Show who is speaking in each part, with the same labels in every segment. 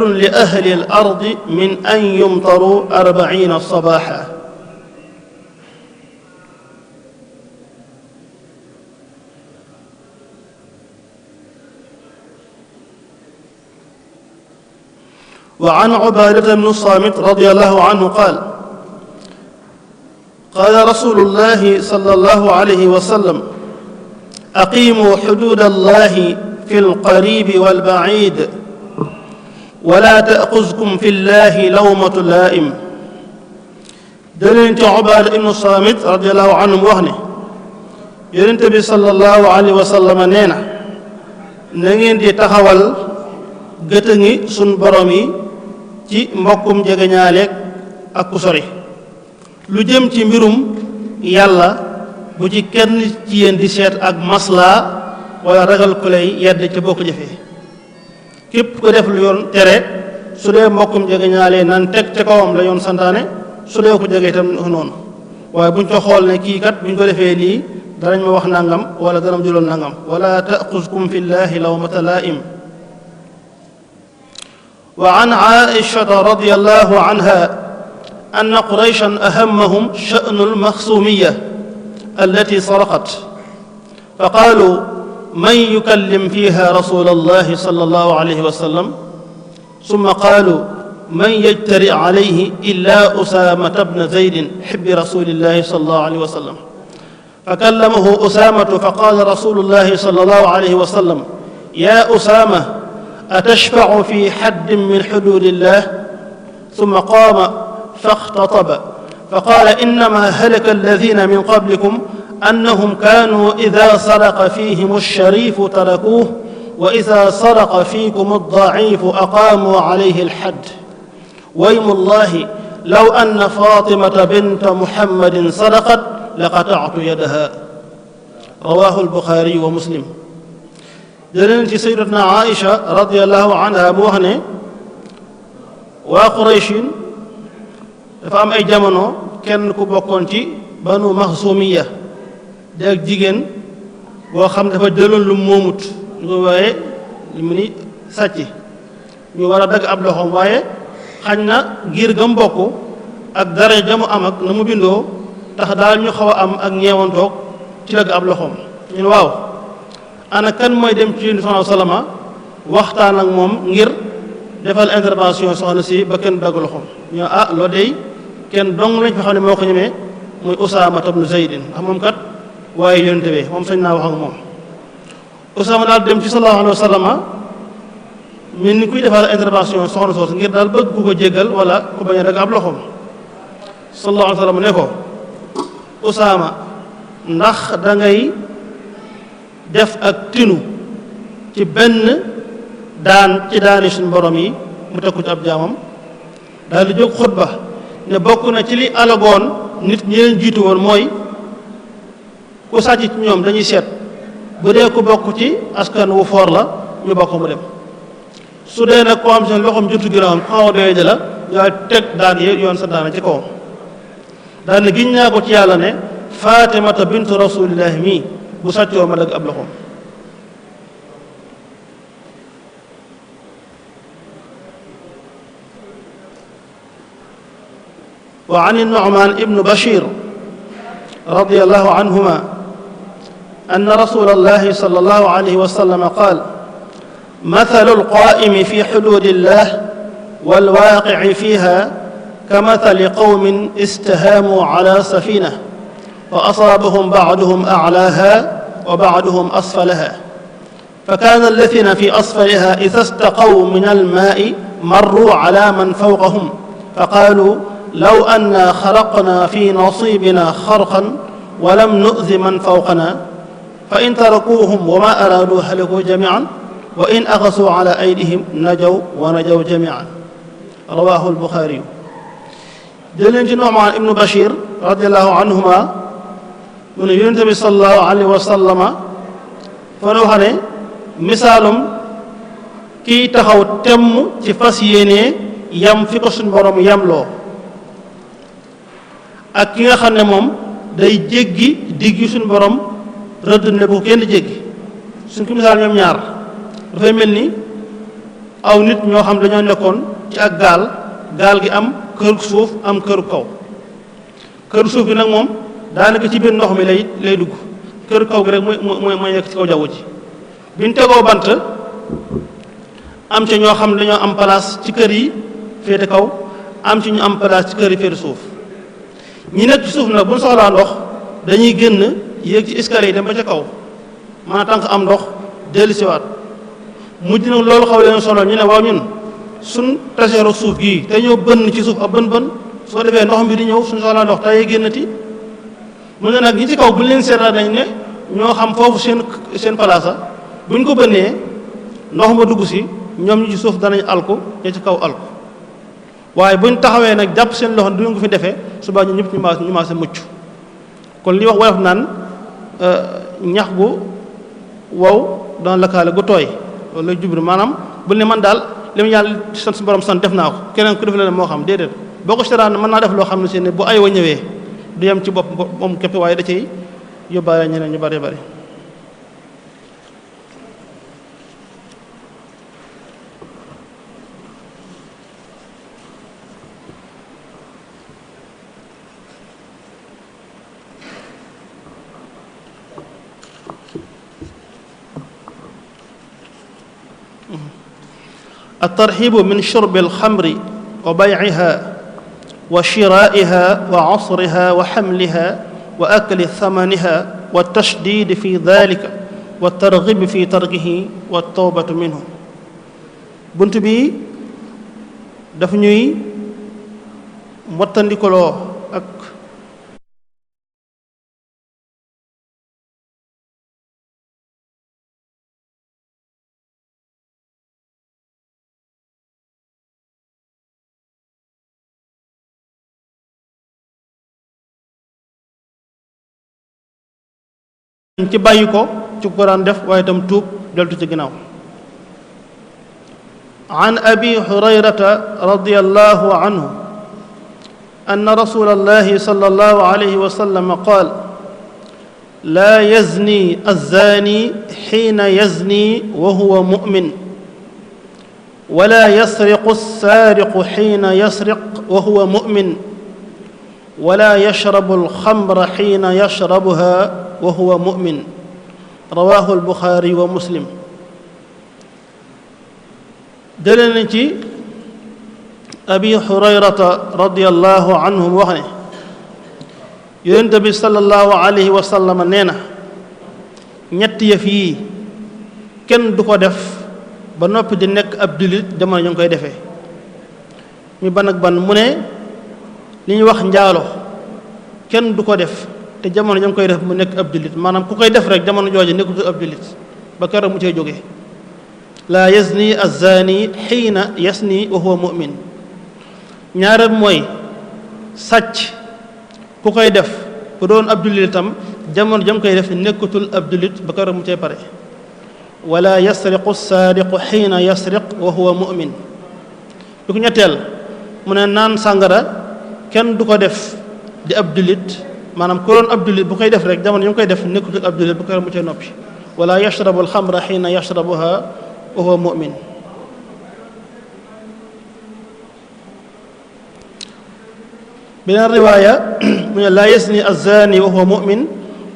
Speaker 1: li ahli al ardi min an yumtaru arbaina sabaxa wa an ubaadata bnu saamit radiyallahu anhu qaala qaala rasuulullahi sallallahu alayhi wa sallam aqiimu xuduudallahi fil qariibi wal baciid wala taxuskum fi llahi lawmatu laaim jëleen ci ubaada ibnu saamit radiallahu wax ne yonent bi salallahu alayhi wa sallam nee na na ngeen di taxawal gëtë ngi suñ borom yi ci mbokkum jegeñaaleeg ak ku sori lu jëm ci mbirum yàlla bu ci kenn ci yéen di seet ak maslaa wala ragal ku lay yedd ca bokk jëfee képp ko def lu yoon tere su dee mbokkum jege ñaalee nan teg te kawam santaane su dee ko jege itam noonu waaye buñ ko xool ne kii kat buñ ko defee lii danañ ma wax nangam wala dana ma nangam wala taxuskum fi llahi lawmata laa'im wa an aishata radiyallahu anha anna qurayshan ahammahum sha'nu lmaxsumiya allati saraqat fa man yukallim fiha rasul allahi sal allahu alayhi wa sallam summa qaalu man yajtari alayhi illa usaamata bna zaydin xibbi rasulillahi sal allahu alayhi wa sallam fa kallamahu usaamatu fa qaala rasulullahi sal allahu alayhi wa sallam ya usaama atashfacu fi xaddin min xududillah summa qaama faxtataba fa qaala innama halaka alladina min qablikum أنهم كانوا إذا سرق فيهم الشريف تركوه وإذا سرق فيكم الضعيف أقاموا عليه الحد ويم الله لو أن فاطمة بنت محمد سرقت لقطعت يدها rawaahu albuxaari wa muslim jëleen ci sayyidatna aïcha radiallahu anha mu wax ne waa qurayshin dafa am ay jamono kenn ku bokkoon ci banu maxsumiya di jigéen boo xam dafa jëloon lu moomut ñu ko waaye li mu ni sàcc ñu war a dagg ab loxoom waaye xañ na ngir gam bokk ak dara jamu am ak na mu bindoo tax daal ñu xaw a am ak ñeewantoog ci dagg ab loxoom ñun waaw ana kan mooy dem ci Yonent ma waxtaan ak moom ngir defal intervention soxna si ba kenn dagg loxoom ñoo ah loo dey kenn dong lañ fi xam ne moo ko ñemee muy Usaama ibn Zayd ndax moom kat waaye yonent bi moom sañ naa wax ak moom Usaama daal dem ci sallallahu alayhi wa sallam mel ni kuy defal intervention soxna soos ngir daal bëgg ku ko jéggal wala ku bañ a dagg ab loxoom sallallahu alayhi wa sallam ne ko Usaama ndax da def ak tinu ci benn daan ci daani suñ borom yi mu tekku ci ab jaamam daal di jóg xutba ne bokk na ci li alagoon nit ñi leen jiitu woon mooy ku sàcc ci ñoom dañuy seet bu dee ku bokk ci askan wu foor la ñu bokk mu dem su dee nag koo xam seen loxoom jotu ginnaawam ku xaw a doy la teg daan yoon sa daana ci kawam daan giñ naa ko ci yàlla ne fatimata bint rasulillahi mii bu sàccoo ma dagg ab loxoom wa an nu'man ibnu bashir radiyallahu anhuma أن رسول الله صلى الله عليه وسلم قال مثل القائم في حدود الله والواقع فيها كمثل قوم استهاموا على سفينة فأصابهم بعضهم أعلاها وبعضهم أسفلها فكان الذين في أسفلها إذا استقوا من الماء مروا على من فوقهم فقالوا لو أنا خرقنا في نصيبنا خرقا ولم نؤذ من فوقنا fa in tarakuuhum wa maa araaduu halakuu jamiican wa in axasuu alaa aydihim najaw wa najaw jamiican rawaahu al-Buxaari jëleen ci Nu'maan ibnu Bachir radiyallaahu anhumaa wa sallama fa wax ne misaalum kiy taxaw temm ci fas yéenee yam fi ko borom yamloo ak ki nga xam ne moom day jéggi digg yu borom rëdd ne bu kenn jéggi suñ ko misaal ñoom ñaar dafay mel ni aw nit ñoo xam dañoo nekkoon ci ak gaal gaal gi am kër suuf am kër kaw kër suuf gi nag moom daanaka ci biir ndox mi lay lay dugg kër kaw gi rek mooy mooy mooy nekk ci kaw jaww ji biñ tegoo bant am ci ñoo xam ne dañoo am place ci kër yi féete kaw am ci ñu am place ci kër yi féete suuf ñu nekk suuf nag buñ soxlaa ndox dañuy génn yéeg ci escalier dem ba ca kaw maanaam tànk am ndox dellu siwaat mujj nag loolu xaw leen ñu ne waaw ñun suñ taseero suuf gii te ñëw bënn ci suuf ab bën bën soo defee ndox mi di ñëw suñ soxlaa ndox tayee génnati mu ne nag ñi ci kaw buñ leen seetaa dañ ne ñoo xam foofu seen seen place buñ ko bënnee ndox ma dugg si ñoom ñi ci suuf danañ alku ña ci kaw alku waaye buñ taxawee nag jàpp seen loxo du ko fi defee subaa ñu ñëpp ñu maas ñu maase mucc kon Euh, ñax gu wow dana lakaale gu tooy loolu lay jublu maanaam bu ne man daal li mu yàlla sant su borom san def naa ko keneen ku def leneen moo xam déedéet boo ko seetaan mën naa def loo xam ne si ne bu ay wa ñëwee du yem ci bopp moom képp waaye da cay yóbbaale ñeneen ñu bari bari الترحيب من شرب الخمر وبيعها وشرائها وعصرها وحملها وأكل ثمنها والتشديد في ذلك والترغيب في تركه والتوبة منه bunt bi daf ñuy mottandikoloo ci bàyyi ko ci ko daan def waaye itam tuub deltu ci ginnaaw an abi hurayrata radiyallahu anhu anna rasulallahi sallallahu alayhi wa sallam qaal laa yazni azzaani xiina yazni wa huwa mu'min wala yasriqu assaariqu xiina yasriq wa huwa mu'min wala yashrabu alxamra xiina yashrabuha wa huwa mumin rawahu albuxaari wa muslim jëlee nañ ci abi xurayrata radiallahu anhum wax ne yonente bi salallahu alayhi wa sallama nee na ñett yëf yii kenn du ko def ba noppi di nekk ab jullit jamono ñu ngi koy defee ñu ban ak ban mu ne li ñuy wax njaalo kenn du ko def te jamono ja nga koy def mu nekk ab jullit maanaam ku koy def rek jamono jooje nekkul ab jullit ba keroog mu cay jógee laa yazni azzaani xiina yasni wa huwa mu'min ñaareel mooy sàcc ku koy def bu doon ab jullit itam jamono ja koy def nekkatul ab jullit ba keroog mu cay pare wala yasriqu saariqu xiina yasriq wa huwa mu'min lu ko ñetteel mu ne naan sàngara kenn du ko def di ab jullit maanaam ku doon ab jullit bu koy def rek jamono yi mu koy def nekkutul ab jullit bu koy mu cee noppi wala yashrabu alxamra xiina yashrabuha wa huwa mumin beneen riwaaya mu ne laa yasni azzaani wa huwa mumin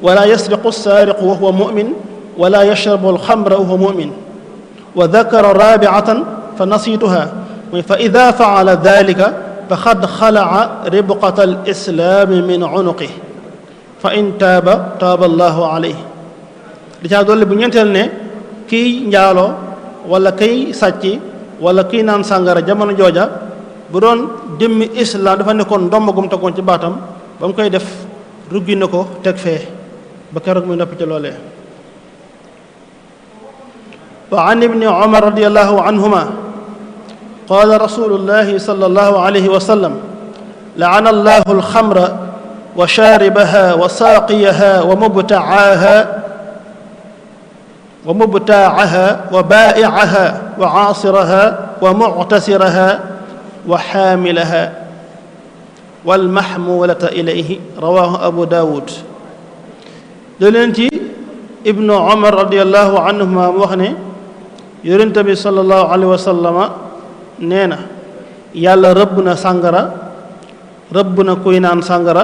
Speaker 1: wala yasriqu saariqu wa huwa mumin wala yashrabu alxamra wa huwa mumin wa dakara raabiatan fa nasituha fa ida faala dalika فقد خلع ربقة الإسلام من عنقه fa in taaba taaba allahu alayhi di caa dolli bu ñeenteel ne kiy njaaloo wala kiy sàcc wala kiy naan sàngara jamono jooja bu doon jëmmi islam dafa nekkoon ndomb gum tegoon ci baatam ba mu koy def ruggi na ko teg fee ba keroog muy noppi ci loolee wa an ibni omar radiallahu anhuma قال رسول الله صلى الله عليه وسلم لعن الله الخمر وشاربها وساقيها ومبتعاها ومبتاعها وبائعها وعاصرها ومعتسرها وحاملها والمحمولة إليه رواه أبو داود yonent yi Ibnu Omar radiyallahu anhuma mu wax ne yonent bi sallallahu alayhi wa sallama nee na yàlla rëbb na sàngara rëbb na kuy naan sàngara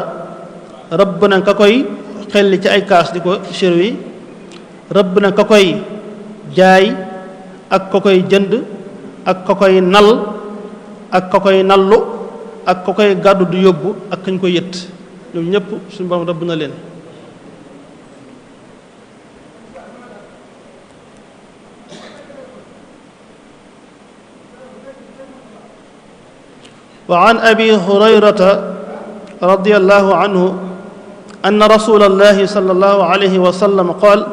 Speaker 1: rëbb na ka koy xelli ci ay kaas di ko serwi rëbb na ka koy jaay ak ka koy jënd ak ka koy nal ak ka koy nallu ak ka koy gàddu du yóbbu ak kañ ko yët ñoom ñëpp suñ borom rëbb na leen وعن ابي هريره رضي الله عنه ان رسول الله صلى الله عليه وسلم قال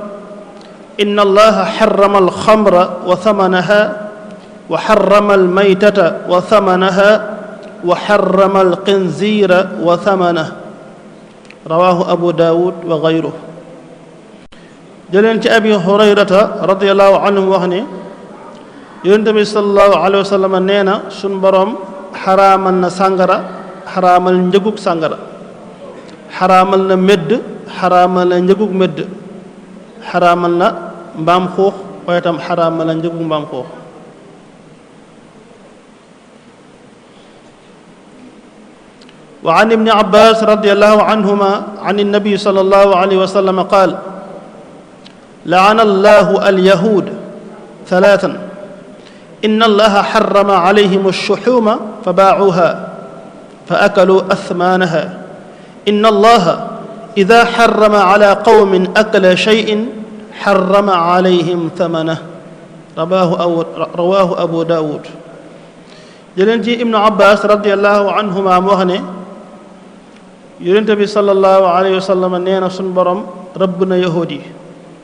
Speaker 1: ان الله حرم الخمر وثمنها وحرم الميته وثمنها وحرم القنزير وثمنه رواه ابو داود وغيره jëleen ci abi hurayrata radiallahu anhu wax ne yonent bi sallallahu alayhi wa sallam nee na suñ boroom xaraamal na sàngara xaraamal njëgug sàngara xaraamal na medd xaraamal na njëgug medd xaraamal na mbaam xuux waaye itam xaraamal na njëgug mbaam xuux wa an ibni abbas radiallahu anhuma an ilnabi sal allahu alayhi wa sallam qaal laana allahu alyahud talaatan inna allaha xarama alayhim alshuxuuma fa baacuuha fa akaluu athmaanaha inna allaha ida xarama ala qawmin akala cheyin xarama alayhim thamanahu rawahu abu rawahu abu daawud jëleen ci ibnu abbas radiallahu anhuma mu wax ne yonente bi salallahu alayhi wa sallam nee na suñ borom rëbb na yahuud yi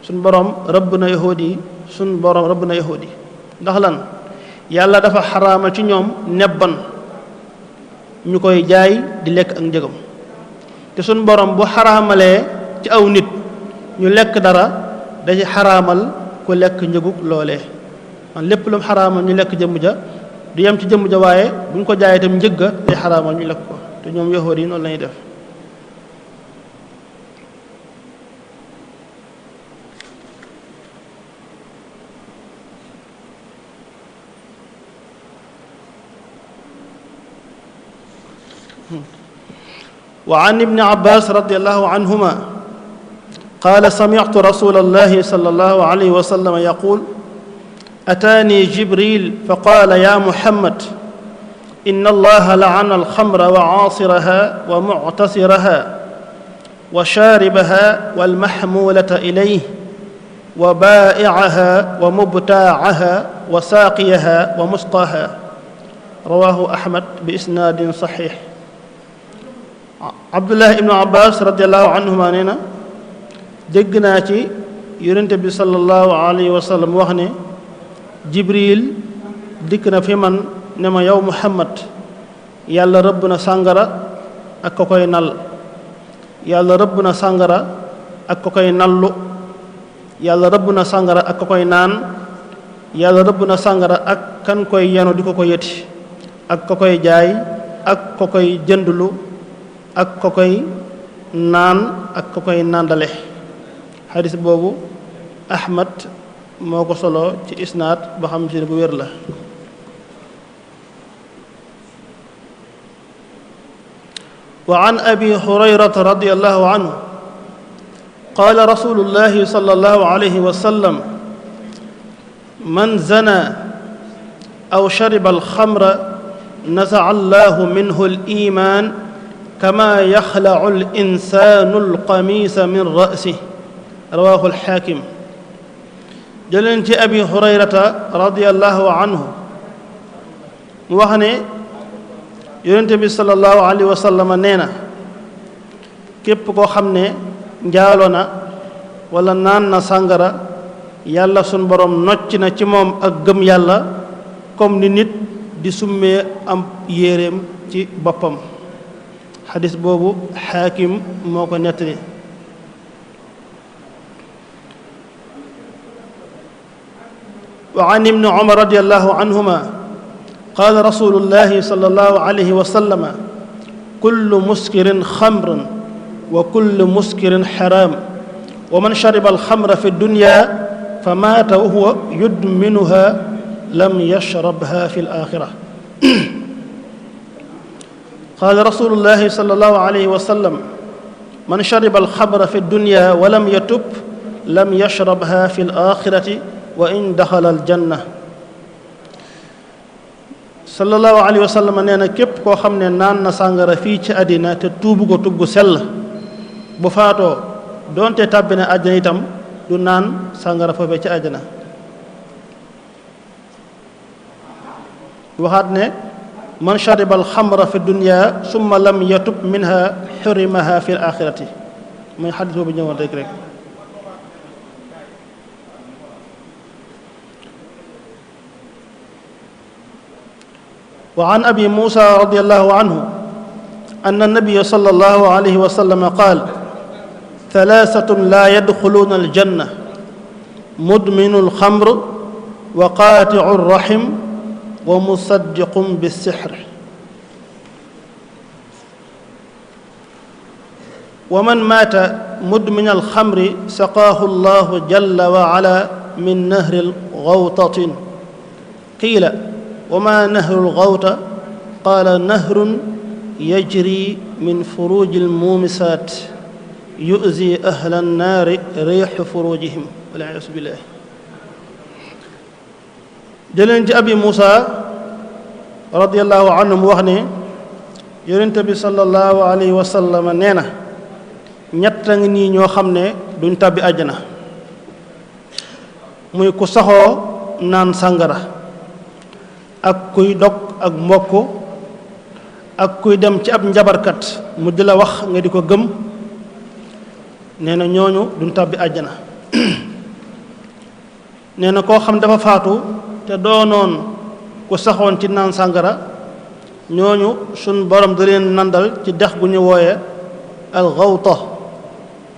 Speaker 1: suñ borom rëbb na yahuud yi suñ borom rëbb na yahuud yi ndax lan yàlla dafa xaraamal ci ñoom nebban ñu koy jaay di lekk ak njëgam te suñ borom bu xaraamalee ci aw nit ñu lekk dara da ci xaraamal ku lekk njëgug loole man lépp lu mu xaraamal ñu lekk jëmm ja du yem ci jëmm ja waaye bu ñu ko jaayee itam njëgga day xaraamal ñu lekk ko te ñoom yoxoor yi noonu lañuy def وعن ابن عباس رضي الله عنهما قال سمعت رسول الله صلى الله عليه وسلم يقول أتاني جبريل فقال يا محمد إن الله لعن الخمر وعاصرها ومعتصرها وشاربها والمحمولة إليه وبائعها ومبتاعها وساقيها ومسقاها رواه أحمد بإسناد صحيح abdullah ibnu abbas radiallahu anhuma nee na dégg naa ci yonente bi salallahu alayhi wa wax ne jibril dikk na fi man ne ma yow muhammad yàlla rëbb na sàngara ak ko koy nal yàlla rëbb na sàngara ak ko koy nallu rëbb na sàngara ak ko koy naan yàlla rëbb na sàngara ak kan koy yenu di ko ko yëti ak ko koy jaay ak ko koy jëndlu ak ko koy naan ak ko koy nàndale xadis boobu ahmad moo ko solo ci isnaat ba xam si ne bu wér la wa an abi hurayrata radiallahu anhu qaala rasulullahi sallallahu alayhi wa sallam man zana aw shariba alxamra nazaca allahu minhu aliman kama yaxlacu al insaanu min ra'si rawahu alxaakim jëleen ci abi hurayrata radiallahu anhu mu wax ne salallahu alayhi wa sallama nee na képp koo xam ne njaalo na wala naan na sàngara yàlla sun borom nocc na ci moom ak gëm yàlla comme ni nit di summee am yéeréem ci boppam xadis boobu xaakim moo ko nettali wa an ibni umar radiallahu anhuma qaala rasulullahi sallallahu alayhi wa sallama kullu muskirin xamrun wa kullu muskirin xaraam wa man shariba alxamra fi dunya fa maata wa huwa yudminuha lam yashrabha fi alaxira qaala rasulullahi sallallahu alayhi wa sallam man shariba alxamra fi dunya wa yatub lam yashrabha fi alaxirati wa in daxala aljanna sallallahu alayhi wa sallam nee na képp koo xam ne naan na sàngara fii ci àddina te tuubu ko tub gu bu faatoo doonte tàbbi na àjjana itam du naan sàngara foofee ci àjjana waxaat ne man shariba alxamra fi dunia summa lam yatub minha xurimaha fi alaxirati mooy xadis boobu ñëwoon rek rek wa an abi muusa radiallahu anhu an annabiya sala allahu alayhi wa sallama qaal talaasatun laa yadxuluuna aljanna mudminu alxamr wa qaaticu alrahim wa musaddiqun bi sixr wa man maata mudminal xamri saqaahu llahu jalla wa ala min nahril gawtatin qiila wa maa nahrul gawta qaala nahrun yajri min furujil muumisaat yuzi ahlan naari riixu furujihim wal iyaazu billah jëleen ci abi muusa radiallahu anhu mu wax ne yonente bi sallallahu alayhi wa nee na ñett a ngi nii ñoo xam ne duñ tàbbi àjjana muy ku saxoo naan sàngara ak kuy dog ak mbokk ak kuy dem ci ab njabarkat mu di la wax nga di ko gëm nee na ñooñu duñ tàbbi àjjana nee na koo xam dafa faatu te doonoon ku saxoon ci naan sàngara ñooñu suñ borom da leen nandal ci dex gu ñu wooye al xawta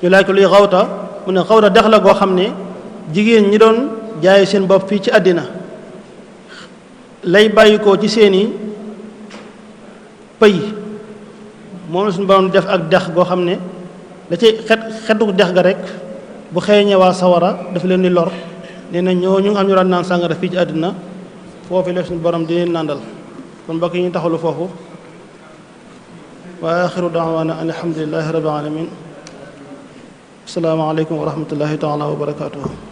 Speaker 1: ñu laaj ko luy xawta mu ne xawta dex la goo xam ne jigéen ñi doon jaay seen bopp fii ci àddina lay bàyyi ko ci seeni pëy moom la suñu borom def ak dex goo xam ne da ci xet xetu dex ga rekk bu xeeñee waa sawara dafa leen di lor nee na ñoo ñu nga xam ñu daan naan sàngara fii ci foofu la suñu borom di leen kon mbokk yi ñu taxalu foofu wa axiru daawaana an alhamdulilahi rabbil alamin asalaamaaleykum wa rahmatullahi taala wa barakatuhu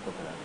Speaker 2: coopérative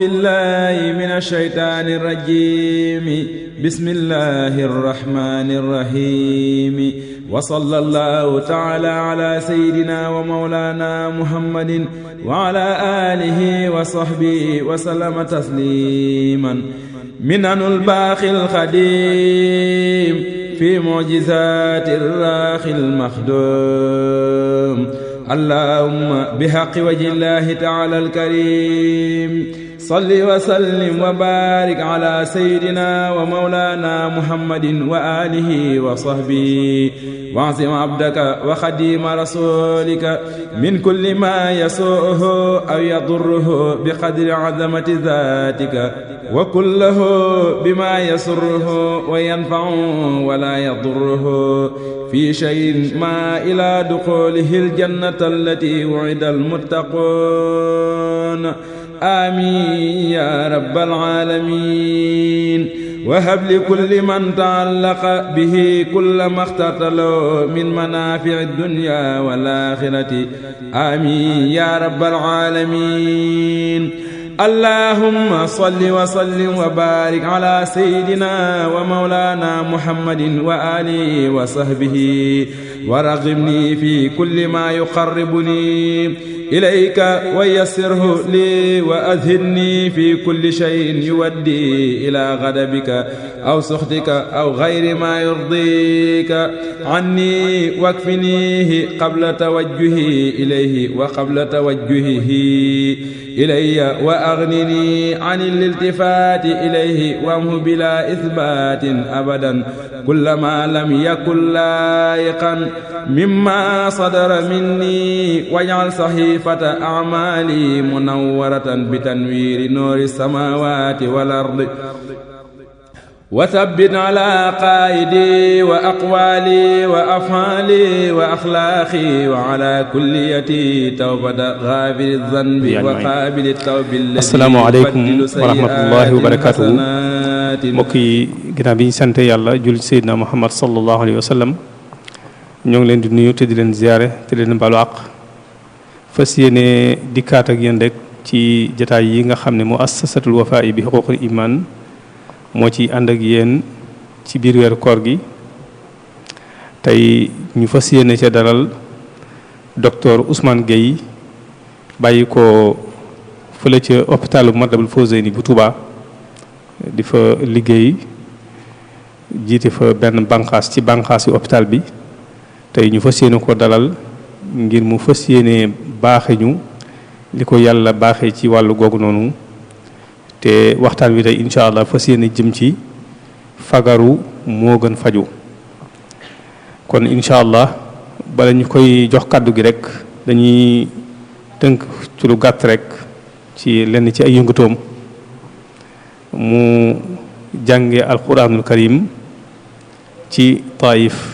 Speaker 3: بالله من الشيطان الرجيم بسم الله الرحمن الرحيم وصلى الله تعالى على سيدنا ومولانا محمد وعلى آله وصحبه وسلم تسليما منن الباخي الخديم في معجزات الراخي المخدوم اللهم بحق وجه الله تعالى الكريم salli wa sallim wa baarik ala sayyidina wa mawlaana muhammadin wa alihi wa sahbihi waasim abdaka wa xadiima rasulika min kulli ma yasuuhu aw yadurruhu bi qadri azamati zaatika wa kullahu bima yasurruhu wa yanfa'uhu wa la yadurruhu fi shay'in ma ila duxulihi aljannata allati wu'ida almuttaquun آمين يا رب العالمين وهب لكل من تعلق به كل ما اخترت له من منافع الدنيا والآخرة آمين يا رب العالمين اللهم صل وسلم وبارك على سيدنا ومولانا محمد وآله وصحبه waragimni fi kulli ma yuqarribuni ilayka wa yassirhu li wa adhilni fi kulli shay'in yuwaddi ila ghadabika aw suxtika aw ghayri ma yurdika anni wakfinihi qabla tawajjuhi ilayhi wa qabla tawajjuhihi ilayya wa aghnini an al-iltifati ilayhi wamhu bila ithbatin abadan kullama lam yakun layiqan mimma sadara minni waj'al sahifata a'mali munawwaratan bi tanwiri nuuri samawati wal ardi wa thabbit ala qaayidi wa aqwaali wa afaali wa axlaaqi wa ala kulliyati tawbata xaafiri zanbi wa qaabili tawbi asalaamaaleykum wa rahmatullahi wa barakaatuhu
Speaker 4: mbokk yi ginnaaw bi ñu sant yàlla jul Seydina Muhammad sallallahu alayhi wa sallam ñoo ngi leen di nuyu te di leen ziare te di leen balu àq fas yéene dikkaat ak yéen rek ci jataay yi nga xam ne mu assasatul wafa'i bi xuququl iman moo ci àndak ak ci biir weer koor gi tey ñu fas yéene ca daral docteur Ousmane Gueye bàyyi ko fële ca hôpital bu Matlaboul Fawzeyni bu Touba di fa liggéey jiite fa benn banqaas ci banqaas yu hôpital bi tey ñu fas yéene ko dalal ngir mu fas yéene baaxe ñu li ko yàlla baaxee ci wàllu googu noonu te waxtaan wi tey incha allah fas yéene jëm ci fagaru moo gën faju kon incha allah bala ñu koy jox kàddu gi rek dañuy tënk ci lu gàtt rek ci lenn ci ay yëngutoom mu jànge alquranul karim ci taayif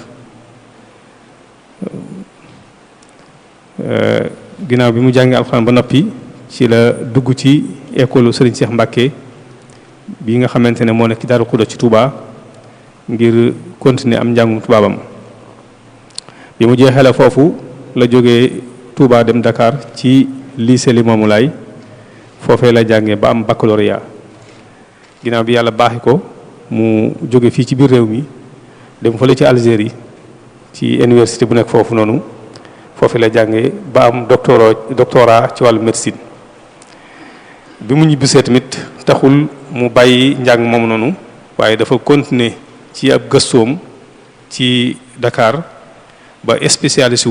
Speaker 4: Euh, ginnaaw bi mu jàngee alxuraan ba noppi ci la dugg ci école Serigne Cheikh Mbacké bi nga xamante ne moo nekk ci Daaru ci Touba ngir continuer am njàngum tubaabam bi mu jeexale foofu la jóge Touba dem Dakar ci lycée Limamou Laye foofee la jàngee ba am baccalauréat ginnaaw bi yàlla baaxi ko mu jóge fii ci biir réew mi dem fële ci Algérie ci université bu nekk foofu noonu foofu la jànge ba am doctorat ci wàllu médecine bi mu ñibbisee tamit taxul mu bàyyi njàng moom noonu waaye dafa continuer ci ab gëstoom ci Dakar ba spécialisé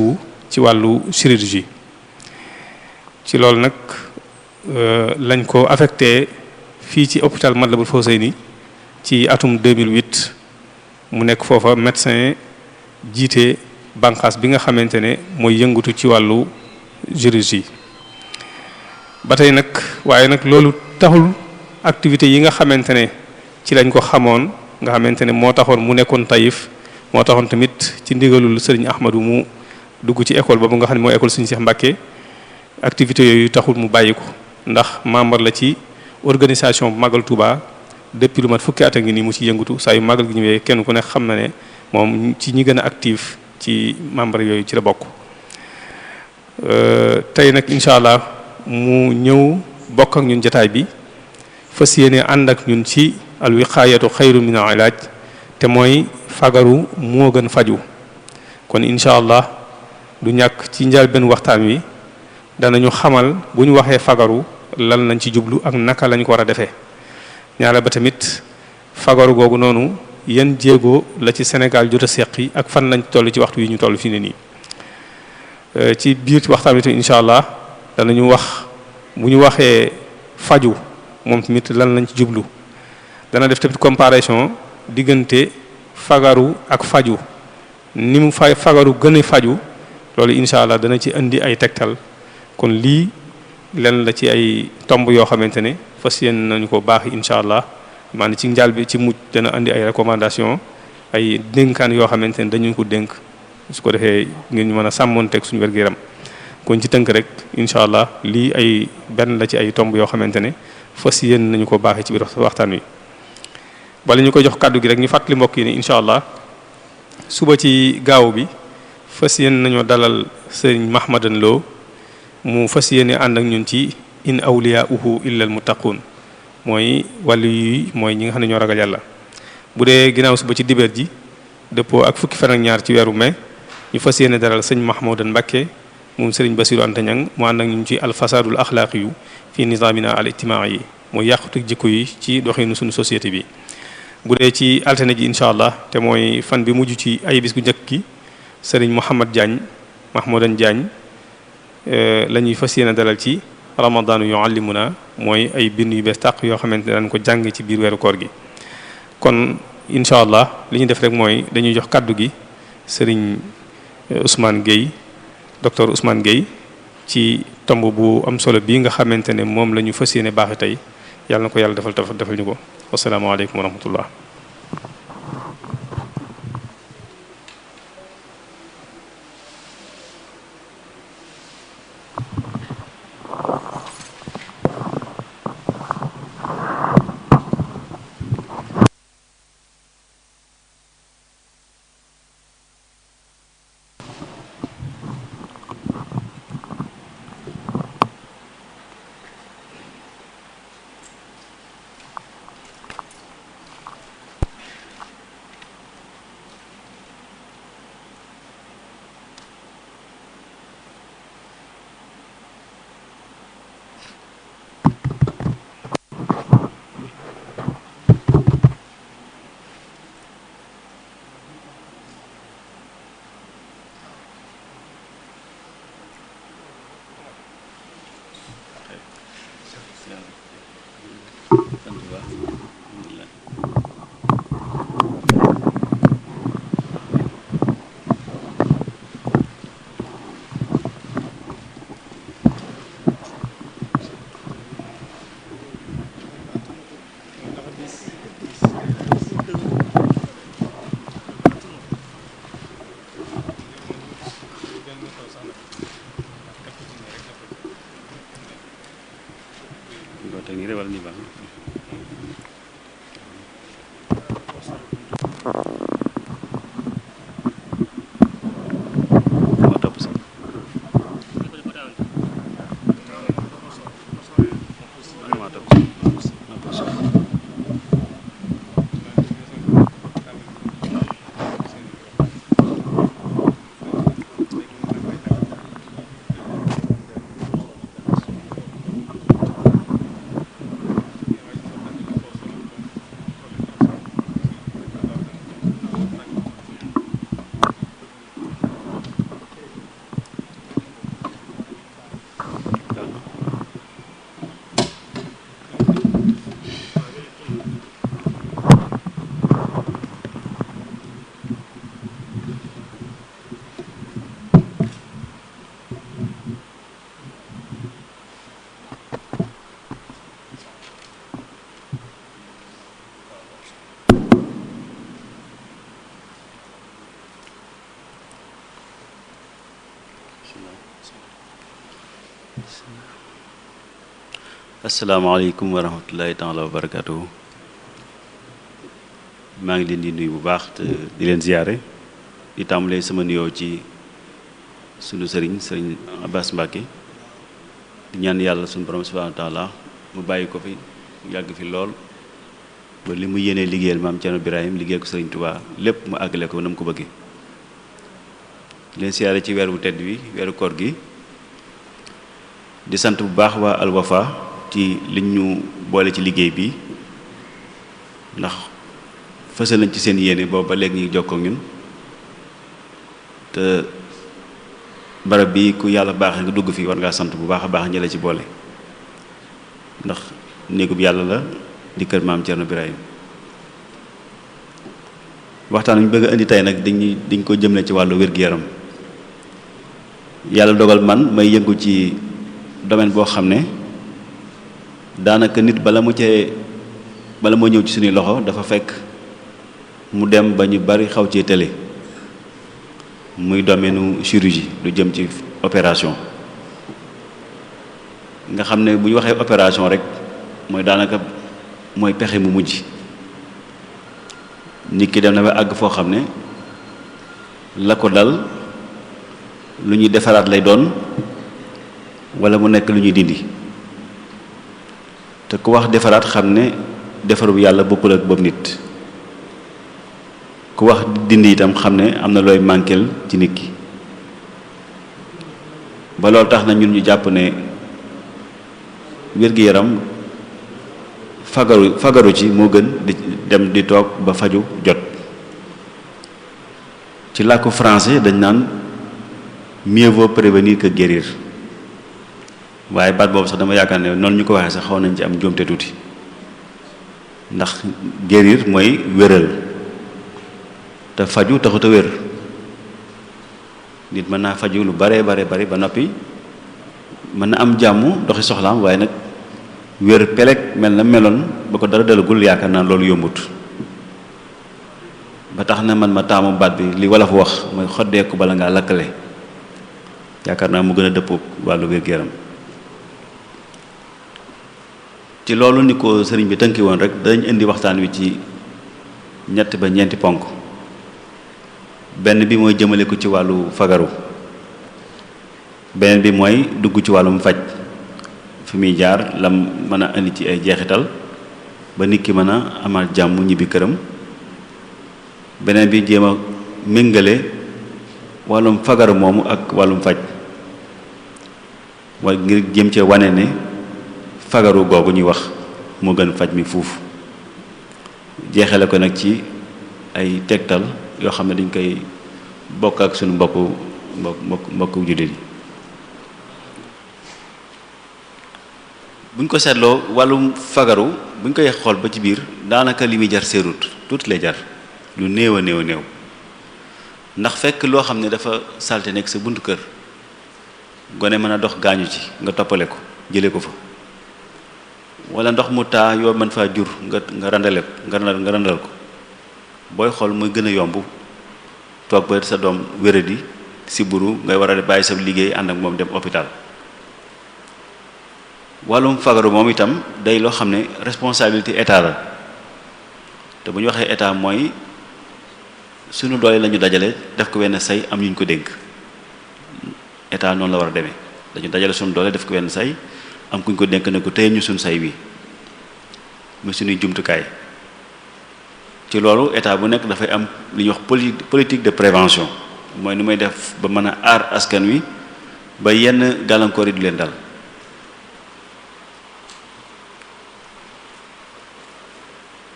Speaker 4: ci wàllu chirurgie ci loolu nag euh, lañ ko affecté fii ci hôpital Matlaboul ni ci atum 2008 mu nekk foofa médecin jiite banqaas bi nga xamante ne mooy yëngatu ci wàllu chirurgie ba tey nag waaye nag loolu taxul activité yi nga xamante ne ci lañ ko xamoon nga xamante ne moo taxoon mu nekkoon tayif moo taxoon tamit ci ndigalul sëriñ Ahmadou mu dugg ci école boobu nga xam ne mooy école sëriñ Cheikh Mbacké activité yooyu taxul mu bàyyi ko ndax membre la ci organisation Magal Touba depuis lu mat fukki at a nii mu ci yëngatu saa yu magal gi kenn ku ne xam na ne moom ci ñi gën a actif ci membre yooyu ci la bokk euh, tey nag incha allah mu ñëw bokk ak ñun jataay bi fas yéene ànd ak ñun ci alwiqaayatu xayru min al ilaaj te mooy fagaru moo gën faju kon incha allah du ñàkk ci njëlbéen waxtaan wi danañu xamal bu ñu waxee fagaru lan lañ ci jublu ak naka lañ ko war a defee ñaare ba tamit fagaru googu noonu yan jéego la ci Sénégal jot a seqi ak fan lañ toll ci waxtu yi ñu toll fii ne nii euh, ci biir waxtaan wit tamit incha allah danañu wax bu ñu waxee faju moom tamit lan lañ ci jublu dana def tamit comparaison diggante fagaru ak faju ni mu fay fagaru gën a faju loolu incha allah dana ci indi ay tegtal kon lii lan la ci ay tomb yoo xamante ne fas yéen nañu ko baax incha allah. maanaam ci njaal bi ci mujj dana indi ay recommandation ay dénkaan yoo xamante ne dañu ko dénk su ko defee ngeen ñu mën a sàmmoon teg suñu wér-gu-yaram kon ci tënk rek incha allah lii ay benn la ci ay tomb yoo xamante ne fas yéen nañu ko baaxee ci biir waxtaan wi. bala ñu ko jox kàddu gi rek ñu fàttali mbokk yi ne incha allah suba ci gaaw bi fas yéen nañoo dalal sëriñ Mahmadan Lo mu fas yéene ànd ak ñun ci in awliya uhu illa al muttaqun mooy wàllu yi mooy ñi nga xam ne ñoo ragal yàlla bu dee ginaaw suba ci dibeer ji dëppoo ak fukki fan ñaar ci weeru mai ñu fas yéene daral sëñ Mahmoudan Mbacké moom sëriñ Basiru Anta Ñang mu ànd ak ñu ci alfasadul axlaaqi yu fi nizaamina al ijtimaai yi mooy yàqutu jikko yi ci doxinu suñu société bi bu dee ci altine ji incha allah te mooy fan bi mujj ci ay bis gu njëkk ki sëriñ Mouhamad Diagne Mahmoudan Diagne euh, la ñuy fas yéene dalal ci ramadaanu na mooy ay bind yu bees tàq yoo xamante ne dañ ko jàng ci biir weeru koor gi kon incha allah li ñu def rek mooy dañuy jox kàddu gi sëriñ euh, Ousmane Gueye docteur Ousmane Gueye ci tomb bu am solo bii nga xamante ne moom la ñu fas yéene baaxe tey yàlla na ko yàlla defal defal ñu ko wasalaamaaleykum wa rahmatullah
Speaker 2: asalaamaaleykum wa rahmatulahi taala wa barakaatu maa ngi leen di nuyu bu baax te di leen ziyaare di tàmbalee sama nuyoo ci sunu sëriñ sëriñ Abbas Mbàkke di ñaan yàlla sunu borom subhaanahu wa mu bàyyi ko fi mu yàgg fi lool ba li mu yéenee liggéeyal maam Cerno Birahim liggéey ko sëriñ Tubaa lépp mu àggale ko na mu ko bëggee di leen ziyaare ci weeru wu tedd wi weeru koor gi di sant bu baax waa Al Wafa ci liñ ñu boole ci liggéey bi ndax fësal nañ ci seen yéene boobu ba léegi jox ko ñun te barab bi ku yàlla baax nga dugg fi war ngaa sant bu baax a baax ñi ci boole ndax néegub yàlla la di kër maam Thierno Birahim waxtaan ñu bëgg indi tey nag dañuy dañ ko jëmle ci wàllu wér-gu-yaram yàlla dogal man may yëngu ci domaine boo xam ne daanaka nit bala mu cee bala moo ñëw ci suñuy loxo dafa fekk mu dem ba ñu bari xaw cee télé muy domaine chirurgie lu jëm ci opération nga xam ne bu waxee opération rek mooy daanaka mooy pexe mu mujj nit ki dem na ba àgg foo xam ne la ko dal lu ñuy defaraat lay doon wala mu nekk lu ñuy dindi te ku wax defaraat xam ne defaru yàlla bokkul ak boobu nit ku wax dindi itam xam ne am na looy mànkeel ci nit ki ba loolu tax na ñun ñu jàpp ne wér-gi-yaram fagaru fagaru ci moo gën di dem di toog ba faju jot ci làkku français dañ naan mieux vaut prévenir que guérir waaye baat boobu sax dama yaakaar ne noonu ñu ko waxee sax xaw nañ ci am njuumte tuuti ndax guérir mooy wéral te faju taxut a wér nit mën naa faju lu bare bare bari ba noppi mën na am jàmm doxi soxlaam waaye nag wér peleg mel na meloon ba ko dara dalagul yaakaar naa loolu yombut ba tax na man ma taamu baat bi lii walla wolof wax mooy xoddeeku bala ngaa lakkale yaakaar naa mu gën a dëppoo wàllu wér gu ci loolu ni ko sëriñ bi tënki woon rek dañ indi waxtaan wi ci ñett ba ñeenti ponk benn bi mooy jëmale ko ci wàllu fagaru beneen bi mooy dugg ci wàllum faj fi muy jaar lam mën a indi ci ay jeexital ba nit ki mën a amaat jàmm ñibbi këram beneen bi jéem a méngale wàllum fagaru moomu ak wàllum faj wala ngir jéem cee wane ne fagaru googu ñuy wax moo gën faj mi fuuf jeexale ko nag ci ay tegtal yoo xam ne dañ koy bokk ak sunu mbokku mbokk mbokku jullit yi buñ ko seetloo wàllum fagaru buñ koy xool ba ci biir daanaka li muy jar seerut tuuti lay jar lu néew a néew néew ndax fekk loo xam ne dafa salte nekk sa buntu kër gone mën a dox gaañu ci nga toppale ko jële ko fa wala ndox mu taa yoo man faa jur nga nga randale nga nga randal ko booy xool muy gën a yomb toog ba sa doom wéradi si buru ngay war a bàyyi sa liggéey ànd ak moom dem hôpital wàllum fagaru moom itam day loo xam ne responsabilité état la te bu ñu waxee état mooy sunu doole lañu dajale def ko wenn say am ñu ñu ko dénk état noonu la war a demee dañu dajale sunu doole def ko wenn say am kuñ ko denk ne ko tey ñu suñ say wi mu suñuy jumtukaay ci loolu état bu nekk dafay am lu ñuy wax politique de prévention mooy nu may def ba mën a aar askan wi ba yenn gàllankoor yi du leen dal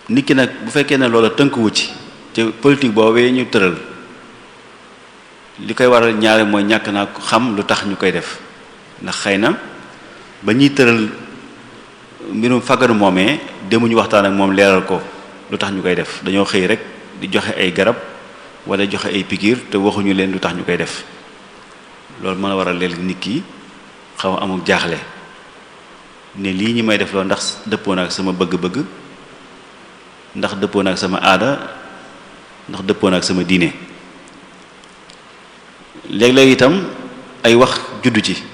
Speaker 2: nit ki nag bu fekkee ne loola tënkuwu ci ci politique boobee ñu tëral li koy waral ñaare mooy ñàkk naa ko xam lu tax ñu koy def ndax xëy na ba ñuy tëral mbirum fagaru moomee demuñu waxtaan ak moom leeral ko lu tax ñu koy def dañoo xëy rek di joxe ay garab wala joxe ay pikiir te waxuñu leen lu tax ñu koy def loolu mën a waral léeg nit ki xaw amul jaaxle ne lii ñi may def loolu ndax dëppoo na ak sama bëgg-bëgg ndax dëppoon ak sama aada ndax dëppoon ak sama diine léeg-léeg itam ay wax juddu ci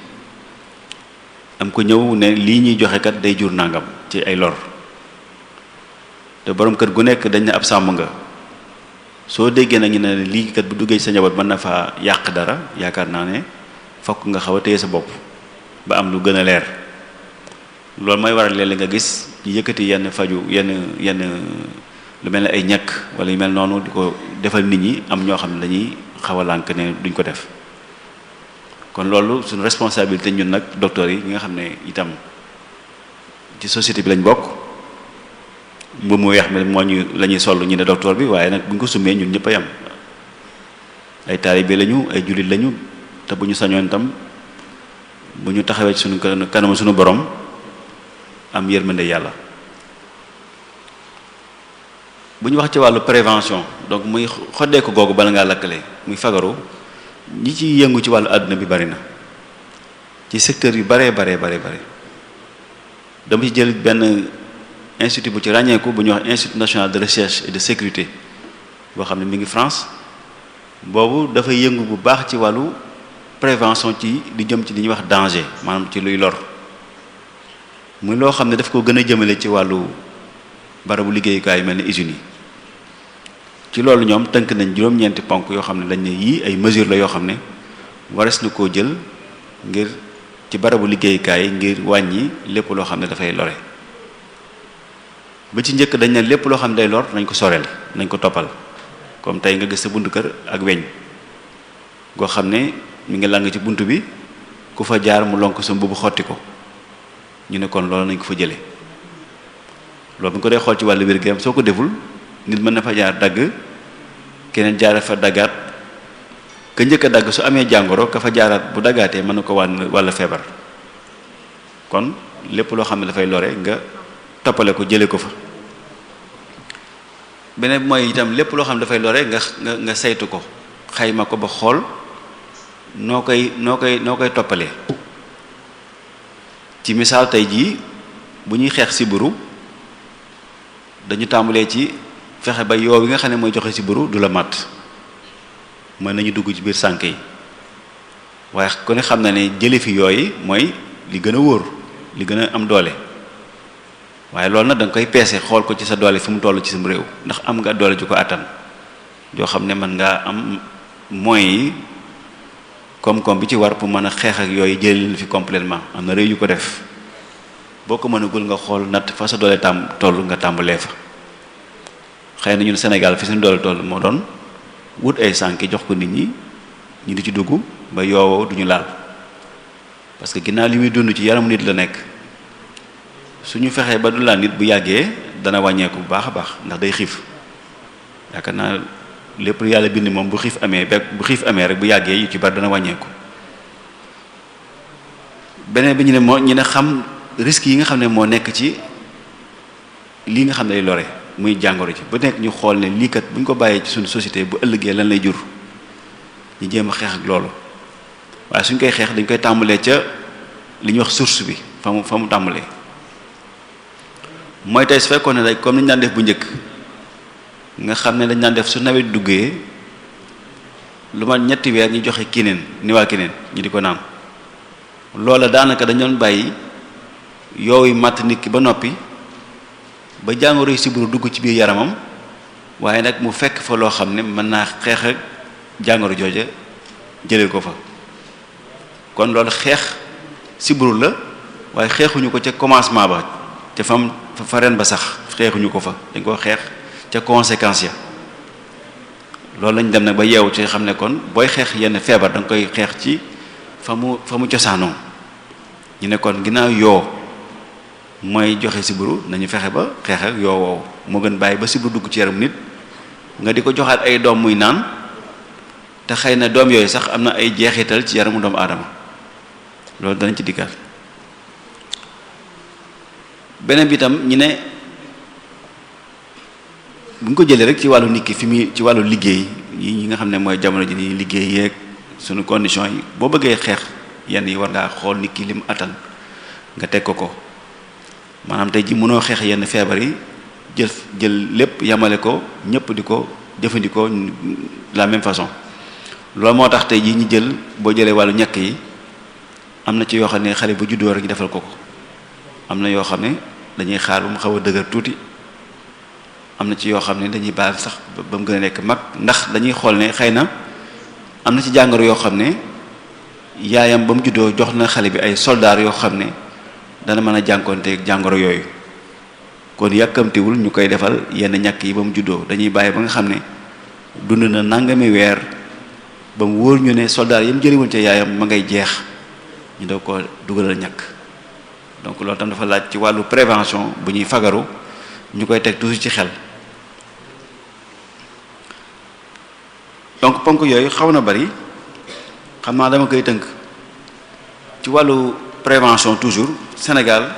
Speaker 2: am ko ñëw ne lii ñuy joxe kat day jur nangam ci ay lor te boroom kër gu nekk dañ ne ab sàmm nga soo déggee na ñu ne lii kat bu duggee sa njaboot mën na fa yàq dara yaakaar naa ne fokk nga xaw a téye sa bopp ba am lu gën a leer loolu mooy waral léeg-léeg nga gis ñu yëkkati yenn faju yenn yenn lu mel ne ay ñekk wala yu mel noonu di ko defal nit ñi am ñoo xam ne dañuy xaw a lànk ne duñ ko def. kon loolu suñu responsabilité ñun nag docteurs yi ñi nga xam ne itam ci société bi lañ bokk mbu mu weex mi moo ñu lañuy ñuy ñu ne docteur bi waaye nag bu ñu ko summee ñun ñëpp a yam ay taalibe lañu ay jullit lañu te bu ñu sañoon itam bu ñu taxawee ci suñu kanam suñu borom am yërmande yàlla bu ñu wax ci wàllu prévention donc muy xoddeeku googu bala ngaa lakkale muy fagaru ñi ci yëngu ci wàllu àdduna bi bari na ci secteur yu baree baree baree bare dama ci jël benn institut bu ci ràññeeku bu ñuy wax institut national de recherche et de sécurité boo xam ne mi ngi France boobu dafay yëngu bu baax ci wàllu prévention ci di jëm ci li ñuy wax danger maanaam ci luy lor muy loo xam ne daf ko gën a jëmale ci wàllu barabu liggéeyukaay yu mel ne usines yi ci loolu ñoom tënk nañ juróom-ñeenti ponk yoo xam ne dañ ne yii ay mesures la yoo xam ne warees na koo jël ngir ci barabu liggéeykaay ngir wàññi lépp loo xam ne dafay lore ba ci njëkk dañ ne lépp loo xam ne day lor nañ ko soreel nañ ko toppal comme tey nga gis sa buntu kër ak weñ goo xam ne mu ngi lang ci bunt bi ku fa jaar mu lonk sa mbubu xotti ko ñu nekkoon loolu nañ ko fa jële loolu bu ñu ko dee xool wàll wàllu wér soo ko deful nit mën na fa jaar dagg keneen jaare fa daggaat ka njëkk dagg su amee jàngoro ka fa jaaraat bu daggaatee mën na ko wan walla feebar kon lépp loo xam ne dafay lore nga toppale ko jële ko fa beneen mooy itam lépp loo xam ne dafay lore nga nga nga saytu ko xayma ko ba xool noo koy noo koy noo koy toppalee ci misaal tey jii bu ñuy xeex sibbiru dañu tàmbalee ci fexe ba yow nga xam ne mooy joxe si buru du la mat mooy nañu dugg ci biir sànk yi waaye ku ne xam na ne jële fi yooyu mooy li gën a wóor li gën a am doole waaye loolu na danga koy peese xool ko ci sa doole fi mu toll ci sam réew ndax am nga doole ju ko àttan yoo xam ne mën ngaa am moyens koom-koom bi ci war pour mën a xeex ak yooyu jëlee fi completement am na réew yu ko def boo ko mën a mënagul nga xool natt fa sa doole tàmm toll nga tàmbalee fa. xëy na ñun Sénégal fi suñu doole toll moo doon wut ay sànke jox ko nit ñi ñu di ci dugg ba yoowoo duñu laal parce que ginnaaw li muy dund ci yaramu nit la nekk su ñu fexee ba du laal nit bu yàggee dana wàññeeku bu baax a baax ndax day xiif yaakaar naa lépp lu yàlla bind moom bu xiif amee bekk bu xiif amee rek bu yàggee yu ci bari dana wàññeeku beneen bi ñu ne moo ñu ne xam risque yi nga xam ne moo nekk ci lii nga xam ne lore muy jàngoro ji ba nekk ñu xool ne lii kat bu ñu ko bàyyee ci suñu société bu ëllëgee lan lay jur ñu jéem a xeex ak loolu waaye suñ koy xeex dañ koy tàmbalee ca li ñuy wax source bi fa mu fa mu tàmbalee mooy tey su fekkoon ne rek comme ni daan def bu njëkk nga xam ne dañ daan def su nawet duggee lu ma ñetti weer ñu joxe keneen ni waa keneen ñu di ko naan loola daanaka dañu doon bàyyi yooyu màtt nit ki ba noppi. ba jàngoro yi sibiru dugg ci biir yaramam waaye nag mu fekk fa loo xam ne mën naa xeex jàngoro jooja jëlee ko fa kon loolu xeex sibiru la waaye xeexuñu ko ca commencement ba te fam fa ba sax xeexuñu ko fa dañ ko xeex ca conséquence ya loolu lañ dem nag ba yeewu ci xam ne kon booy xeex yenn feebar da nga koy xeex ci fa mu fa mu cosaanoo ñu ne kon ginnaaw yoo mooy joxe sibiru nañu fexe ba xeex ak yoo woow moo gën bàyyi ba sibiru dugg ci yaram nit nga di ko joxaat ay doom muy naan te xëy na doom yooyu sax am na ay jeexital ci yaramu doomu aadama loolu danañ ci dikkaat beneen bi itam ñu ne bu ñu ko jëlee rek ci wàllu nit fi muy ci wàllu liggéey yi ñi nga xam ne mooy jamono ji ni liggéey yeeg suñu condition yi boo bëggee xeex yenn yi war ngaa xool nit ki lim attan nga teg ko ko maanaam tey ji mënoo xeex yenn feebar yi jël jël lépp yamale ko ñëpp di ko jëfandikoo de la même façon loolu moo tax tey jii ñu jël boo jëlee wàllu ñàkk yi am na ci yoo xam ne xale bu juddoo rek defal ko ko am na yoo xam ne dañuy xaar bu mu xaw a dëgër tuuti am na ci yoo xam ne dañuy baal sax ba mu gën a nekk mag ndax dañuy xool ne xëy na am na ci jàngoro yoo xam ne yaayam ba mu juddoo jox na xale bi ay soldaar yoo xam ne dana mën a jànkoonteeg jàngoro yooyu kon yàkkamtiwul ñu koy defal yenn ñàkk yi ba mu juddoo dañuy bàyyi ba nga xam ne dund na nangami weer ba mu wóor ñu ne soldaar yam jëriwoon ca yaayam ma ngay jeex ñu doo ko dugalal ñakk donc loolu tam dafa laaj ci wàllu prévention bu ñuy fagaru ñu koy teg toujours ci xel donc ponk yooyu xaw na bari xam naa dama koy tënk ci wàllu prévention toujours Sénégal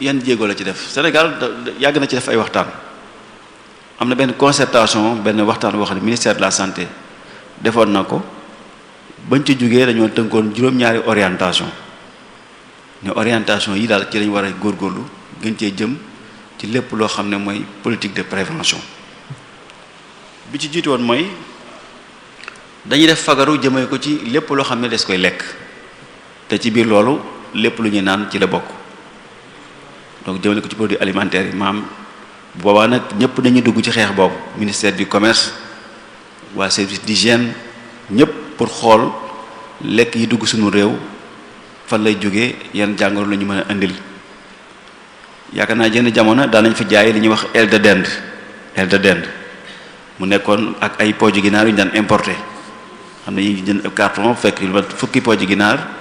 Speaker 2: yan jéego la ci def Sénégal yàgg na ci def ay waxtaan am na benn concertation benn waxtaan boo xam ne ministère de la santé defoon na ko bañ ci jógee dañoo tënkoon juróom-ñaari orientation ne orientation yi daal ci lañ war a góorgóorlu gën cee jëm ci lépp loo xam ne mooy politique de prévention bi ci jiitu woon mooy dañuy def fagaru jëmee ko ci lépp loo xam ne des koy lekk te ci biir loolu lépp lu ñuy naan ci la bokk donc jëmale ko ci produit alimentaire yi maam boobaa nag ñëpp dañuy dugg ci xeex boobu ministère du commerce waa service di d'hygiène ñëpp pour xool lekk yi dugg suñu réew fan lay jóge yan jàngoro la ñu mën a indil yaakaar naa jenn jamono daan nañ fi jaay li ñuy wax aile de dinde aile de dinde mu nekkoon ak ay pooju ginaar yu ñu daan importé xam ne yi ñu jënd carton fekk yu fukki pooju ginaar.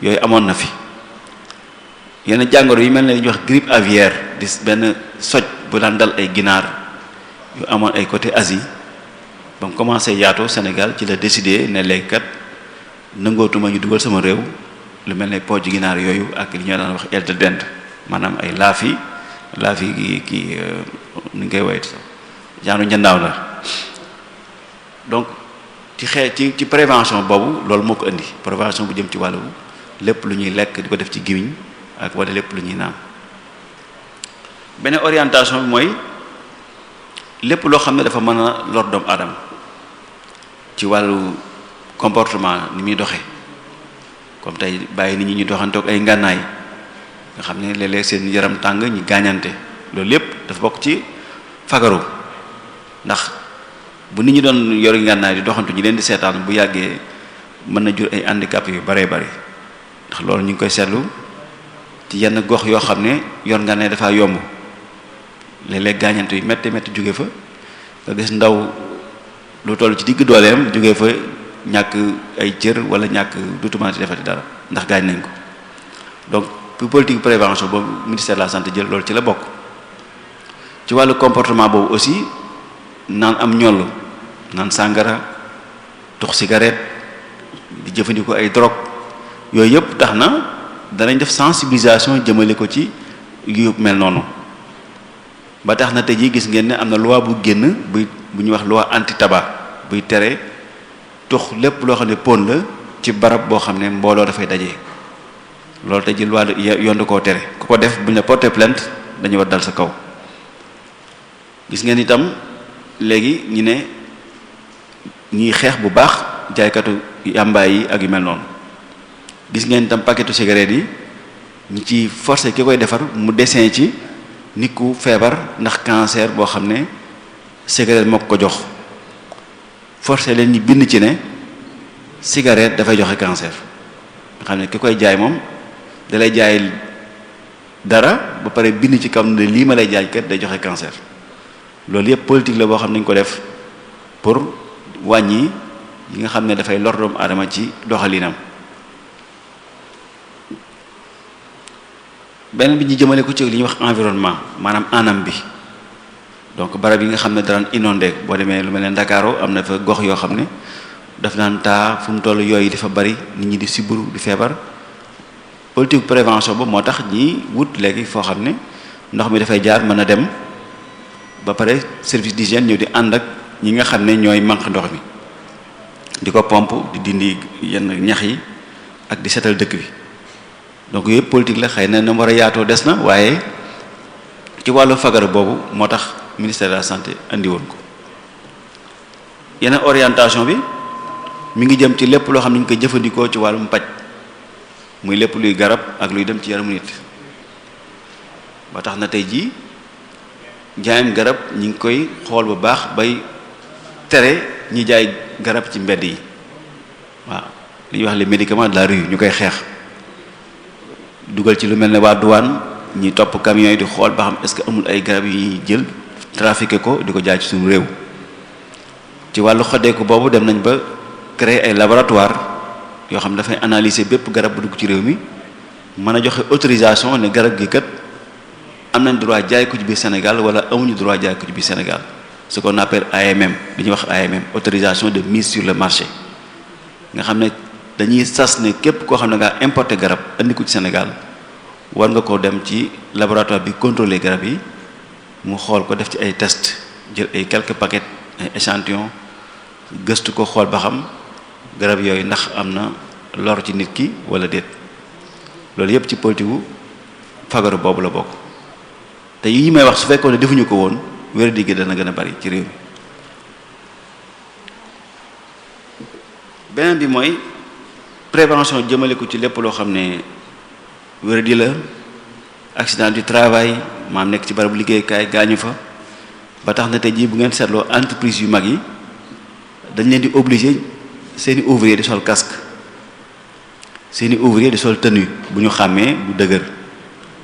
Speaker 2: yooyu amoon na fi yenn jàngoro yi mel ne jox ñuy wax grippe aviaire di benn soj bu daan dal ay ginaar yu amoon ay côté Asie ba mu commencé yaatoo Sénégal ci la décidé ne léegi kat nangootuma ñu dugal sama réew lu mel ne poj ginaar yooyu ak li ñoo daan wax ailes de dinde maanaam ay laafi laafi ki kii ni ngay wayet sax genre njëndaaw la donc ci xee ci ci prévention boobu loolu moo ko indi prévention bu jëm ci wàllu lépp lu ñuy lekk di ko def ci gémmiñ ak wala lépp lu ñuy naan beneen orientation bi mooy lépp loo xam ne dafa mën a lor doomu aadama ci wàllu comportement ni muy doxe comme tey bàyyi nit ñi ñu doxantoog ay ngànnaay nga xam ne léeg-léeg seen yaram tàng ñi gaañante loolu lépp dafa bokk ci fagaro ndax bu nit ñi doon yor ngànnaay di doxantu ñu leen di seetaan bu yàggee mën na jur ay handicap yu baree bari ndax loolu ñu ngi koy seetlu ci yenn gox yoo xam ne yoon nga ne dafa yomb léeg-léeg gaañante yu métti metti jóge fa nga gis ndaw lu toll ci digg dooleem jóge fa ñàkk ay jër wala ñàkk dutumanti defati dara ndax gaañ nañ ko donc pour politique prévention boobu ministère de la santé jël loolu ci la bokk ci wàllu comportement boobu aussi naan am ñoll naan sàngara tux cigarette di jëfandikoo ay drogue yooyu yëpp tax na danañ def sensibilisation jëmale ko ci yu mel noonu ba tax na tey jii gis ngeen ne am na luwaa bu génn buy bu ñuy wax loi anti tabac buy tere tux lépp loo xam ne pon la ci barab boo xam ne mbooloo dafay daje loolu tey jii loi yoon da koo tere ku ko def bu ñu la porter plainte dañu war dal sa kaw gis ngeen itam léegi ñu ne ñuy xeex bu baax jaaykatu yàmbaay yi ak yu mel noonu gis ngeen tam paquetu cigarette yi ñu ci forcé ki koy defar mu dessin ci nit ku feebar ndax cancer boo xam ne cigarette mook ko jox forcé leen ñu bind ci ne cigarette dafay joxe cancer nga xam ne ki koy jaay moom dalay jaay dara ba pare bind ci kaw ne lii ma lay jaay kat day joxe cancer loolu yëpp politique la boo xam ne ñu ko def pour wàññi yi nga xam ne dafay lor aadama ci doxalinam beneen bi ñu jëmale ko ci li ñuy wax environnement maanaam anam bi donc barab yi nga xam ne daraan inondé boo demee lu mel ne Ndakaaru am na fa gox yoo xam ne daf naan taa fu mu toll yooyu dafa bari nit ñi di si siburu di feebar politique prévention ba moo tax ñi wut léegi foo xam ne ndox mi dafay jaar mën a dem ba pare service d'hygiène ñëw di ànd ak ñi nga xam ne ñooy manque ndox mi di ko pomp di dindi yenn ñax yi ak di setal dëkk bi donc yëpp politique la xëy na na war a yaatoo des na waaye ci wàllu fagara boobu moo tax ministère de la santé andi ko yeneen orientation bi mu ngi jëm ci lépp loo xam ne ñu koy jëfandikoo ci wàllum paj muy lépp luy garab ak luy dem ci yaramu nit moo tax na tey jii jaayam garab ñu ngi koy xool bu baax bay tere ñi jaay garab ci mbedd yi waaw li ñu wax les médicament de la ñu koy xeex dugal ci lu mel ne waa douane ñi topp camions yi di xool ba xam est-ce que amul ay garab yi jël trafiqué ko di ko jaay ci suñu réew ci wàllu xoddeeku boobu dem nañ ba créer ay laboratoire yoo xam ne dafay analyser bépp garab bu dugg ci réew mi mën a joxe autorisation ne garab gi kat am nañ droit jaay ko ci biir Sénégal wala amuñu droit jaay ko biir Sénégal ce qu'on appelle AMM li ñuy wax AMM autorisation de mise sur le marché nga xam ne dañuy sas ne képp koo xam ne ngaa importé garab andi ko ci Sénégal war nga ko dem ci laboratoire bi contrôler garab yi mu xool ko def ci ay test jël ay quelque paquets ay gëstu ko xool ba xam garab yooyu ndax am na lor ci nit ki walla déet loolu yépp ci politique wu fagaru boobu la bokk te yi may wax su fekkoon ne defuñu ko woon wér digg dana gën a bari ci réew mi beneen bi mooy prévention jëmale ko ci lépp loo xam ne wéradi la accident du travail maam nekk ci barabu liggéeykaay gaañu fa ba tax na tey jii bu ngeen seetloo entreprise yu mag yi dañ leen di obligé seeni ouvrier di sol casque seeni ouvrier di sol tenue bu ñu xàmmee bu dëgër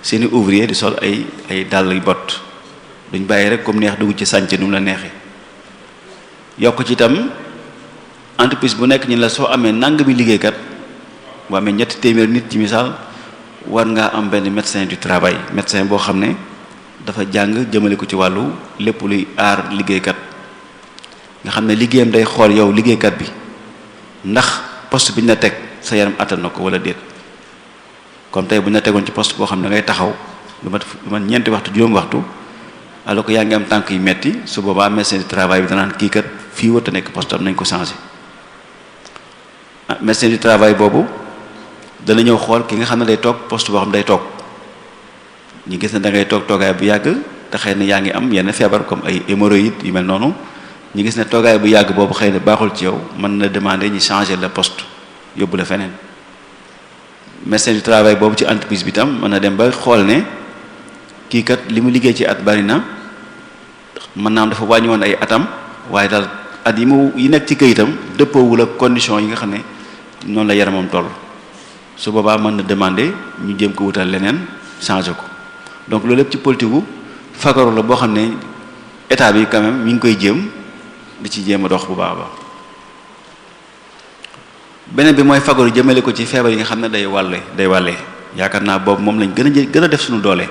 Speaker 2: seeni ouvrier di sol ay ay dàll bot duñ bàyyi rek comme neex dugg ci sànc nu mu la neexee yokk ci itam entreprise bu nekk ñu la soo amee nang bi liggéeykat boo amee ñetti téeméer nit ci misaal war nga am benn médecin du travail médecin boo xam ne dafa jàng jëmale ko ci wàllu lépp luy aar liggéeykat nga xam ne liggéeyam day xool yow liggéeykat bi ndax poste bi ñu la teg sa yaram attan na ko wala déet comme tey bu ñu la tegoon ci post boo xam ne da ngay taxaw lu mat lu ñeenti waxtu juróom waxtu alors que yaa ngi am tànk yi metti su boobaa médecin du travail bi danaan kii kat fii wër te nekk poste am nañ ko changé ah, médecin du boobu. dana ñëw xool ki nga xam ne day toog poste boo xam day toog ñu gis ne da ngay toog toogaay bu yàgg te xëy na yaa ngi am yenn feebar comme ay hémorroïdes yu mel noonu ñu gis ne toogaay bu yàgg boobu xëy na baaxul ci yow mën na demander ñu changer le poste yóbbu la feneen médecin du boobu ci entreprise bi tam mën na dem ba xool ne kii kat li mu liggéey ci at bari na mën naa am dafa wàññi woon ay atam waaye dal at yi mu yi nekk ci këyitam dëppoowul ak condition yi nga xam ne noonu la yaramam toll su boobaa mën na demander ñu jéem ko wutal leneen changer ko donc loolu lépp ci politique gu fagaru la boo xam ne état bi quand même ngi koy jéem di ci jéem a dox bu baax a baax beneen bi mooy fagaru jëmale ko ci feebar yi nga xam ne day wàlle day wàlle yaakaar naa boobu moom lañ gën a jël gën a def suñu doolee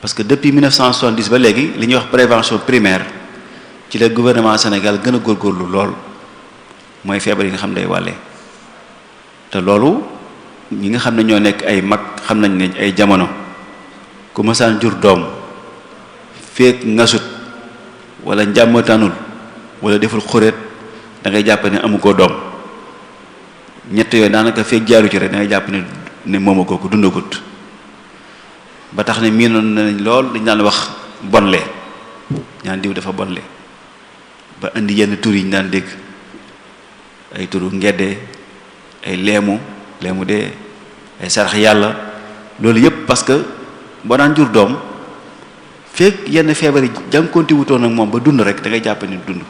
Speaker 2: parce que depuis 1970 ba léegi li ñuy wax prévention primaire ci la gouvernement Sénégal gën a góorgóorlu lool mooy feebar yi nga xam day wàlle ñi nga xam ne ñoo nekk ay mag xam nañ ne ay jamono ku masaan jur doom feek ngasut wala njàmmatanul wala deful xoret dangay jàpp ne amu ko doom ñett yooyu daanaka feek jaaru ci rek dangay jàpp ne ne mooma kooku dundagut ba tax ne miinoon nañ lool dañ daan wax bonle ñaan diw dafa bonle ba indi yenn tur yi ñu daan dégg ay turu ngedde ay leemu léegi mu dee ay sarax yàlla loolu yëpp parce que boo daan jur doom fekk yenn feebar yi wutoo nag moom ba dund rek dangay ngay jàpp ni dund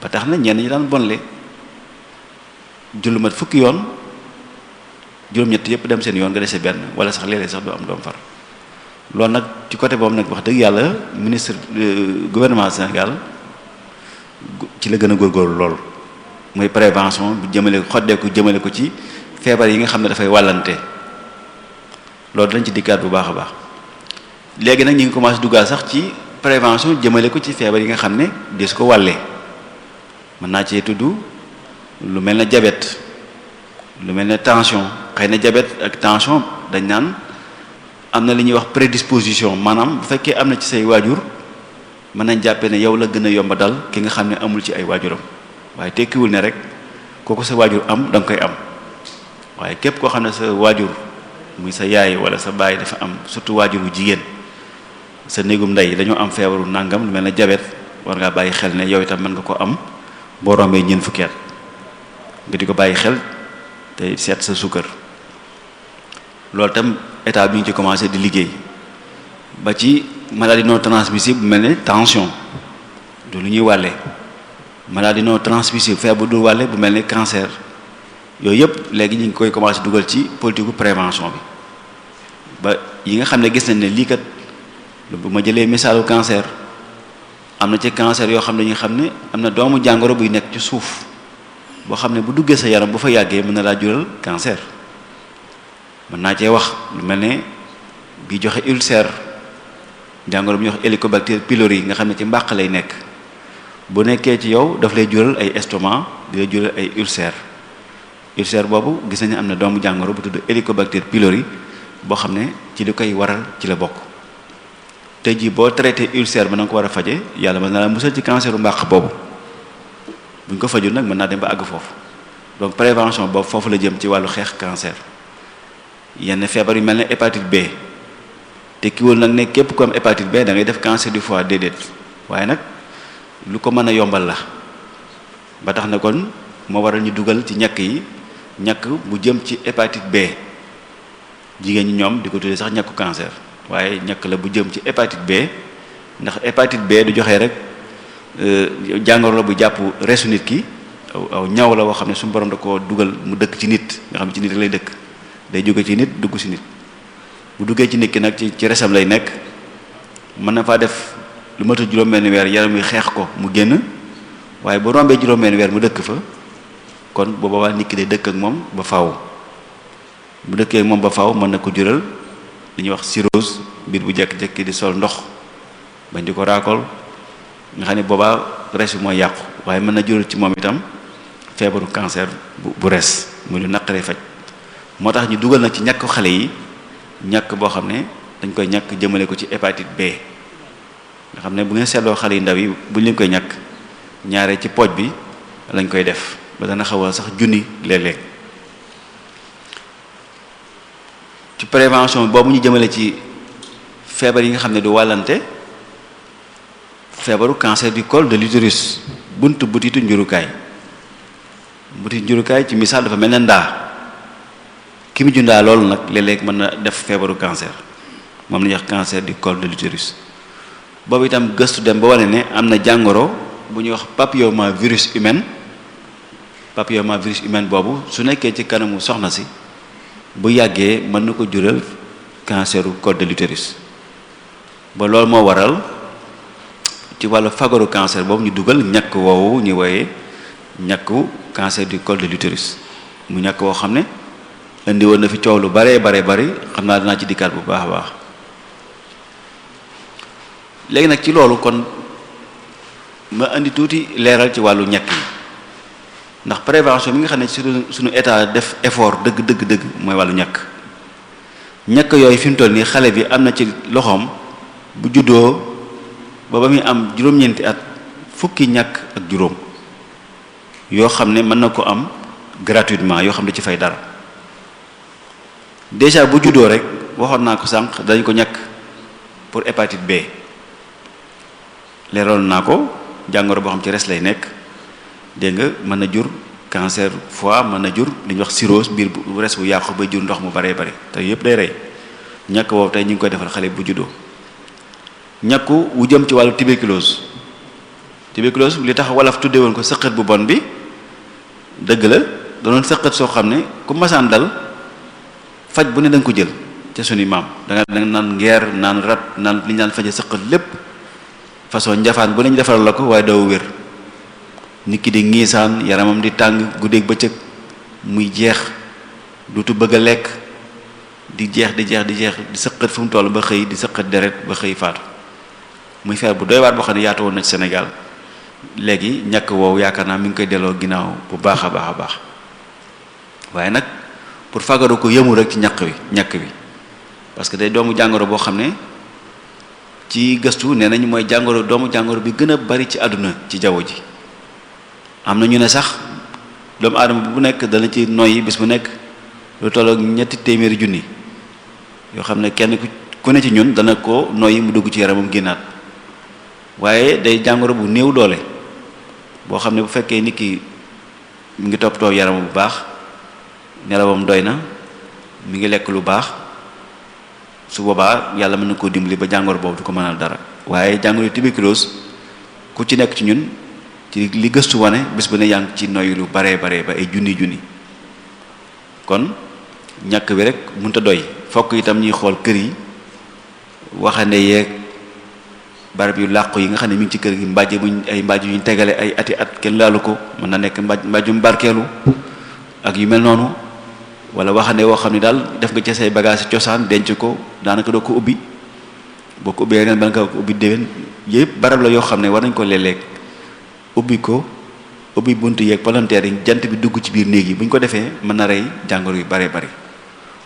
Speaker 2: ba tax na ñenn ñi daan bonle jullu mat fukki yoon juróom-ñett yëpp dem seen yoon nga dese benn wala sax léeg sax du am doom far loolu nag ci côté boobu nag wax dëgg yàlla ministre euh, gouvernement Sénégal ci la gën a góor lool mooy prévention bu jëmale ko xoddeeku jëmale ko ci feebar yi nga xam ne dafay wàllante loolu dañ ci dikkaat bu baax a baax léegi nag ñu ngi commencé duggaal sax ci prévention jëmale ko ci feebar yi nga xam ne des ko wàllee mën naa cee tuddu lu mel ne jabet lu mel ne tension xëy na jabet ak tension dañ naan am na li ñuy wax prédisposition maanaam bu fekkee am na ci say waajur mën nañ jàppee ne yow la gën a yomba dal ki nga xam ne amul ci ay waajuram waaye tekkiwul ne rek kooku sa waajur am da nga koy am waaye képp ko xam ne sa waajur muy sa yaay wala sa baay dafa am surtout bu jigéen sa néegum ndey dañoo am feebaru nàngam lu mel ne jabet war ngaa bàyyi xel ne yow itam mën nga ko am boo rombee ñeent fukki di ko bàyyi xel te seet sa sukkar loolu itam état bi ngi commencé di liggéey ba ci maladie non transmissible bu mel ne tension du lu ñuy wàlle maladie non transmissible feebar du wàlle bu mel ne cancer yooyu yëpp léegi ñu ngi koy commencé dugal ci politique prévention bi ba yi nga xam ne gis nañ ne lii kat bu ma jëlee misaalu cancer am na ci cancer yoo xam ne ñu xam ne am na doomu jàngoro buy nekk ci suuf boo xam ne bu duggee sa yaram bu fa yàggee mën na laa jural cancer mën naa cee wax lu mel ne bi joxe ulcère jàngoro bi ñuy wax Helicobacter pylori nga xam ne ci mbàq lay nekk bu nekkee ci yow daf lay jural ay estomac di lay jural ay ulcère ulcère boobu gis nañu am na doomu jàngoro bu tudd Helicobacter pylori boo xam ne ci li koy waral ci la bokk tey jii boo traité ulcère bi na nga ko war a faje yàlla mën na la musal ci canceru mbàq boobu buñ ko fajul nag mën naa dem ba àgg foofu donc prévention boobu foofu la jëm ci wàllu xeex cancer yenn feebar yu mel ne hépatite B te kiwul nag ne képp ku am hépatite B da ngay def cancer du foie déedéet waaye nag lu ko mën a yombal la ba tax na kon moo waral ñu dugal ci ñàkk yi ñàkk mu jëm ci hépatite B jigéen ñi ñoom di ko tuddee sax ñàkku cancer waaye ñàkk la bu jëm ci hépatite bee ndax hépatite bee du joxee rek euh, jàngoro la bu jàpp reesu nit ki aw ñaw la woo xam ne suñu borom da ko dugal mu dëkk ci nit nga xam ne ci nit lay dëkk day jóge ci nit dugg ci nit bu duggee ci nit ki nag ci ci resam lay nekk mën na faa def lu matu juróom mel ni weer yaram wi xeex ko mu génn waaye bu rombee juróom-benn weer mu dëkk fa kon boo boobaa nit ki dëkk ak moom ba faw bu dëkkee moom ba faw mën na ko jural li ñuy wax cirrhose biir bu jékki-jékki di sol ndox bañ di ko raakol nga xam ne boobaa res bi mooy yàqu waaye mën na jural ci moom itam feebaru cancer bu res muy lu naqaree faj moo tax ñu dugal nag ci ñàkk xale yi ñàkk boo xam ne dañ koy ñàkk jëmale ko ci hépatite bee nga xam ne bu ngeen seetloo xale yu ndaw yi bu ñu leen koy ñàkk ñaare ci pooj bi lañ koy def ba dana xawal sax junni léeg-léeg ci prévention boobu ñu jëmale ci feebar yi nga xam ne du wàllante feebaru cancer du col de l'utérus bunt butitu njurukaay butitu njurukaay ci misaal dafa mel ne ndaa ki mu jundaa loolu nag léeg mën na def feebaru cancer moom la ñuy wax cancer du col de l'utérus boobu itam gëstu dem ba wane ne am na jàngoro bu ñuy wax papilloma virus humain papillomavirus humain boobu su nekkee ci kanamu soxna si bu yàggee mën na ko jural canceru col de l'utérus ba loolu moo waral ci wàllu fagaru cancer boobu ñu dugal ñàkk woowu ñu woyee ñàkku cancer du col de l'utérus mu ñàkk woo xam ne indi woon na fi coow lu baree bare bari xam naa dinaa ci dikkaat bu baax a baax léegi nag ci loolu kon ma indi tuuti leeral ci wàllu ñàkk yi ndax prévention bi nga xam ne surtout suñu état def effort dëgg dëgg dëgg mooy wàllu ñàkk ñàkk yooyu fi mu toll nii xale bi am na ci loxoom bu juddoo ba ba muy am juróom-ñeenti at fukki ñàkk ak juróom yoo xam ne mën na ko am gratuitement yoo xam ne ci fay dara déjà bu juddoo rek waxoon naa ko sànq dañ ko ñàkk pour hépatite B leeroon naa ko jàngoro boo xam ci res lay nekk. dégg nga mën na jur cancer fois mën na jur li ñuy wax cirrhose biir bu res bu yàqu ba jur ndox mu baree bari te yëpp day rey ñàkk woowu tey ñu ngi koy defal xale bu juddoo ñàkku wu jëm ci wàllu tuberculose tuberculose li tax wolof tuddee woon ko sëqët bu bon bi dëgg la danoon sëqët soo xam ne ku masaan dal faj bu ne da ko jël ca suñu maam da da nga naan ngeer naan rab naan liñ naan faje sëqët lépp façon njafaan bu ne ñu defaral la ko waaye doo wér nit ki di ngiisaan yaramam di tàng guddeeg bëccëg muy jeex dutu bëgg a lekk di jeex di jeex di jeex di sëqat fu toll ba xëy di sëqat deret ba xëy faatu muy feer bu doy waar boo xam ne yaatu woon na ci Sénégal léegi ñàkk woowu yaakaar naa mi ngi koy delloo ginnaaw bu baax a baax a baax waaye nag pour fagaru ko yëmu rek ci ñàkk wi ñàkk bi parce que day doomu jàngoro boo xam ne ci gëstu nee nañu mooy jàngoro doomu jàngoro bi gën a bari ci àdduna ci jaww ji am na ñu ne sax doomu aadama bu nekk dana ci yi bis bu nekk lu tollook ñetti téeméeri junni yoo xam ne kenn ku ne ci ñun dana ko yi mu dugg ci yaramam génnaat waaye day jàngoro bu néew doole boo xam ne bu fekkee nit ki mu ngi toppatoo yaramam bu baax nelawam doy na mu ngi lekk lu baax su boobaa yàlla mën na koo dimbali ba jàngoro boobu du ko mënal dara waaye jàngoro tuberculose ku ci nekk ci ñun ci li gëstu wane bis bu ne yaa ci noyyi lu baree baree ba ay junni junni kon ñàkk bi rek mënut a doy fokk itam ñuy xool kër yi waxande yeeg barab yu làqu yi nga xam ne mi ci kër gi mbàjj buñ ay mbàjj yuñ tegale ay ati at kenn laalu ko mën na nekk mbàjj mbàjjum barkeelu ak yu mel noonu wala waxande woo xam ne daal def nga ci say bagage cosaan denc ko daanaka doo ko ubbi boo ko ubbee ren ba nga ko ubbi déwén yëpp barab la yoo xam ne war nañ ko léeg-léeg ubbi ko ubbi buntu yeeg palanteer yi jant bi dugg ci biir néeg yi bu ñu ko defee mën na rey jàngoro yu bare bari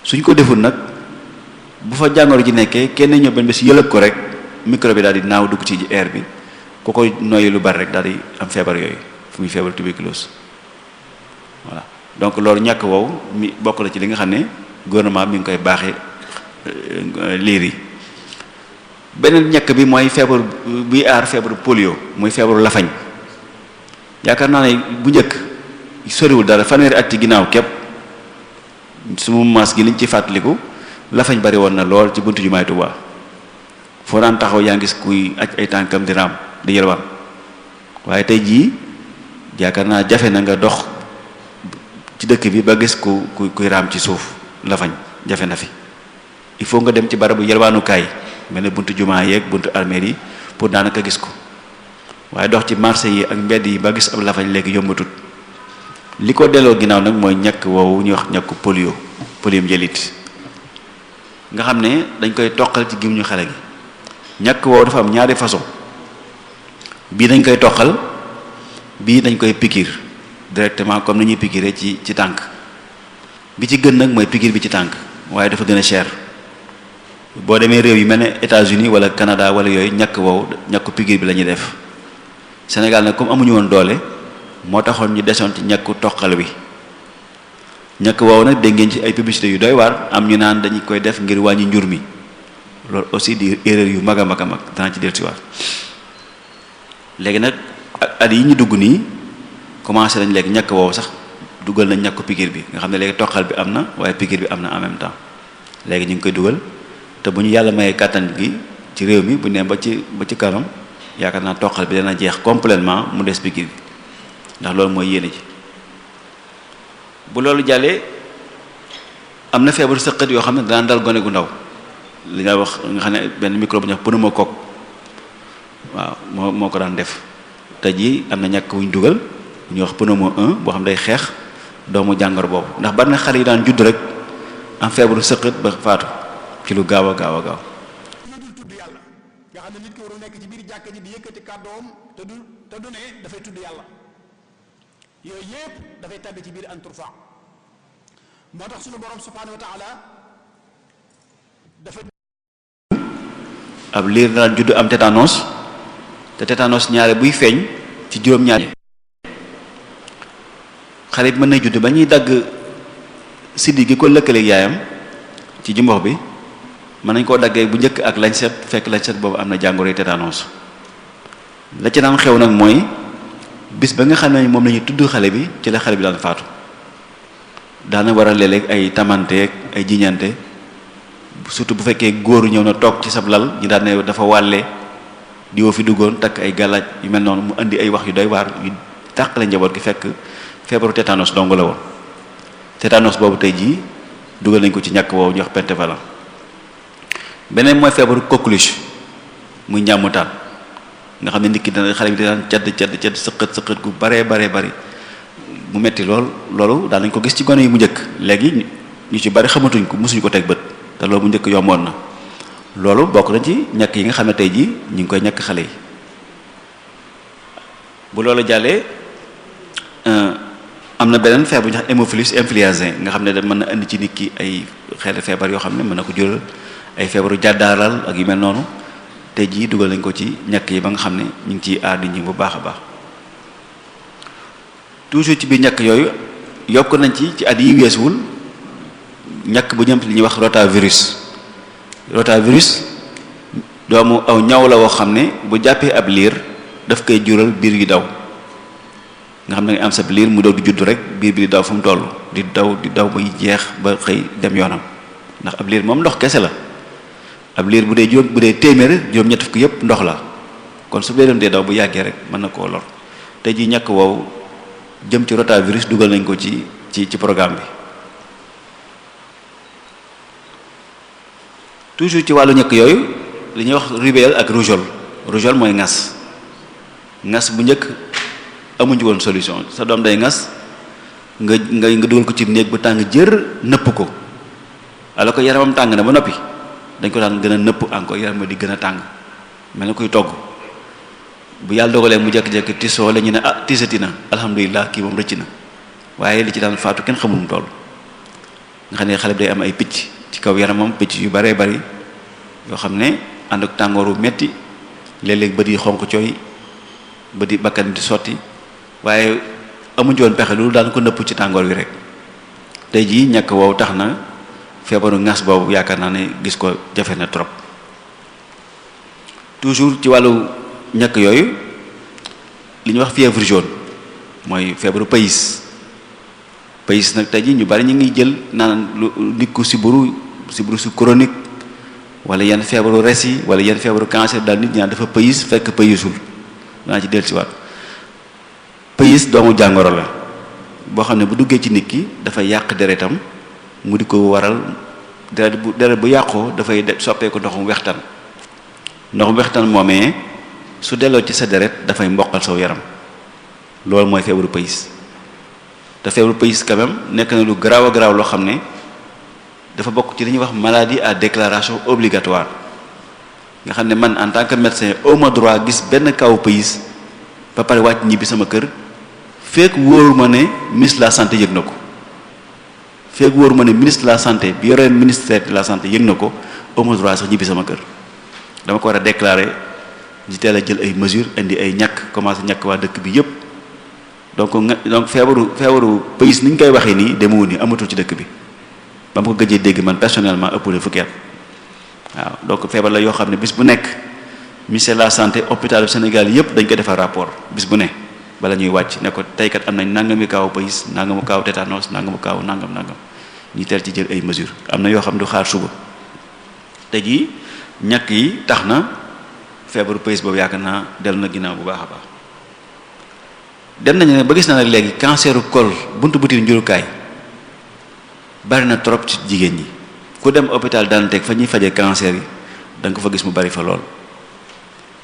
Speaker 2: suñ ko deful nag bu fa jàngoro ji nekkee kenn ñëw benn bés yëlëb ko rek micro bi daal di naaw dugg ci air bi ku koy noyyi lu bari rek daal am feebar yooyu fu muy feebar tuberculose voilà donc loolu ñàkk wow mi bokk la ci li nga xam ne gouvernement mi ngi koy baaxee euh, liir yi beneen ñàkk bi mooy feebar buy aar feebaru polio muy feebaru lafañ yaakaar naa ne bu njëkk soriwul dara fanweeri at ci ginnaaw képp sumu maas gi liñ ci fàttaliku lafañ bari woon na lool ci buntu jumaay Tuubaa foo daan taxaw yaa gis kuy aj ay tànkam di raam di yelwaan waaye tey jii yaakaar naa jafe na nga dox ci dëkk bi ba gis ku ku kuy raam ci suuf lafañ jafe na fi il faut nga dem ci barabu yelwaanukaay mel ne buntu jumaa yeeg buntu armeel yi pour daanaka gis ko waaye dox ci marché yi ak mbedd yi ba gis ab lafañ léegi yombatut li ko delloo ginnaaw nag mooy ñàkk woowu ñuy wax ñàkk polio polio jëlit nga xam ne dañ koy toqal ci gémmiñu xale gi ñàkk woowu dafa am ñaari façon bii dañ koy toqal bii dañ koy pikiir directement comme ni ñuy pikiiree ci ci tànk bi ci gën nag mooy pikiir bi ci tànk waaye dafa gën a cher boo demee réew yi mel ne États-Unis wala Canada wala yooyu ñàkk wow ñàkk pikiir bi la ñuy def Sénégal nag comme amuñu woon doole moo taxoon ñu desoon ci ñàkku toqal bi ñàkk woowu nag dégg ci ay publicité yu doy waar am ñu naan dañu koy def ngir wàññi njur mi loolu aussi di erreur yu mag a mag a mag dana ci dellusiwaat léegi nag at yi ñu dugg nii commencé nañ léegi ñàkk woowu sax dugal nañ ñàkku piqûre bi nga xam ne léegi toqal bi am na waaye piqûre bi am na en même temps léegi ñu ngi koy dugal te bu ñu yàlla mayee kàttan gi ci réew mi bu ne ba ci ba ci kanam yaakaar naa toqal bi dana jeex complètement mu des bi bi ndax loolu mooy yéene ji bu loolu jàllee am na feebar sëqat yoo xam ne daan dal gone gu ndaw li nga wax xam ne benn microbe bu ñu wax pneumocoque waaw moo moo ko daan def te ji am na ñàkk wuñ dugal bu ñuy wax pneumo 1 boo xam day xeex doomu jàngoro boobu ndax bari na xale yi daan judd rek am feebaru sëqat ba faatu ci lu gaaw a gaaw a gaaw kàddoom te du dafay tudd yàlla yooyu yépp dafay tàbbi ci biir an turfa moo tax ab liir dana judd am tétanos te tétanos ñaare buy feeñ ci juróom-ñaari xale mën na juddu ba ñuy dagg siddi gi ko lëkkaleeg yaayam ci jumbox bi mën nañ koo daggee bu njëkk ak lañset fekk lañset boobu am na jàngoro tétanos la ci daan xew nag mooy bis ba nga xam ne moom lañuy tudd xale bi ci la xale bi daan faatu daana war a léeg-léeg ay tamanteeg ay jiñante surtout bu fekkee góor ñëw na toog ci sab lal ñu daan ne dafa wàlle di fi duggoon takk ay gàllaaj yu mel noonu mu indi ay wax yu doy waar yu tàqale njaboot gi fekk feebaru tétanos dong la woon tétanos boobu tey jii dugal nañ ko ci ñàkk woowu ñu wax pentavalent beneen mooy feebaru coqueluche muy njàmmutaan nga xam ne nit ki dana xale bi daan cadd cadd cadd sëqët sëqët gu baree baree bari mu metti lool loolu daan nañ ko gis ci gone yi mu njëkk léegi ñu ci bari xamatuñ ko mosuñu ko teg bët te lool mu njëkk yomboon na loolu bokk na ci ñakk yi nga xam ne tey jii ñu ngi koy ñàkk xale yi bu loolu jàllee euh, am na beneen feebar bu ñuy wax hémophilus influenzae nga xam ne da mën na indi ci nit ki ay xeetu feebar yoo xam ne mën na ko jural ay feebaru jàddaaral ak yu mel noonu tey jii dugal nañ ko ci ñàkk yi ba nga xam ne ñu ngi ciy aar nit bu baax a baax toujours ci biir ñakk yooyu yokk nañ ci ci at yi weesuwul ñàkk bu ñëpp li ñuy wax rotavirus rotavirus doomu aw ñaw la woo xam ne bu jàppee ab liir daf koy jural biir yu daw nga xam ne nga am sa liir mu daw di juddu rek biir bi di daw fu mu toll di daw di daw bay jeex ba xëy dem yoonam ndax ab liir moom ndox kese la ab liir bu dee juróom bu dee téeméer juróom ñett fukk yépp ndox la kon su dee doon dee daw bu yàggee rek mën na koo lor te ji ñàkk woowu jëm ci rotavirus dugal nañ ko ci ci ci programme bi toujours ci wàllu ñàkk yooyu li ñuy wax rubéole ak rougeole rougeole mooy ngas ngas bu njëkk amuñu woon solution sa doom day ngas nga nga nga dugal ko ci néeg bu tàng jër nëpp ko alors que yaramam tàng na ba noppi dañ ko daan gën a nëpp encore yaram ma di gën a tàng mel na koy togg bu yàlla dogalee mu jekk-jekk tisoo la ñu ne ah tisati na alhamdulilah kii moom rëcc na waaye li ci daan faatu kenn xamuñu mu toll nga xam ne xale bi day am ay picc ci kaw yaramam picc yu baree bari yoo xam ne ànd ak tàngoor tàngooru metti léeg bët yi xonq cooy bët yi bakkan di sotti waaye amuñ woon pexe loolu daan ko nëpp ci tàngoor wi rek tey jii ñakk wow tax na feebaru ŋas boobu yaakaar naa ne gis ko jafe na trop toujours ci wàllu ñekk yooyu li ñuy wax fièvre jaune mooy feebaru pays pays nag tey jii ñu bari ñu ngi jël naan lu nit ku siburu siburu su chronique wala yenn feebaru res yi wala yenn feebaru cancer dal nit ñaa dafa pays fekk payisul danaa ci dellusiwaat pays doomu jàngoro la boo xam ne bu duggee ci nit ki dafa yàq deretam mu di ko waral deret bu deret bu yàqoo dafay soppeeku ndoxum wextan ndoxum wextan moomee su delloo ci sa deret dafay mboqal saw yaram loolu mooy feebaru pays te feebaru pays quand nekk na lu garaaw a garaaw loo xam ne dafa bokk ci li ñuy wax maladie à déclaration obligatoire nga xam ne man en tant que médecin au ma droit gis benn kaw pays ba pare wàcc ñibbi sama kër fekk wóoru ma ne ministre la santé yëg na ko feeg wóor ma ne ministre la santé bi yore ministère de la santé yëg na ko amoo droit sax ñibbi sama kër dama ko war a déclarer di teel a jël ay mesures indi ay ñàkk commencé ñàkk waa dëkk bi yëpp donc nga donc feebaru feebaru pays ni ñu koy waxee nii demewu nii amatul ci dëkk bi ba ma ko gëjee dégg man personnellement ëpp na fukki at waaw donc feebar la yoo xam ne bis bu nekk ministère la santé hôpital Sénégal yëpp dañ ko defar rapport bis bu ne bala ñuy wàcc ne ko teykat am nañ nangamu kaaw pays nangamu kaaw tétanos nangamu kaaw nangam nangam. ñu teel ci jël ay mesures am na yoo xam du xaar suba te jii ñàkk yi tax na feebaru pays boobu yaakaar naa dellu na ginnaaw bu baax a baax dem nañu ne ba gis na nag léegi canceru kol bunt buti njurukaay bari na trop ci jigéen ñi ku dem daan teg fa ñuy faje cancer yi da ko fa gis mu bari fa lool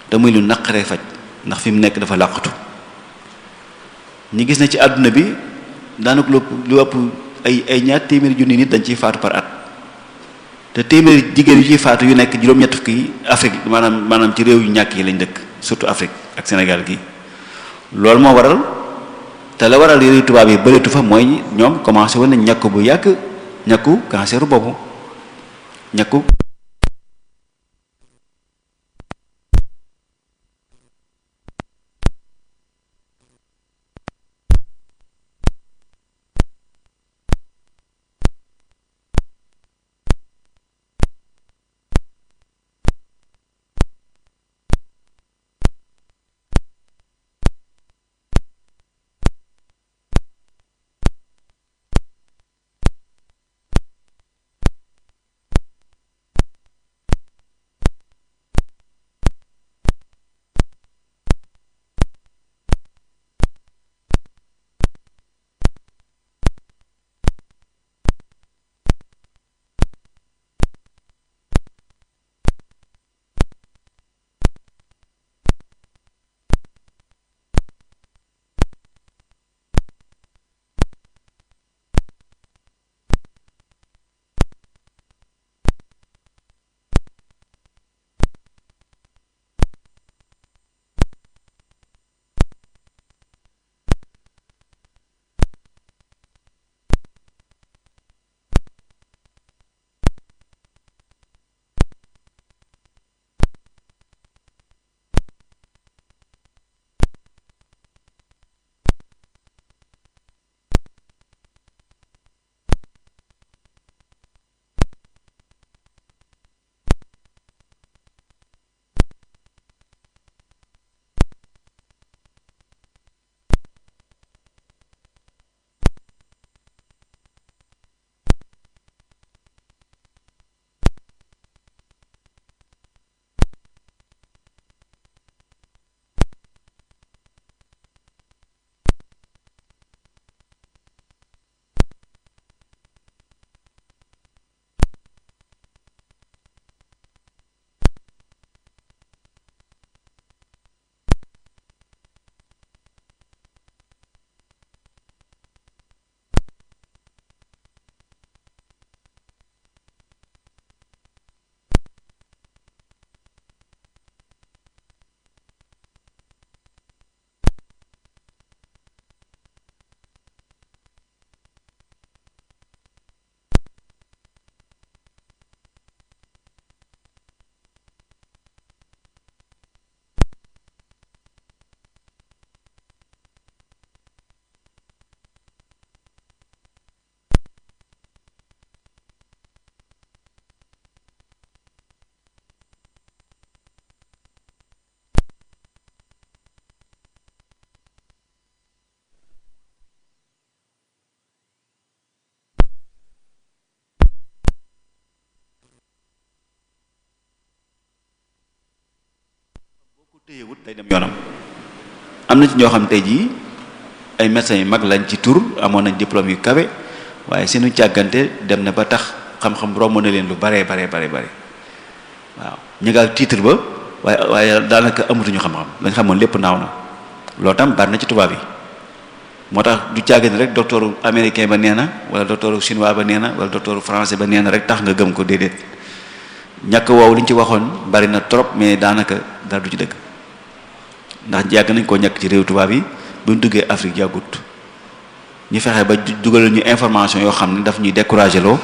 Speaker 2: te muy lu naqaree faj ndax fi mu nekk dafa làqatu ñi gis na ci àdduna bi daanaka lu ëpp ay ay ñaar téeméeri junni nit dañ ciy faatu par at te téeméer jigéen yu ciy faatu yu nekk juróom-ñett fukki Afrique maanaam maanaam ci réew yu ñàkk yi lañ dëkk surtout Afrique ak Sénégal gi loolu moo waral te la waral réew tubaab yi bëreetu fa mooy ñoom commencé woon nañ ñàkku bu yàgg ñàkku cancer boobu ñàkku téyewut day dem yoonam am na ci ñoo xam tey jii ay médecins yu mag lañ ci tur amoon nañ diplôme yu kawe waaye seenu càggante dem na ba tax xam-xam romb na leen lu baree baree bare bare waaw ñu ngaal titre ba waaye waaye daanaka amatuñu xam-xam lañ xamoon lépp naaw na loo tam bari na ci tubaab yi moo tax du càggante rek docteur américain ba nee na wala docteur chinois ba nee na wala docteur français ba nee na rek tax nga gëm ko déedéet ñàkk woowu lu ñu ci waxoon bari na trop mais daanaka dara du ci dëgg ndax yàgg nañ koo ñàkk ci réew tubaab yi bu ñu duggee Afrique yàggut ñu fexe ba dugal ñu information yoo xam ne daf ñuy découragé loo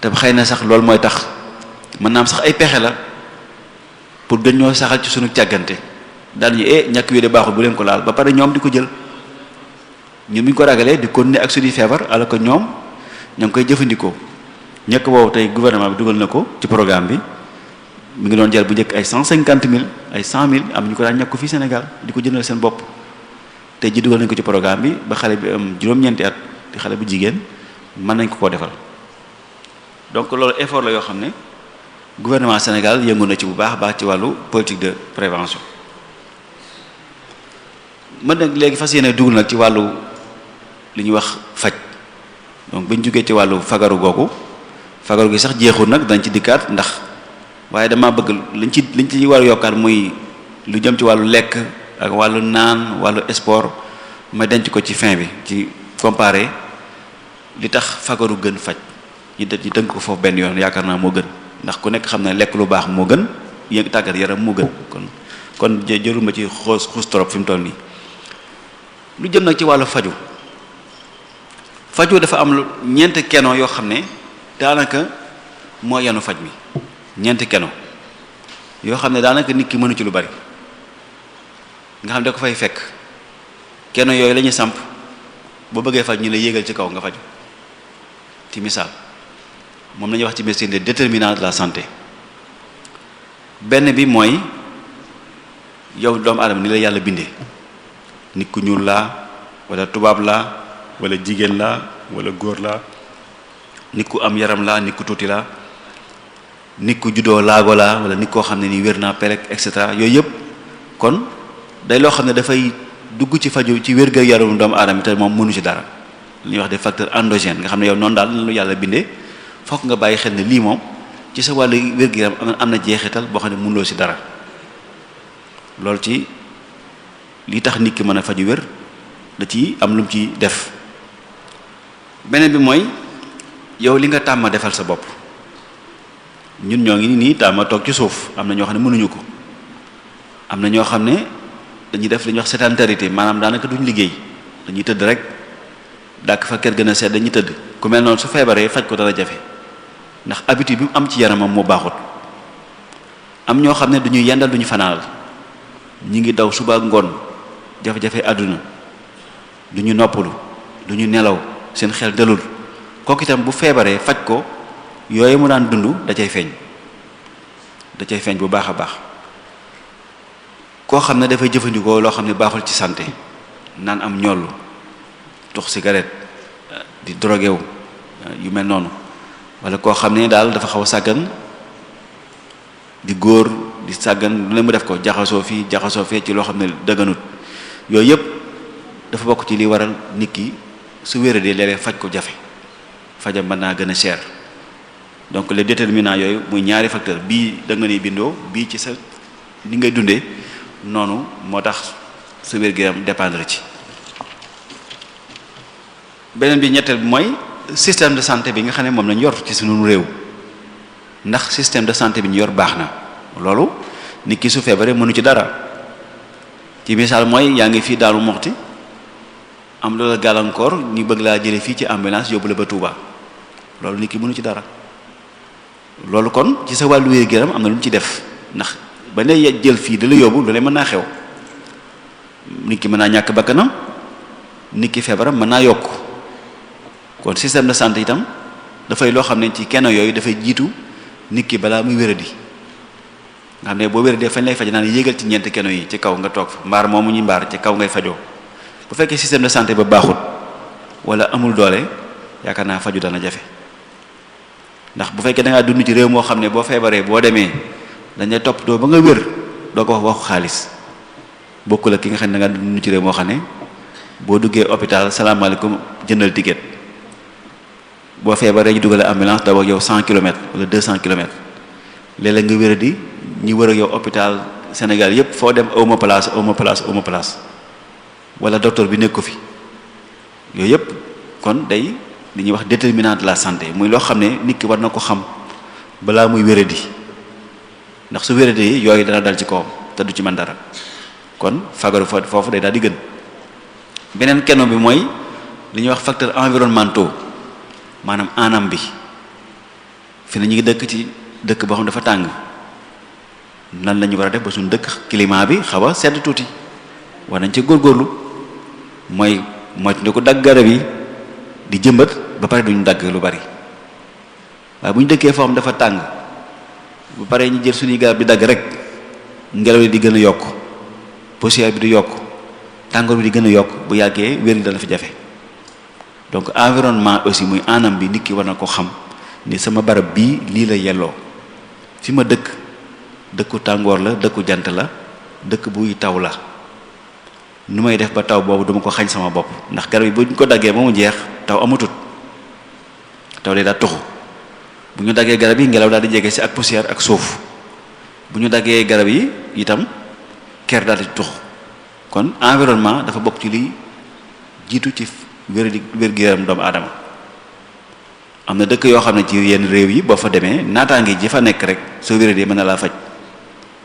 Speaker 2: te xëy na sax loolu mooy tax mën naa sax ay pexe la pour gën ñoo saxal ci suñu càggante daal ñu eh ñàkk wi de bu leen ko laal ba pare ñoom di ko jël ñun bu ko ragalee di continuer ak suñuy feebar alors ñoom ñoo ngi koy jëfandikoo ñàkk boobu tey gouvernement bi dugal na ko ci programme bi mi ngi doon jar bu njëkk ay cent cinquante mille. ay cent mille am ñu ko daan ñàkk fii Sénégal di ko jëndal seen bopp te ji dugal nañ ko ci programme bi ba xale bi am juróom-ñeenti at di xale bu jigéen mën nañ ko koo defal donc loolu effort la yoo xam ne gouvernement Sénégal yëngu na ci bu baax baax ci wàllu politique prévention man nag léegi fas yéene dugal nag ci wàllu li ñuy wax faj donc bu ñu jugee ci wàllu fagaru googu fagaru gi sax jeexul nag dañ ci dikkaat ndax. waaye dama bëgg li ci liñ ci war a muy lu jëm ci wàllu lekk ak wàllu naan wàllu sport ma denc ko ci fin bi ci comparé li tax fagaru gën faj ñu def ñu dënk ko foofu benn yoon yaakaar naa moo gën ndax ku nekk xam ne lekk lu baax moo gën yëngu tàggat yaram moo gën kon kon jëru ma ci xoos xuus trop fi mu toll nii lu jëm nag ci wàllu faju faju dafa am ñeent keno yoo xam ne daanaka moo yenu faj mi ñeenti keno yoo xam ne daanaka nit ki mënu ci lu bari nga xam ne ko fay fekk keno yooyu lañuy samp boo bëggee faj ñu la yéegal ci kaw nga faju ci misaal moom lañuy wax ci médecine des la santé benn bi mooy yow doomu aadama ni la yàlla bindee nit ku ñuul laa walla tubaab la walla jigéen la wala góor la nit ku am yaram laa nit ku tuuti la nit ku juddoo laago laa wala nit koo xam ne nii wér naa pelek et cetera yooyu yëpp kon day loo xam ne dafay dugg ci faju ci wér gu yaramu doomu aadama te moom mënu ci dara li ñuy wax des facteurs endogènes nga xam ne yow noonu daal lu yàlla bindee fokk nga bàyyi xel ne lii moom ci sa wàllu wér gu yaram am na jeexital boo xam ne mënuloo ci dara loolu ci li tax nit ki mën a faju wér da ci am lu ci def beneen bi mooy yow li nga tàmm defal sa bopp. ñun ñoo ngi nii taama toog ci suuf am na ñoo xam ne mënuñu ko am na ñoo xam ne dañuy def li ñuy wax sédentarité maanaam daanaka duñu liggéey dañuy tëdd rek dàq fa kër gën a sedd dañuy tëdd ku mel noonu su feebaree faj ko dala jafe ndax habitude bi mu am ci yaramam moo baaxut am ñoo xam ne duñu yendal duñu fanaanal ñu ngi daw suba ngoon jafe-jafe àdduna duñu noppalu duñu nelaw seen xel dalul kooku itam bu feebaree faj ko yooyu mu daan dund da cay feeñ da cay feeñ bu baax a baax koo xam ne dafay jëfandikoo loo xam ne baaxul ci sante naan am ñollu tux cigarette di drogué wu yu mel noonu walla koo xam ne daal dafa xaw a sàggan di góor di sàggan lu ne mu def ko jaxasoo fii jaxasoo fee ci loo xam ne dëgganut yooyu yëpp dafa wokk ci li waral nit ki su wéradee léeg-léeg faj ko jafe fajam mën naa gën a cher donc les déterminant yooyu muy ñaari facteur bii da nga ni bindoo bii ci sa ni ngay dundee noonu moo tax sa wér-gu-yaram dépendre ci beneen bi ñetteel bi mooy système de santé bi nga xam ne moom lañ yor ci suñu réew ndax système de santé bi ñu yor baax na loolu nit ki su feebaree mënu ci dara ci misaal mooy yaa ngi fii Daaru moxti am loola gàllankoor ñu bëgg laa jële fii ci ambulance yóbbu la ba Touba loolu nit ki mënu ci dara loolu kon ci sa wàllu wéer géram am na lu mu ci def ndax ba ne jël fii da la yóbbu lu ne mën naa xew nit ki mën naa ñàkk bakkanam nit ki feebaram mën naa yokk kon système de santé itam dafay loo xam ne ci kenn yooyu dafay jiitu nit ki balaa muy wéradi nga xam ne boo wéradee fañ lay faj naan yéegal ci ñeenti keno yi ci kaw nga toog mbaar mu ñu mbaar ci kaw ngay fajoo bu fekkee système de santé ba baaxul wala amul doole yaakaar naa faju dana jafe ndax bu fekkee da dund ci réew moo xam ne boo feebaree boo demee dañuy topp doo ba nga wér doo ko wax waxu xaalis bokkul ak ki nga xam ne da ngaa dund ci réew moo xam ne boo duggee hôpital salaamaaleykum jëndal ticket boo feebaree ñu dugalee ambulance daw ak yow 100 kilomètres wala 200 kilomètres léeg-léeg nga wér di ñi wër ak yow hôpital Sénégal yépp foo dem awma place awma place awma place wala docteur bi nekk ko fi yooyu yépp kon day li ñuy wax déterminant la santé muy loo xam ne nit war na ko xam balaa muy wéradi ndax su yi yooyu dana dal ci kawam te du ci mën dara kon fagaru foofu de daal di gën beneen keno bi mooy li ñuy wax facteur environnementaux maanaam anam bi fi na ñu ngi dëkk ci dëkk boo xam dafa tàng nan lañu war a def ba suñu dëkk climat bi xaw a sedd tuuti war nañ ci góor góorlu mooy moytu ndi ko dagg garab yi di jëmbat ba pare duñu dagg lu bari waaye bu ñu dëkkee foo xam dafa tàng bu paree ñu jël suñuy garab bi dagg rek ngelaw li di gën a yokk poussière bi di yokk tàngoor bi di gën a yokk bu yàggee wér dana fi jafe donc environnement aussi muy aanam bi nit ki war na ko xam ni sama barab bii lii la yelloo fi ma dëkk dëkku tàngoor la dëkku jant la dëkk buy taw la nu may def ba taw boobu duma ko xañ sama bopp ndax garab yi ñu ko daggee ba mu jeex taw amatut taw day daal tuxu bu ñu daggee garab yi ngelaw daal di jege si ak poussière ak suuf bu ñu daggee garab yi itam ker daal di tuxu kon environnement dafa bokk ci liy jiitu ci wér wér-gu-yaram doomu aadama am na dëkk yoo xam ne ci yenn réew yi boo fa demee ngi ji fa nekk rek soo wéradee mën na laa faj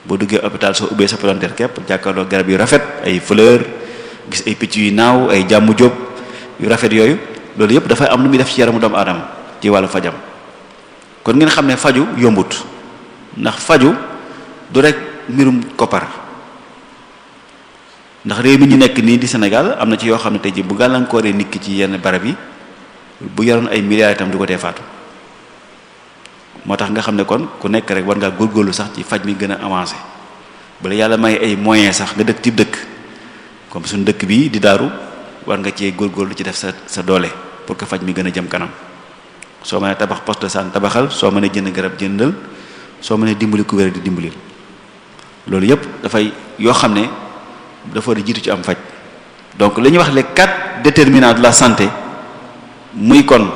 Speaker 2: boo duggee hôpital soo ubbee sa palanteer képp jàkkaarloo garab yu rafet ay fleur gis ay picc yu naaw ay jàmm jóob yu rafet yooyu loolu yëpp dafay am lu muy def ci yaramu doomu aadama ci wàllu fajam kon ngeen xam ne faju yombut ndax faju du rek mbirum koppar ndax réew mi ñu nekk nii di Sénégal am na ci yoo xam ne tey ji bu gàllankooree nit ki ci yenn barab yi bu yaroon ay milliards itam du ko tee faatu moo tax nga xam ne kon ku nekk rek war ngaa góor góorlu sax ci faj mi gën a avancé bala yàlla may ay moyen sax nga dëkk ci dëkk comme suñu dëkk bii di daaru war nga cee góorgóorlu ci def sa sa doole pour que faj mi gën a jëm kanam soo mënee tabax poste de santé tabaxal soo mënee jënd garab jëndal soo mënee dimbali ku wér di dimbali loolu yépp dafay yoo xam ne dafa war a jiitu ci am faj donc li ñuy wax les quatre déterminants de la sante muy kon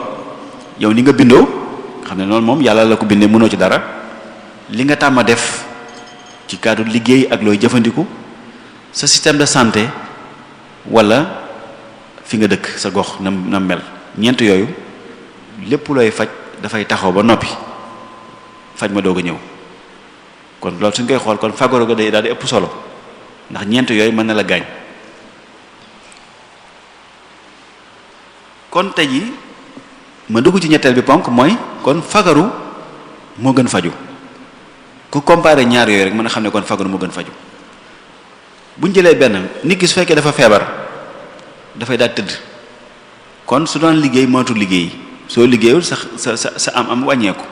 Speaker 2: yow ni nga bindoo. xam ne noonu moom yàlla la ko bindee mënoo ci dara li nga tàmm def ci cadre liggéey ak looy jëfandiku sa système de santé wala fi nga dëkk sa gox na na mel ñeent yooyu lépp looy faj dafay taxaw ba noppi faj ma doog a ñëw kon loolu su koy xool kon fagaru ga day daal di ëpp solo ndax ñeent yooyu mën na la gaañ kon tey jii ma dugg ci ñetteel bi ponk mooy kon fagaru moo gën faju ku comparer ñaar yooyu rek mën a xam ne kon fagaru moo gën faju bu ñu jëlee benn nit ki su fekkee dafa feebar dafay daal tëdd kon su doon liggéey mënatul liggéey soo liggéeyul sax sa sa am am wàññeeku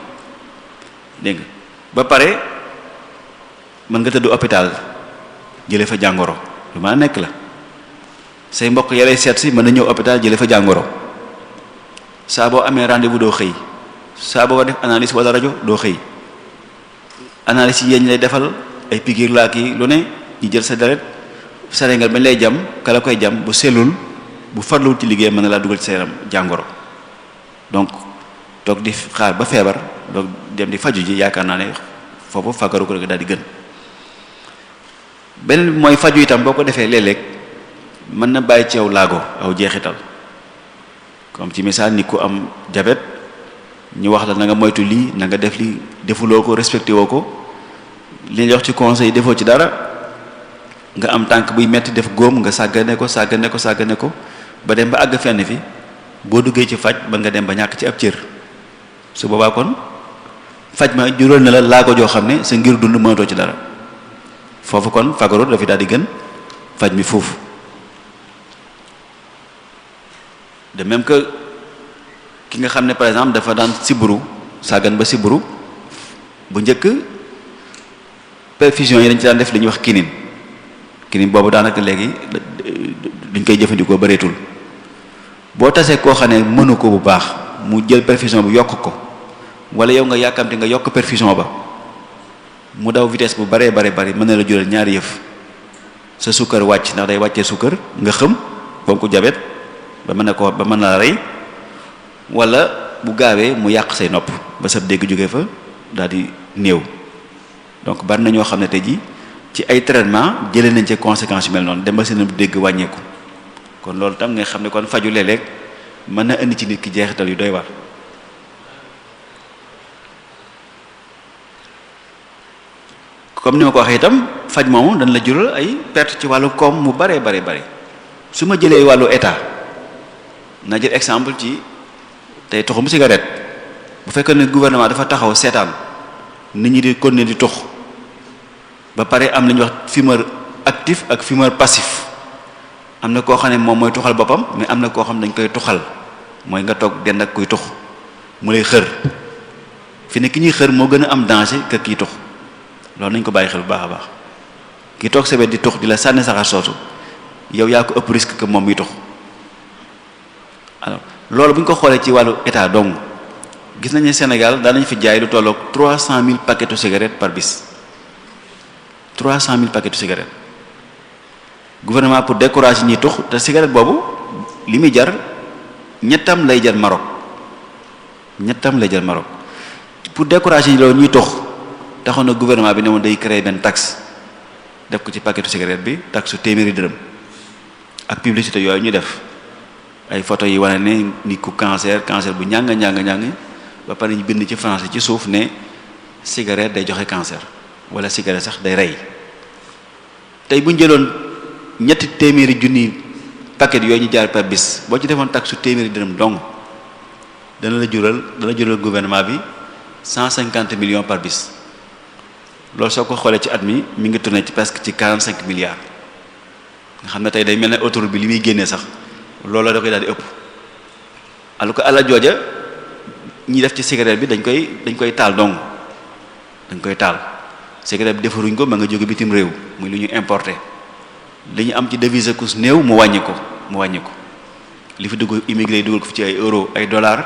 Speaker 2: dégg nga ba pare mën nga tëddu hôpital jëlee fa jàngoro lu ma nekk la say mbokk ya lay seet si mën na ñëw hôpital jëlee fa jàngoro saa boo amee rendez bu doo xëy saa boo def analyse walla rajo doo xëy analyse yi yéen lay defal ay piqûre laa kii lu ne ñu jël sa deret sa ba bañ lay jam kala koy jam bu sellul bu farluwul ci liggéey mën na laa dugal ci sa yaram jàngoro donc toog di xaar ba feebar donc dem di faju ji yaakaar naa ne foofu fagaru ko rek daal di gën beneen mooy faju itam boo ko defee léeg mën na bàyyi ci yow laago aw jeexital comme ci misaal ni ku am jabet ñu wax la na nga moytu lii na nga def lii defuloo ko respecté woo ko li ñu wax ci conseil defoo ci dara nga am tànk buy metti def góom nga sàggane ko sàggane ko sàggane ko ba dem ba àgg fenn fi boo duggee ci faj ba nga dem ba ñàkk ci ab cër su boobaa kon faj ma jural na la laa ko joo xam ne sa ngir dund mënatoo ci dara foofu kon fagaru dafi daal di gën faj mi foofu de même que ki nga xam ne par exemple dafa daan siburu sàggan ba siburu bu njëkk perfusion yi dañ ci daan def li wax kinin kinin boobu daanaka léegi duñ koy jëfandikoo bareetul boo tasee koo xam ne mënu ko bu baax mu jël perfusion bi yokk ko wala yow nga yàkkamte nga yokk perfusion ba mu daw vitesse bu baree bare bari mën na la jural ñaari yëf sa sukkar wàcc ndax day wàccee sukkar nga xëm fonku jabet ba mën a ko ba mën a rey wala bu gaawee mu yàq say nopp ba sab dégg jóge fa daal di néew donc bari na ñoo xam ne tey ji ci ay traitement jëlee nañ ci conséquence yu mel noonu dem ba seen dégg wàññeeku kon loolu tam nga xam ne kon faju léeg-léeg mën na indi ci nit ki jeexital yu doy war comme ni ma ko waxee itam faj moomu dañ la jural ay perte ci wàllu koom mu baree bare bare su ma jëlee wàllu état na jël exemple ci tey toxum cigarette bu fekkee ne gouvernement dafa taxaw seetaan nit ñi di continuer di tux ba pare am li wax fumeur actif ak fumeur passif am na koo xam ne moom mooy tuxal boppam mais am na koo xam ne dañ koy tuxal mooy nga toog dend ak kuy tux mu lay xër fi ne ki ñuy xër moo gën a am danger que kii tux loolu nañ ko bàyyi xel bu baax a baax kii toog sa wet di tux di la sànni saxaar soosu yow yaa ko ëpp risque que moom miy tux alors loolu bu ñu ko xoolee ci wàllu état dong gis nañu Sénégal daan nañu fi jaay lu tolloog trois cent mille paquetu cigarette par bis trois cent mille paquetu cigarette gouvernement pour décourager ñi tux te cigarette boobu li muy jar ñettam lay jar Maroc ñettam lay jar Maroc pour décourager loolu ñuy tux taxoon na gouvernement bi ne woon day créer benn taxe def ko ci paquetu cigarette bi taxe su téeméeri dërëm ak publicité yooyu ñu def. ay photo yi wane ne nit ku cancer cancer bu ñàng ñàng ñàng ba pare ñu bind ci français ci suuf ne cigarette day joxe cancer wala cigarette sax day rey tey bu ñu jëloon ñetti téeméeri junni paquet yooyu ñu jaar par bis boo ci defoon taxu téeméeri dërëm dong dana la jural dana jural gouvernement bi cent cinquante millions par bis loolu soo ko xoolee ci at mi mi ngi tourné ci presque ci quarante cinq milliards nga xam na tey day mel ne autoroute bi li muy génnee sax. loola da koy daal di ëpp alors que alal jooja ñi def ci cigarette bi dañ koy dañ koy taal dong dañ koy taal cigarette bi defaruñ ko ma nga jóge bitim réew muy lu ñu importé li ñu am ci devise kus néew mu wàññi ko mu wàññi ko li fi dugg immigré yi dugal ko fi ci ay euro ay dollar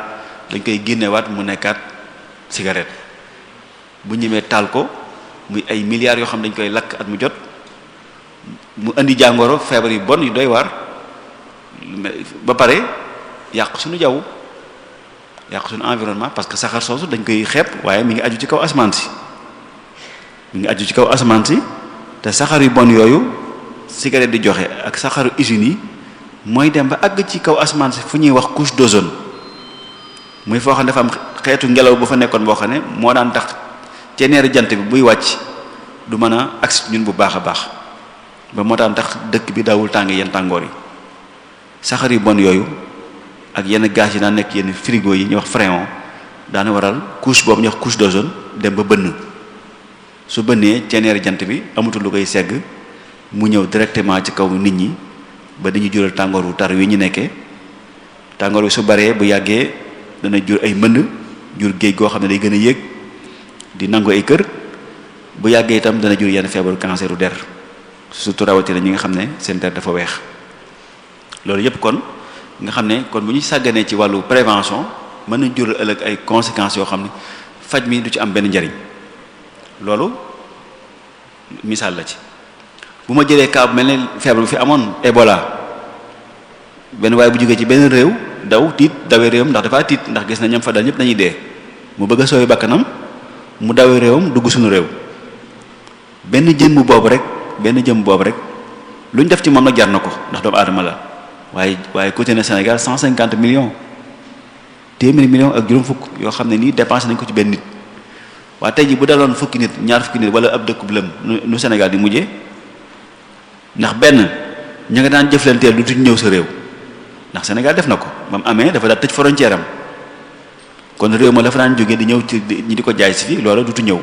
Speaker 2: dañ koy génnewaat mu nekkaat cigarette bu ñemee taal ko muy ay milliards yoo xam dañ koy lakk at mu jot mu indi jàngoro feebar yu bon yu doy waar ba pare yàq sunu jaww yàq suñu environnement parce que saxaar soosu dañ koy xeeb waaye mi ngi aju ci kaw asamaan si mu ngi aju ci kaw asamaan si te saxaar yu bon yooyu cigarette di joxe ak saxaaru usines yi mooy dem ba àgg ci kaw asamaan si fu ñuy wax couche d'ozone muy foo xam ne dafa am xeetu ngelaw bu fa nekkoon boo xam ne moo daan tax ceneeru jant bi buy wàcc du mën a agsi ñun bu baax a baax ba moo daan tax dëkk bi daawul tàng yenn tàngoor yi saxar yu bon yooyu ak yenn gaz yi daan nekk yenn frigo yi ñu wax fréon daana waral couche boobu ñuy wax couche d'ozone dem ba bënn su bënnee ceeneeri jant bi amatul lu koy segg mu ñëw directement ci kaw nit ñi ba dañuy jural tàngoor wu tar wi ñu nekkee tàngoor su baree bu yàggee dana jur ay mbënd jur géej goo xam ne day gën a yéeg di nangu ay kër bu yàggee itam dana jur yenn feebaru cancer u der surtout rawatina ñi nga xam ne seen der dafa weex loolu yëpp kon nga xam ne kon bu ñu sàgganee ci wàllu prévention mën na jural ëllëg ay conséquences yoo xam ne faj mi du ci am benn njariñ loolu misaal la ci bu ma jëlee cas bu mel ne feebar bu fi amoon Ebola benn waaye bu jógee ci benn réew daw tiit dawee réewam ndax dafa tiit ndax gis na ñam fa dal ñëpp dañuy dee mu bëgg a sooy bakkanam mu dawee réewam dugg suñu réew benn jëmm boobu rek benn jëmm boobu rek lu ñu def ci moom nag jar na ko ndax doomu aadama la waaye waaye côté na Sénégal cent cinquante millions téeméeri millions ak juróom fukk yoo xam ne nii dépensé nañ ko ci benn nit waaye tey ji bu daloon fukki nit ñaar fukki nit wala ab dëkkub lëm nu Sénégal di mujjee ndax benn ñu nga daan jëflanteel du tuñ ñëw sa réew ndax Sénégal def na ko ba mu amee dafa daal tëj frontière am kon réew ma la fa daan jógee di ñëw ci ñi di ko jaay si fii loola du tu ñëw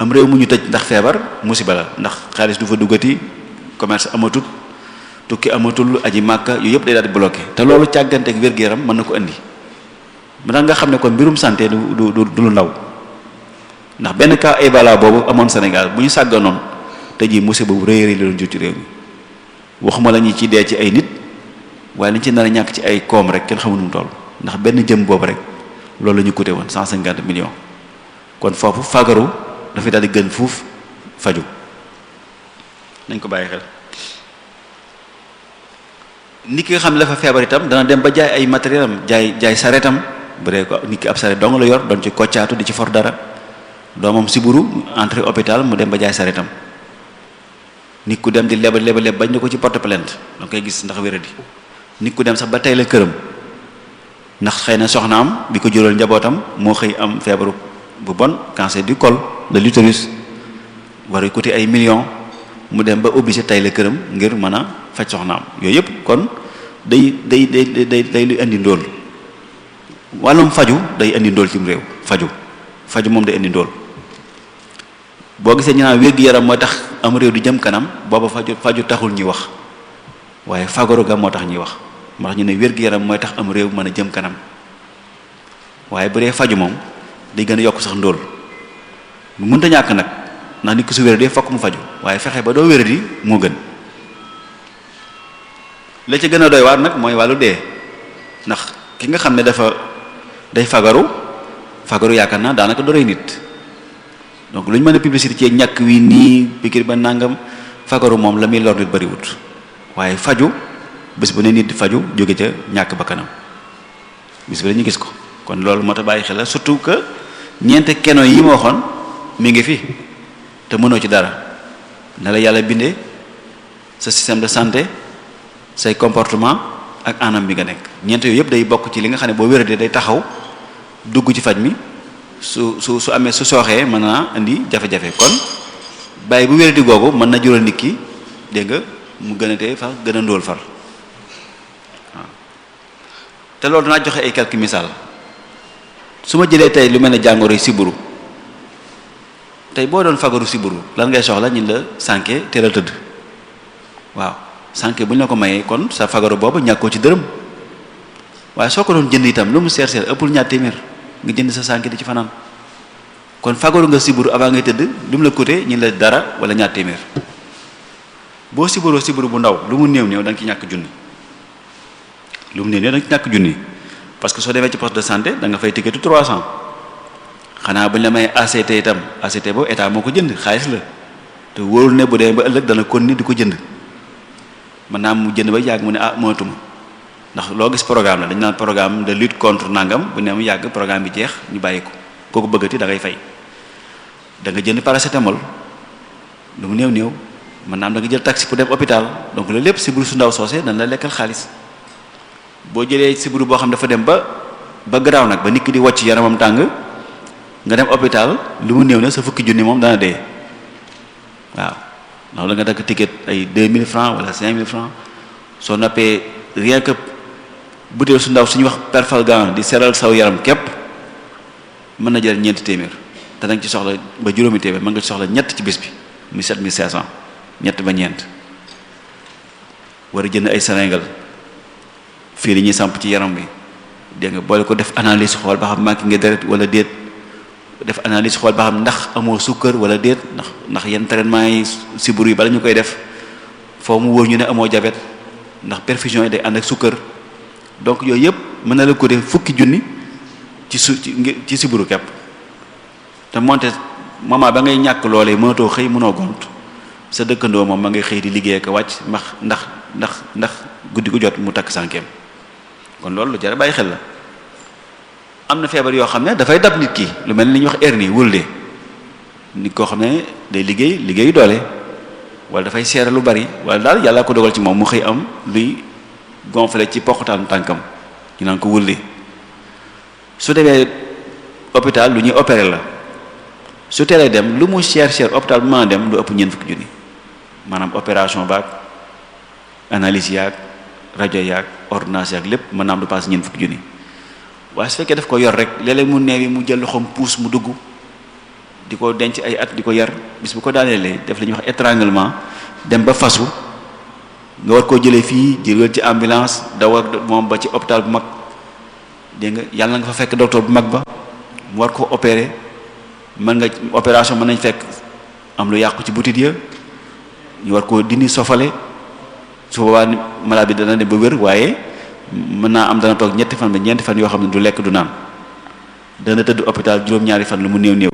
Speaker 2: am réew mu ñu tëj ndax feebar mu musiba la ndax xaalis du fa duggati commerce amatut tukki amatul aji màkka yooyu yëpp day daal di te loolu càgganteeg wér-gu-yaram mën na ko indi maanaam nga xam ne kon mbirum santé du du du lu ndaw ndax benn cas Ebola boobu amoon Sénégal bu ñu sàgganoon te ji musiba bu rëy rëy la doon jur ci réew mi waxuma la ñu ci dee ci ay nit waaye liñ ci nar a ñàkk ci ay koom rek kenn xamul nu mu toll ndax benn jëm boobu rek loolu la ñu coûté woon cent cinquante millions kon foofu fagaru dafay daal gën fuuf faju nañ ko bàyyi xel. nit ki nga xam ne dafa feebar itam dana dem ba jaay ay matériel am jaay jaay sareetam bu dee ko nit ki ab sareet dong la yor doon ci koccaatu di ci for dara doomam siburu entré hôpital mu dem ba jaay sareetam nit ku dem di lebal leba lebal bañ na ko ci porte plainte da koy gis ndax wéradi nit ku dem sax ba tey la këram ndax xëy na soxnaam bi ko jural njabootam moo xëy am feebaru bu bon cancer di kol de l'utérus war a coûter ay millions mu dem ba obligé tey la këram ngir mën a faj soxnaam yooyu yëpp kon day day day day day luy indi ndóol wàllum faju day indi ndóol cim réew faju faju moom day indi ndóol boo gisee ñu naan wérgu yaram mooy tax am réew di jëm kanam booba faju faju taxul ñuy wax waaye fagaru moo tax ñuy wax moo ñu ne wérgu yaram mooy tax am réew mën a jëm kanam waaye bu dee faju moom day gën a yokk sax ndóol lu ñàkk nag ndax nit ku su wér fokk mu faju waaye fexe ba doo wér moo gën la ci gën a doy waar nag mooy wàllu dee ndax ki nga xam ne dafa day fagaru fagaru yaakaar naa daanaka dorey nit donc lu ñu mën a publicité ci ñàkk wi nii pikir ba nangam fagaru moom la muy lor nit bariwut waaye faju bés bu ne nit di faju jóge ca ñàkk ba kanam bés bu ne ñu gis ko kon loolu moo tax bàyyi xel la surtout que ñeent keno yi ma waxoon mi ngi fi te mënoo ci dara ne la yàlla bindee sa système de santé say comportement ak anam bi nga nekk ñeent yooyu yëpp day bokk ci li nga xam ne boo wéradee day taxaw dugg ci faj mi su su su amee su sooxee mën naa indi jafe-jafe kon bàyyi bu wéradi googu mën na jural nit ki dégg nga mu gën a tee far gën a ndóol far te loolu danaa joxe ay quelques misaal su ma jëlee tey lu mel ne jàngoro yi siburu tey boo doon fagaru siburu lan ngay soxla ñun la sànke teel a tëdd waaw sànq bu ñu la ko mayee kon sa fagaru boobu ñàkkoo ci dërëm waaye soo ko doon jënd itam lu mu seer seer ëppul ñaar téeméer nga jënd sa sànq di ci fanaan kon fagaru nga siburu avant ngay tëdd lu mu la coûté ñu la dara wala ñaar téeméer boo siburoo siburu bu ndaw lu mu néew néew da ci ñàkk junni lu mu néew néew da nga ci parce que soo demee ci poste de santé da nga fay trois 300 xanaa bu ñu la mayee ACT itam ACT boobu état moo ko jënd xaalis la te wóorul ne bu dee ba ëllëg dana kon ni di ko jënd. man naa mu jënd ba yàgg mu ne ah mënatuma ndax loo gis programme la dañ naan programme de lutte contre nangam bu ne mu yàgg programme bi jeex ñu bàyyi ko kooku bëggati da ngay fay da nga jënd paracétamol lu mu néew néew mën naa am da nga jël taxi pour dem hôpital donc loolu lépp sibbiru su ndaw soosee dañ la lekkal xaalis boo jëlee sibiru boo xam dafa dem ba ba garaaw nag ba nit ki di wàcc yaramam tàng nga dem hôpital lu mu néew ne sa fukki junni moom dana dee ndax da nga dagg ticket ay 2000 francs wala 5000 francs soo nappee rien que butéel su ndaw suñu wax perfalgan di seral saw yaram képp mën na jël ñeenti téeméer te da ci soxla ba juróomi téeméer mën nga ci soxla ñett ci bis bi muy 7500 ñett ba ñeent war a jënd ay sénégal fii li ñuy samp ci yaram bi dégg nga boole ko def analyse xool ba xam manqué nga deret wala déet def analyse xool ba xam ndax amoo sukkër wala déet ndax ndax yenn traitement yi siburu yi bala ñu koy def foo mu wóor ñu ne amoo jabet ndax perfusion yi day ànd ak sukkër donc yooyu yëpp mën na la ko fukki junni ci su ci siburu kepp te moonte moment ba ngay ñàkk loolee mënatoo xëy mënoo gont sa dëkkandoo moom ma ngay xëy di liggéey ko wàcc ndax ndax ndax ndax guddi ku jot mu takk sànkeem kon loolu lu jar bàyyi xel la am na feebar yoo xam ne dafay dab nit ki lu mel ni li ñuy wax hernie wëlle nit koo xam ne day liggéey liggéeyu doole walla dafay seere lu bari wala daal yàlla ko dogal ci moom mu xëy am luy gonflé ci poqutaanu tànkam ñu naan ko wëlle su demee hôpital lu ñuy opéré la su teelee dem lu mu cher cher hôpital bu ma dem lu ëpp ñeent fukki junni maanaam opération baag analyse yaag rajo yaag ordonnance yaag lépp mën naa am du passe ñeent fukki junni waaye su fekkee daf ko yor rek léeg-léeg mu neewi mu jël loxoom puus mu dugg di ko denc ay at di ko yar bis bu ko daaneelee def la ñuy wax étranglement dem ba fasu nga war koo jëlee fii jëlal ci ambulance dawal moom ba ci hôpital bu mag dégg nga yàlla nga fa fekk docteur bu mag ba mu war koo opérer mën nga opération mën nañ fekk am lu yàqu ci butit ya ñu war koo dindi sofale su boobaa malade bi dana dem ba wér waaye mën naa am dana toog ñetti fan ba ñeenti fan yoo xam ne du lekk du naan dana tëdd hôpital juróom-ñaari fan lu mu néew néew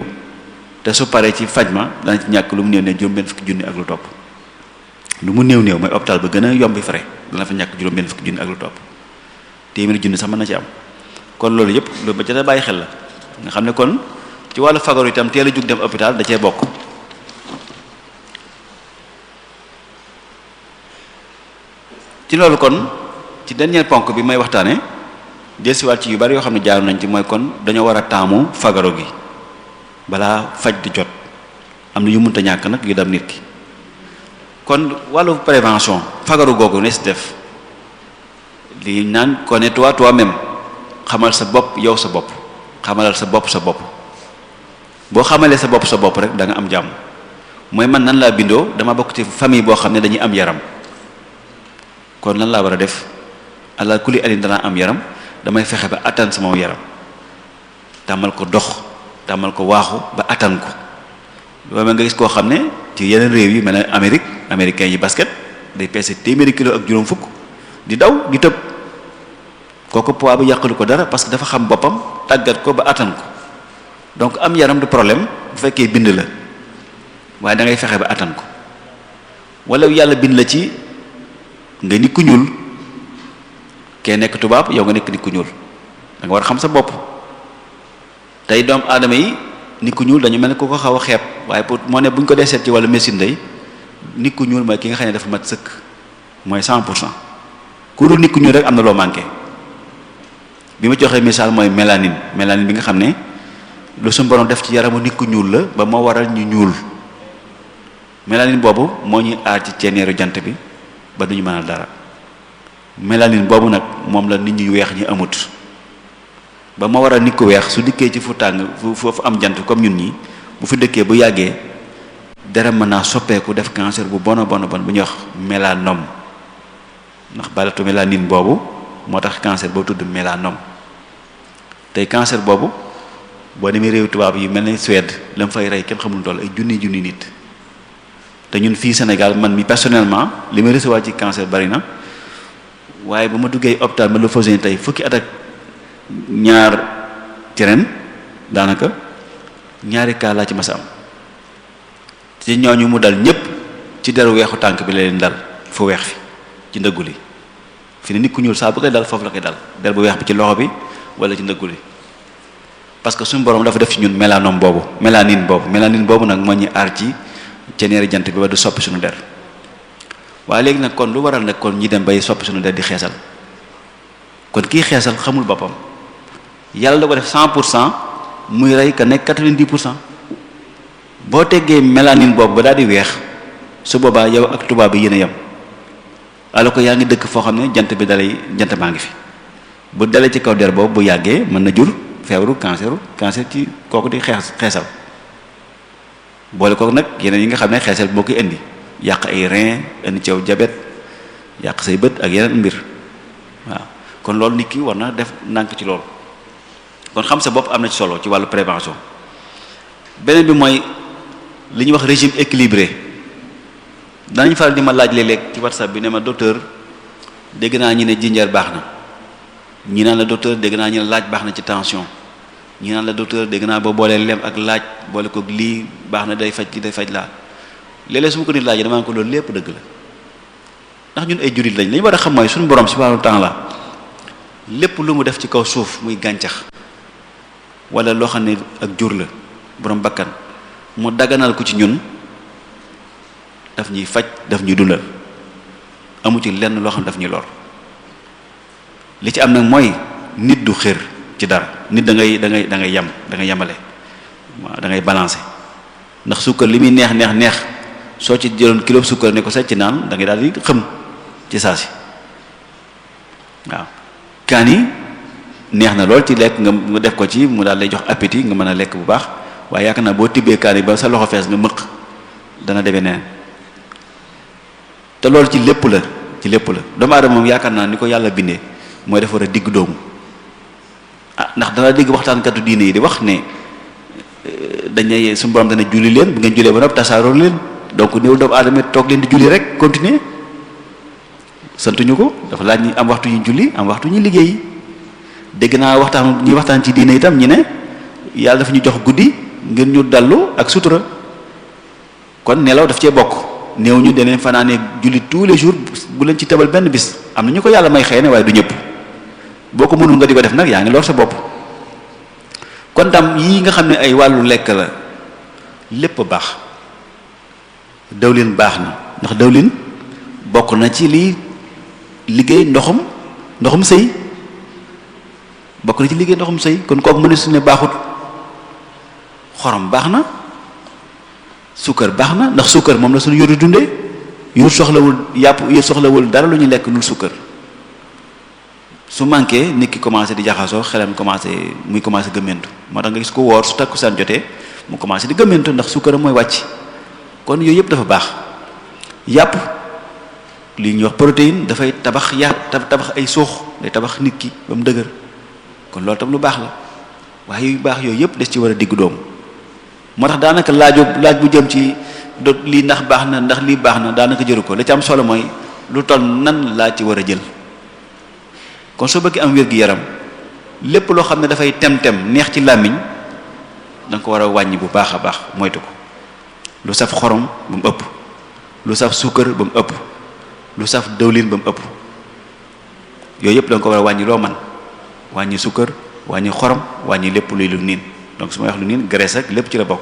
Speaker 2: te su paree ci faj ma dana ci ñàkk lu mu néew néew fukki junni ak lu topp lu mu néew néew mooy hôpital ba gën a yombi fare dana fa ñàkk juróom-benn fukki junni ak lu topp téeméeri junni sax man na ci am kon loolu yëpp loolu ba ca bàyyi xel la nga xam ne kon ci wàllu fagaru itam teel la jug dem hôpital da cee bokk ci loolu kon ci dernier ponk bi may waxtaane delsiwaat ci yu bari yoo xam ne jaaru nañ ci mooy kon dañoo war a taamu fagaro gi balaa faj di jot am na yu mënta ñàkk nag yu dam nit ki kon wàllu prévention fagaro googu ne si def li naan connais-toi toi-même xamal sa bopp yow sa bopp xamalal sa bopp sa bopp boo xamalee sa bopp sa bopp rek da nga am jàmm mooy man nan laa bindoo dama bokk ci famille boo xam ne dañuy am yaram kon nan laa war a def ala kulli alin danaa am yaram damay fexe ba attan sama yaram tàmmal ko dox tàmmal ko waaxu ba attan ko loolu nga gis koo xam ne ci yeneen réew yi mel ne Amérique américains yi basket day peese téeméeri kilo ak juróom fukk di daw di tëb kooku poids bi yàqalu ko dara parce que dafa xam boppam tàggat ko ba attan ko donc am yaram du problème bu fekkee bind la waaye dangay fexe ba attan ko wala yàlla bind la ci nga ni ku ñuul kee nekk tubaab yow nga nekk nit ñuul da war a xam sa bopp tey doom aadama yi nit ñuul dañu mel ne ku ko xaw a xeeb waaye pour moo ne bu ñu ko dee seet ci wàllu médecine day nit ku ñuul mooy ki nga xam ne dafa mat sëkk mooy cent pour cent ku dul nit ku ñuul rek am na loo manqué bi ma joxee misaal mooy melanin mélanine bi nga xam ne lu suñu borom def ci yaramu nikku ñuul la ba moo waral ñu ñuul mélanine boobu moo ñuy aar ci ceeneeru jant bi ba duñu mën a dara mélanine boobu nag moom la nit ñuy weex ñi amut ba ma war a nit weex su dikkee ci fu tàng fu foofu am jant comme ñun ñi bu fi dëkkee bu yàggee dara mën naa soppeeku def cancer bu bona bona bon bu ñuy wax mélanome ndax balatu mélanine boobu moo tax cancer boo tudd mélanome tey cancer boobu boo demee réew tubaab yi mel ne Suède la fay rey kenn xamul dool ay junni junni nit te ñun fii Sénégal man mi personnellement li may recevoir ci cancer bari na waaye bu ma duggee hôpital ma la fausine tey fukki at ak ñaar ci ren daanaka ñaari cas laa ci masaam a am ci ñooñu mu dal ñépp ci deru weexu tànk bi la leen dal fu weex fi ci ndëggu li fi ne nit ku ñuul saa bu koy dal foofu la koy dal der bu weex bi ci loxo bi wala ci ndëggu li parce que suñu borom dafa def ci ñun mélanome boobu mélanine boobu mélanine boobu nag moo ñuy aar ci ceneeri jant bi ba du soppi suñu der waaye léegi nag kon lu waral nag kon ñi dem bay soppi suñu der di xeesal kon kii xeesal xamul boppam yàlla da ko def cent pour cent muy rey ka nekk 90 pour cent boo teggee mélanine boobu ba daal di weex su boobaa yow ak tubaab bi yéen a yem alors yaa ngi dëkk foo xam ne jant bi dalay jant maa ngi fi bu dalee ci kaw der boobu bu yàggee mën na jur feebaru cancer cancer ci kooku di xees xeesal boole kook nag yeneen yi nga xam ne boo koy indi. yàq ay rein indi ci yow jabet yàq say bët ak yeneen mbir waaw kon loolu nit ki war na def ndànk ci lool kon xam sa bopp am na ci solo ci wàllu prévention beneen bi mooy li ñuy wax régime équilibré danañ faral di ma laaj lee lekk ci whatsapp bi ne ma docteur dégg naa ñi ne jinjeer baax na ñi naan la docteur dégg naa ñu ne laaj baax na ci tension ñi naan la docteur dégg naa ba boolee lem ak laaj boole ko lii baax na day faj ci day faj laa léeg su ma ko nit laajee damaa ko loolu lépp dëgg la ndax ñun ay jurit lañ lañu war a xam mooy suñu borom subhanahu wa ta'ala lépp lu mu def ci kaw suuf muy gàncax walla loo xam ne ak jur la boroom bakkan mu daganal ko ci ñun daf ñuy faj daf ñuy dundal amu ci lenn loo xam ne daf ñuy lor li ci am nag mooy nit du xër ci dara nit da ngay da dangay da dangay yam da ngay yamale da ngay balancer ndax sukkar li muy neex neex neex soo ci jëloon kilo sukkar ne ko sax ci naan da ngay daal di xëm ci saa si waaw kaani neex na lool ci lekk nga nga def ko ci mu daal lay jox appétit nga mën a lekk bu baax waaye yaakaar naa boo tibbee kaani ba sa loxo fees nga mëq dana deme neen te loolu ci lépp la ci lépp la doomu aadama moom yaakaar naa ni ko yàlla bindee mooy dafa war a digg doomu ah ndax dana digg waxtaankatu diine yi di wax ne eh, dañ ne suñu borom dana julli leen bu ngeen jullee ba noppi tasaaroo leen. donc néew doomu aadama toog leen di julli rek continuer santuñu ko dafa laaj ñu am waxtu ñu julli am waxtu ñu liggéey dëgg naa waxtaan ñuy waxtaan ci diine itam ñi ne yàlla dafa ñu jox guddi ngir ñu dallu ak sutura kon nelaw daf cee bokk néew ñu deneen fanaanee julli tous les jours bu leen ci tebal benn bis am na ñu ko yàlla may xëy na waaye du ñëpp boo ko mënul nga di ko def nag yaa ngi lor sa bopp kon tam yii nga xam ne ay wàllu lekk la lépp baax dawlin baax na ndax dawlin bokk na ci lii liggéey ndoxum ndoxum sëy bokk na ci liggéey ndoxum sëy kon kooku mëne su ne baaxut xorom baax na suukar baax na ndax suukar moom la suñu yóru dunde yóru soxlawul yàpp yóru soxlawul dara lu ñuy lekk lul suukar su manqué nit ki commencé di jaxasoo xelam commencé muy commencé gëmmentu moo tax nga gis ko woor su takkusaan jotee mu commencé di gëmmentu ndax suukar mooy wàcc kon yooyu yëpp dafa baax yàpp lii ñuy wax protéine dafay tabax yàpp tabax ay suux day tabax nit ki ba mu dëgër kon loolu tam lu baax la waaye yu baax yooyu yëpp des ci war a diggu doomu moo tax daanaka laaju laaj bu jëm ci doot lii ndax baax na ndax lii baax na daanaka jëru ko la ci am solo mooy lu toll nan laa ci war a jël kon soo bëggee am wér-gi-yaram lépp loo xam ne dafay tem-tem neex ci làmmiñ da ko war a wàññi bu baax a baax moytu ko lu saf xorom ba mu ëpp lu saf suukar ba mu ëpp lu saf dëwlin ba mu ëpp yooyu yëpp da nga ko war a wàññi loo man wàññi suukar wàññi xorom wàññi lépp luy lu niin donc su may wax lu niin graisse ak lépp ci la bokk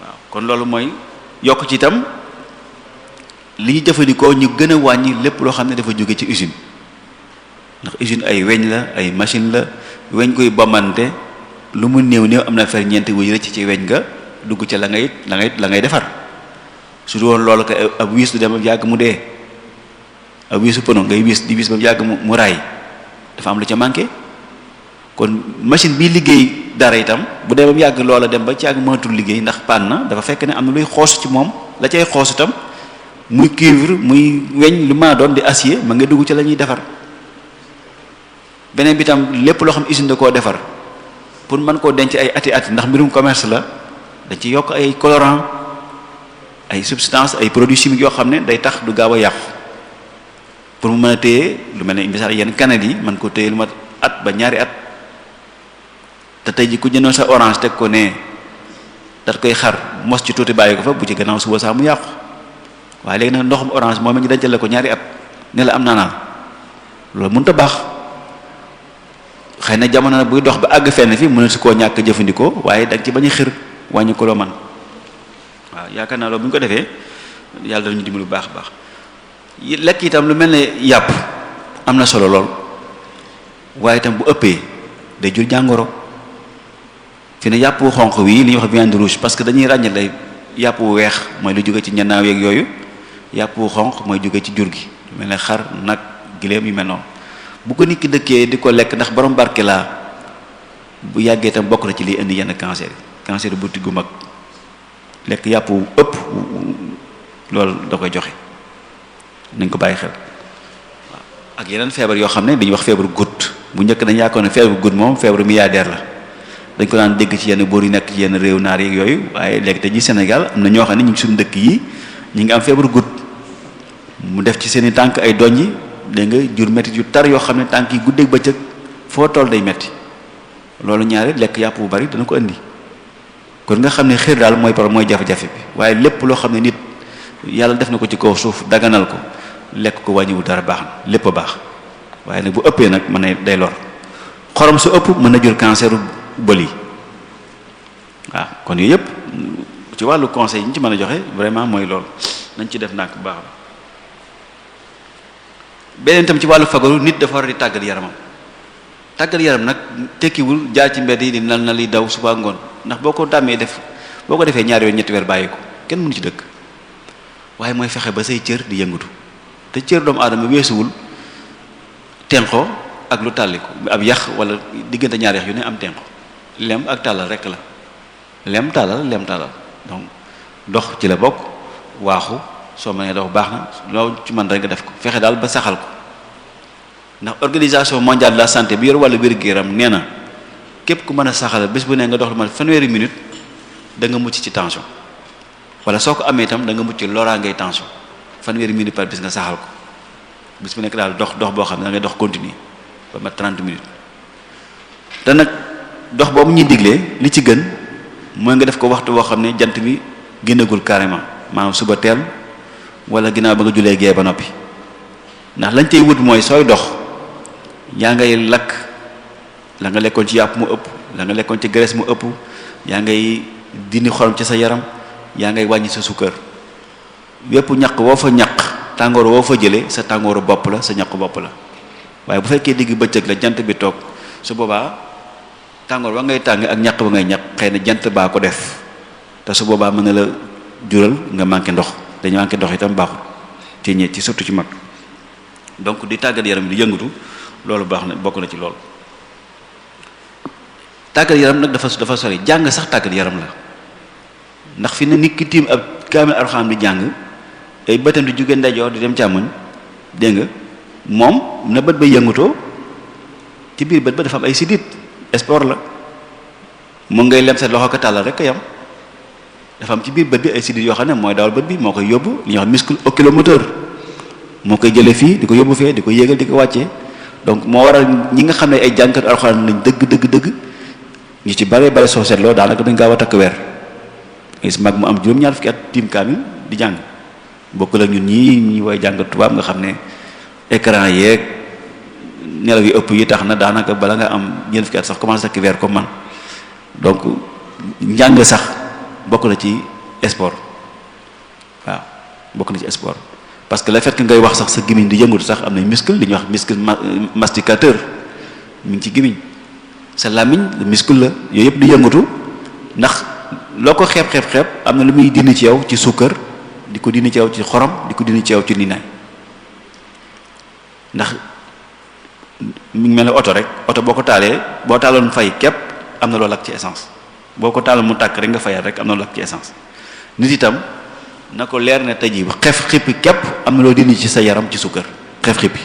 Speaker 2: waaw kon loolu mooy yokk ci itam li ñu jëfandikoo ñu gën a wàññi lépp loo xam ne dafa jóge ci usine ndax usine ay weñ la ay machine la weñ koy bombante lu mu néew néew am naa fer ñeent wuy rëcc ci weñ ga dugg ca la ngay la la ngay defar su woon loolu ko ab wiis du dem ba yàgg mu dee ab wiisu pono ngay wiis di wiis ba yàgg mu mu dafa am lu ca manqué kon machine bi liggéey dara itam bu dee ba yàgg loola dem ba ci yàgg mënatul liggéey ndax paan na dafa fekk ne am na luy xoos ci moom la cay xoos itam muy cuivre muy weñ lu ma doon di acier ma nga dugg ca la ñuy defar beneen bi tam lépp loo xam usine da koo defar pour mën koo denc ay ati ati ndax mbirum commerce la da ci yokk ay colorant ay substance ay produits chimiques yoo xam ne day tax du gaaw a yàqu pour mu mën a téye lu mel ni misaal yenn canette yi mën ko téye lu mat at ba ñaari at te tey ji ku jëndoon sa orange teg ko ne dat koy xar mos ci tuuti bàyyi ko fa bu ci gannaaw suba saa mu yàqu waaye léegi nag ndoxum orange moom ma ñu dencal la ko ñaari at ne la am naa loolu mënut a baax xay na jamono buy dox bi àgg fenn fi mënul si koo ñàkk jëfandikoo waaye danga ci bañ a xër wàññi ko man waaw yaakaar naa loolu bu ñu ko defee yàlla dañu dimbali bu baax a baax lekk itam lu mel ni yàpp am na solo lool waaye itam bu ëppee day jur jàngoro fi ne yàpp xonq wii li ñuy wax viande rouge parce que dañuy ràññee lay yàpp weex mooy lu jóge ci ñannaaw yeeg yooyu yàpp wu xonq mooy jóge ci jur gi lu mel ne xar nag giléem yi mel noonu bu ko nit ki dëkkee di ko lekk ndax borom barke laa bu yàggee tam bokk na ci liy indi yenn cancer cancer bu gu mag lekk yàpp wu ëpp loolu da koy joxe nañ ko bàyyi xel waaw ak yeneen feebar yoo xam ne dañuy wax feebaru goutte bu njëkk dañ yaakaar ne feebaru goutte moom feebaru milliardaire la dañ ko daan dégg ci yenn boor yi nekk ci yenn réew naar yeeg yooyu waaye léegi te ji Sénégal am na ñoo xam ne ñu ngi suñu dëkk yi ñu ngi am feebaru goutte mu def ci seen i tànk ay doñ yi da nga jur métti yu tar yoo xam ne tànk yi guddeeg bëccëg foo tool day metti loolu ñaare lekk yàpp bu bari dana ko indi kon nga xam ne xër daal mooy par mooy jafe-jafe bi waaye lépp loo xam ne nit yàlla def na ko ci kaw suuf dagganal ko lekk ko wàññiwul dara baax na lépp a baax waaye nag bu ëppee nag mën na day lor xorom su ëpp mën na jur cancer bël yi waaw kon yooyu yëpp ci wàllu conseil yi ñu ci mën a joxe vraiment mooy loolu nañ ci def nak bu baax beneen tam ci wàllu fagaru nit dafa war di tàggat yaramam. tàggat yaram nag tekkiwul jaar ci mbedd yi di nal na li daw suba ngoon ndax boo ko dàmmee def boo ko defee ñaar yoon ñetti weer bàyyi ko kenn mu mënu ci dëkk waaye mooy fexe ba say cër di yëngatu te cër doomu aadama weesuwul tenqo ak lu ko ab yax wala diggante ñaar yax yu ne am tenqo lem ak tàllal rek la lem tàllal lem tàllal donc dox ci la bokk waaxu soo ma mënee dox baax na loo ci mën rek nga def ko fexe daal ba saxal ko ndax organisation mondiale de la santé bi yor wàllu wér-gu-yaram nee na képp ku mën a saxal bés bu ne nga dox lu mat fanweeri minute da nga mucc ci tension wala soo ko amee itam da nga mucc loraa ngay tension fanweeri minute par bés nga saxal ko bés bu nekk daal dox dox boo xam ne da dox continuer ba ma 30 minutes te nag dox boobu ñuy digle li ci gën mooy nga def ko waxtu woo xam ne jant bi génnagul carrément maanaam suba teel wala ginnaaw ba nga julee gee ba noppi ndax lañ tey mooy sooy dox yaa ngay lakk la nga lekkoon ci yàpp mu ëpp la nga lekkoon ci graisse mu ëpp yaa ngay dindi xorom ci sa yaram yaa ngay wàññi sa sukkër yépp ñaq woo fa ñaq tàngoor woo fa jëlee sa tàngooru bopp la sa ñaqu bopp la waaye bu fekkee digg bëccëg la jant bi toog su boobaa tàngoor ba ngay tàng ak ñaq ba ngay ñaq xëy na jant baa ko def te su boobaa mën na la jural nga manqué ndox dañu manqué ndox itam baaxul ci ñe ci surtout ci mag donc di tàggat yaram di yëngatu loolu baax na bokk na ci lool tàggat yaram nag dafa dafa sori jàng sax tàkkat yaram la ndax fi ne nit ki tiim ab kaamil alxuraan di jàng ay bëtam di jóge ndajoor di dem càmmoñ dégg nga moom na bët ba yëngatoo ci biir bët ba dafa am ay sidit sport la mu ngay lem sa loxo ko tàllal rek yam dafa am ci biir bët bi ay sidit yoo xam ne mooy dawal bët bi moo koy yóbbu li ñuy wax muscle oculomoteur moo koy jële fii di ko yóbbu fee di ko yéegal di ko wàcce donc moo waral ñi nga xam ne ay jànkat alxuraan lañ dëgg dëgg dëgg ñu ci bare bare soo seetloo daanaka dañ gaaw a takk weer gis mag mu am juróom-ñaar fukki at tiim kaamil di jàng bokk la ñun ñii ñi way jàng tubaab nga xam ne écran yeeg nelaw yu ëpp yi tax na daanaka bala nga am ñeent sax commencé takk weer njàng sax bokk na ci sport waaw bokk na ci sport parce que le fait que ngay wax sax sa gémmiñ di yëngatu sax am na muscle li ñuy wax muscle masticateur mu ngi ci gémmiñ sa làmmiñ le muscle la yooyu yëpp di yëngatu ndax loo ko xeeb xeeb xeeb am na lu muy dindi ci yow ci di ko dindi ci ci xorom di ko dindi ci yow ci ninaay ndax mi ngi mel ne oto rek oto boo ko taalee boo taaloon fay képp am na loolu ak ci essence boo ko taaloon mu tàkk rek nga fayal rek am na loo ak ci essence nit itam. na ko leer na tey jii xef xippi képp am na loo dindi ci sa yaram ci sukkar xef xippi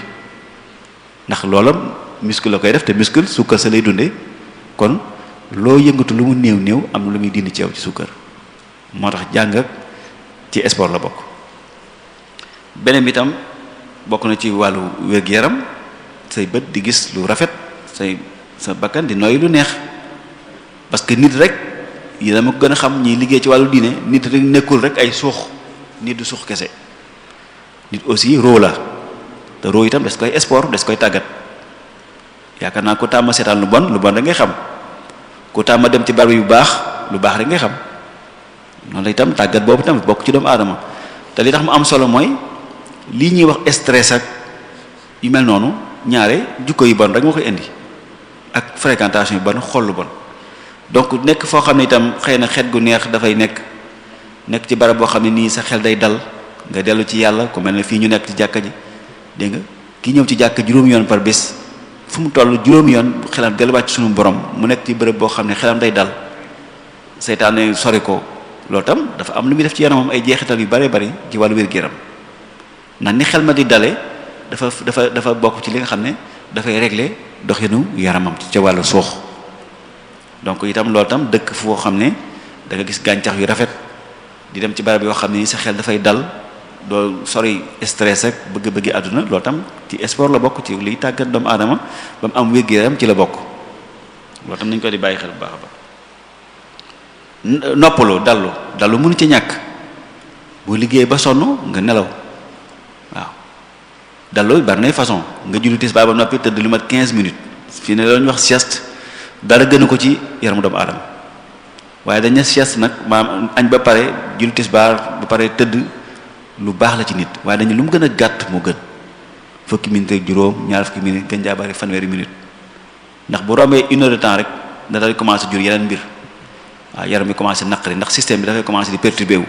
Speaker 2: ndax loolam muscle la koy def te muscle sukkar sa lay dunde kon loo yëngatu lu mu néew néew am na lu muy dindi ci yow ci sukkar moo tax jàng ci sport la bokk beneen bi itam bokk na ci wàllu wér-gu-yaram say bët di gis lu rafet say sa bakkan di nooy lu neex parce que nit rek yi dama gën a xam ñiy liggéey ci wàllu diine nit rek nekkul rek ay suux nit du suux kese nit aussi roo la te roo itam des koy sport des koy tàggat yaakaar naa ku tàmm seetaan lu bon lu bon rek ngay xam ku tàmm dem ci bar yu baax lu baax rek ngay xam noonu la itam tàggat boobu itam bokk ci doomu aadama te li tax mu am solo mooy lii ñuy wax stress ak yu mel noonu ñaare jukko yu bon rek moo koy indi ak fréquentation yi bon xol lu bon donc nekk foo xam ne itam xëy na xet gu neex dafay nekk. nekk ci barab boo xam ne nii sa xel day dal nga dellu ci yàlla ku mel ne fii ñu nekk ci jàkka ji dégg nga ki ñëw ci jàkka juróom yoon par bés fu mu toll juróom yoon xelam delluwaat ci suñu borom mu nekk ci bërëb boo xam ne xelam day dal seytaane sori ko loolu tam dafa am lu muy def ci yaramam ay jeexital yu bare bari ci wàllu wér-gu-yaram ndax ni xel ma di dale dafa dafa bokk ci li nga xam ne dafay régler doxinu yaramam ci wàll suux donc itam loolu tam dëkk foo xam ne da nga gis gàncax yu rafet di dem ci barab yoo xam ne sa xel dafay dal doo sori stress ak bëgg-bëggi àdduna loo tam ci sport la bokk ci liy tàggat doomu aadama ba mu am wér-gu-yaram ci la bokk loolu tam nañu ko di bàyyi xel bu baax a baax noppalu dallu ci ñàkk boo liggéey ba sonn nga nelaw waaw dallu bari nay façon nga julli tisbaar ba noppi tëdd lu mat 15 minutes fii ne la ñu wax sieste dara gënu ko ci yaramu doomu aadama waaye dañu sieste nag maam añ ba pare jul tisbaar ba pare tëdd lu baax la ci nit waaye dañu lu mu gën a gàtt moo gën fukki minute ak juróom ñaar fukki minute gën jaa bari fanweeri minute ndax boo rombee une temps rek da dal commencé jur yeneen mbir waaw yaram bi commencé naqari ndax système bi dafay commencé di perturbé wu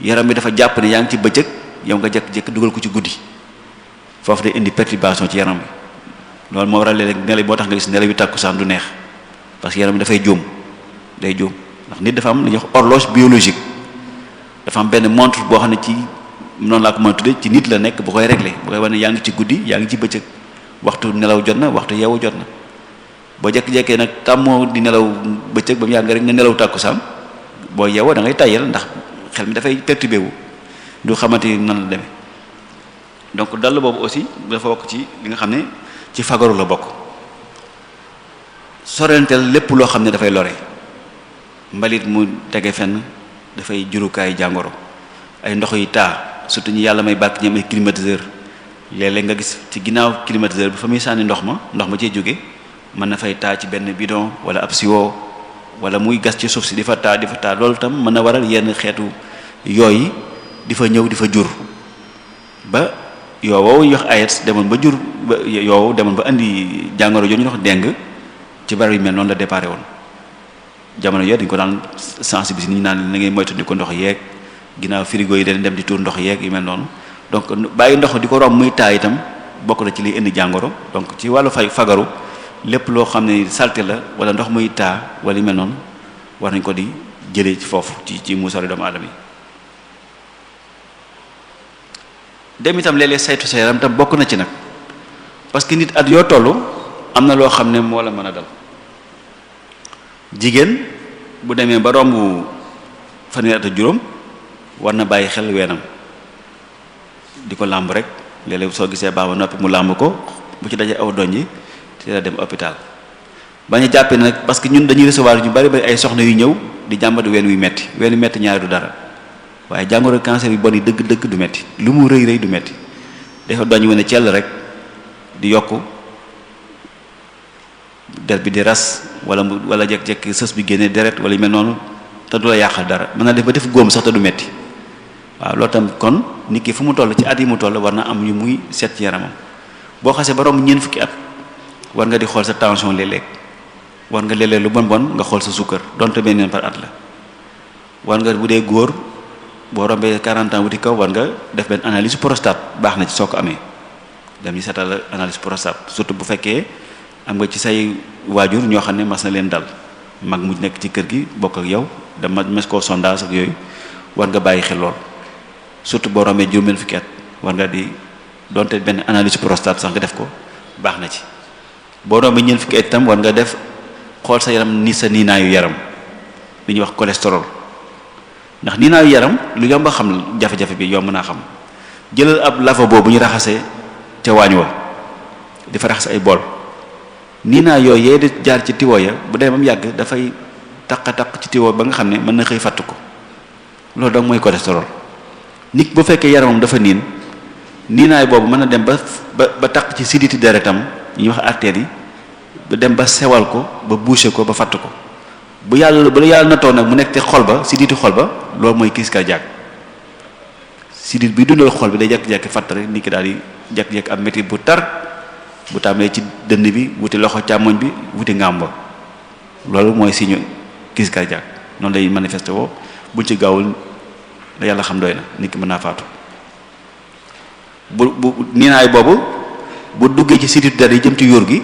Speaker 2: yaram bi dafa jàpp ne yaa ngi ci bëccëg yow nga jekk jëkk dugal ko ci guddi foofu day indi perturbation ci yaram bi loolu moo waral léeg-léeg boo tax nga gis nelaw bi tàkkusaan du neex parce que yaram bi dafay jóom day jóom ndax nit dafa am lu ñuy wax horloge biologique dafa am benn montre boo xam ne ci noonu laa ko mën a ci nit la nekk bu koy réglé bu koy wax ne yaa ngi ci guddi yaa ngi ci bëccëg waxtu nelaw jot na waxtu yeewu jot na boo jekk-jekkee nag tàmmoo di nelaw bëccëg ba mu yàgg rek nga nelaw tàkkusaan boo yeewoo da ngay tàyyal ndax xel mi dafay perturbé wu du xamante ni nan la demee donc dal boobu aussi dafa bokk ci li nga xam ne ci fagaru la bokk sorenteel lépp loo xam ne dafay lore mbalit mu tege fenn dafay jurukaayu jàngoro ay ndox yu taa surtout ñi yàlla may bàkk ñoom ay climatiseur léeg nga gis ci ginnaaw climatiseur bi fa muy sànni ndox ma ndox ma cee jóge mën na fay taa ci benn bidon wala ab siwo wala muy gas ci suuf si di fa taa di fa taa loolu tam mën na waral yenn xeetu yooyu di fa ñëw di fa jur ba yoo woowu ñu wax ayet demoon ba jur ba yoo demoon ba indi jàngoro jooju ñu wax déng ci barab yu mel noonu la déparé woon jamono yooyu dañ ko daan sensibiliser ni ñu naan na ngay moytandi ko ndox yeeg ginnaaw frigo yi de dem di tuur ndox yeeg yu mel noonu donc bàyyi ndox di ko romb muy taa itam bokk na ci liy indi jàngoro donc ci wàllu fay fagaru lépp loo xam ne salté la wala ndox muy taa wala mel noonu war nañ ko di jëlee ci foofu ci ci muusari doomu aadama yi dem itam léeg-léeg saytu sa bokk na ci nag parce que nit at yoo toll am na loo xam ne moo la mën a dal jigéen bu demee ba romb fanweer at juróom war na bàyyi xel weenam di ko làmb rek léeg soo gisee baax ba noppi mu làmb ko bu ci dajee aw doñ yi te la dem hôpital bañu jàppee nag parce que ñun dañuy recevoir ñu bari bari ay soxna yu ñëw di jàmbat ween wi metti ween wi metti ñaari du dara waaye jàngoro cancer yu bon yi dëgg dëgg du metti lu mu rëy rëy du metti dafa doñ wu ne cell rek di yokk der bi di ras wala mu wala jekk-jekk sës bi génnee deret wala yu mel noonu te du la yàqal dara mën naa def ba def góom sax te du metti waaw loo tam kon nit ki fu mu toll ci at yi mu toll war na am muy seet yaramam boo xasee ba romb ñeent fukki at war nga di xool sa tension léeg-léeg war nga lee léeg lu bon bon nga xool sa sukkar donte benn yoon par at la war nga bu dee góor boo rombee 40 ans wuti kaw war nga def benn analyse prostate baax na ci soo ko amee dem ñu seetal analyse prostate surtout bu fekkee. am nga ci say waajur ñoo xam ne mas na leen dal mag mu nekk ci kër gi bokk ak yow dama mes koo sondage ak yooyu war nga bàyyi xel lool surtout boo romee juróom fukki at war nga di donte benn analyse prostate sax nga def ko baax na ci boo romee ñeent fukki at itam war nga def xool sa yaram ni sa niinaayu yaram li ñuy wax cholestérol ndax niinaayu yaram lu yomb a xam jafe-jafe bi yomb naa xam jëlal ab lavabo bu ñu raxasee ca waañ wa di fa raxas ay bool. nii naa yooyee di jaar ci tiwo ya bu dee bam yàgg dafay taq a taq ci tiwo ba nga xam ne mën na xëy fàttu ko loolu dong mooy cholestérol nit bu fekkee yaramam dafa niin niinaay boobu mën na dem ba ba ba taq ci siditi deretam ñu wax artères yi ba dem ba sewal ko ba buuse ko ba fàttu ko bu yàlla bu yàlla na natoo nag mu nekk te xol ba siditi xol ba loolu mooy crise cardiaque sidit bi dundal xol bi day jékki-jékki fàtt rek nit ki daal di jékki-jékki am métti bu tar bu tàmbalee ci dënd bi wuti loxo càmmoñ bi wuti ngàmba loolu mooy signe crise cardiaque noonu lay manifesté woo buñ ci gaawul la yàlla xam doy na nit ki mën naa faatu bu bu niinaay boobu bu duggee ci situ der yi jëm ci yóor gi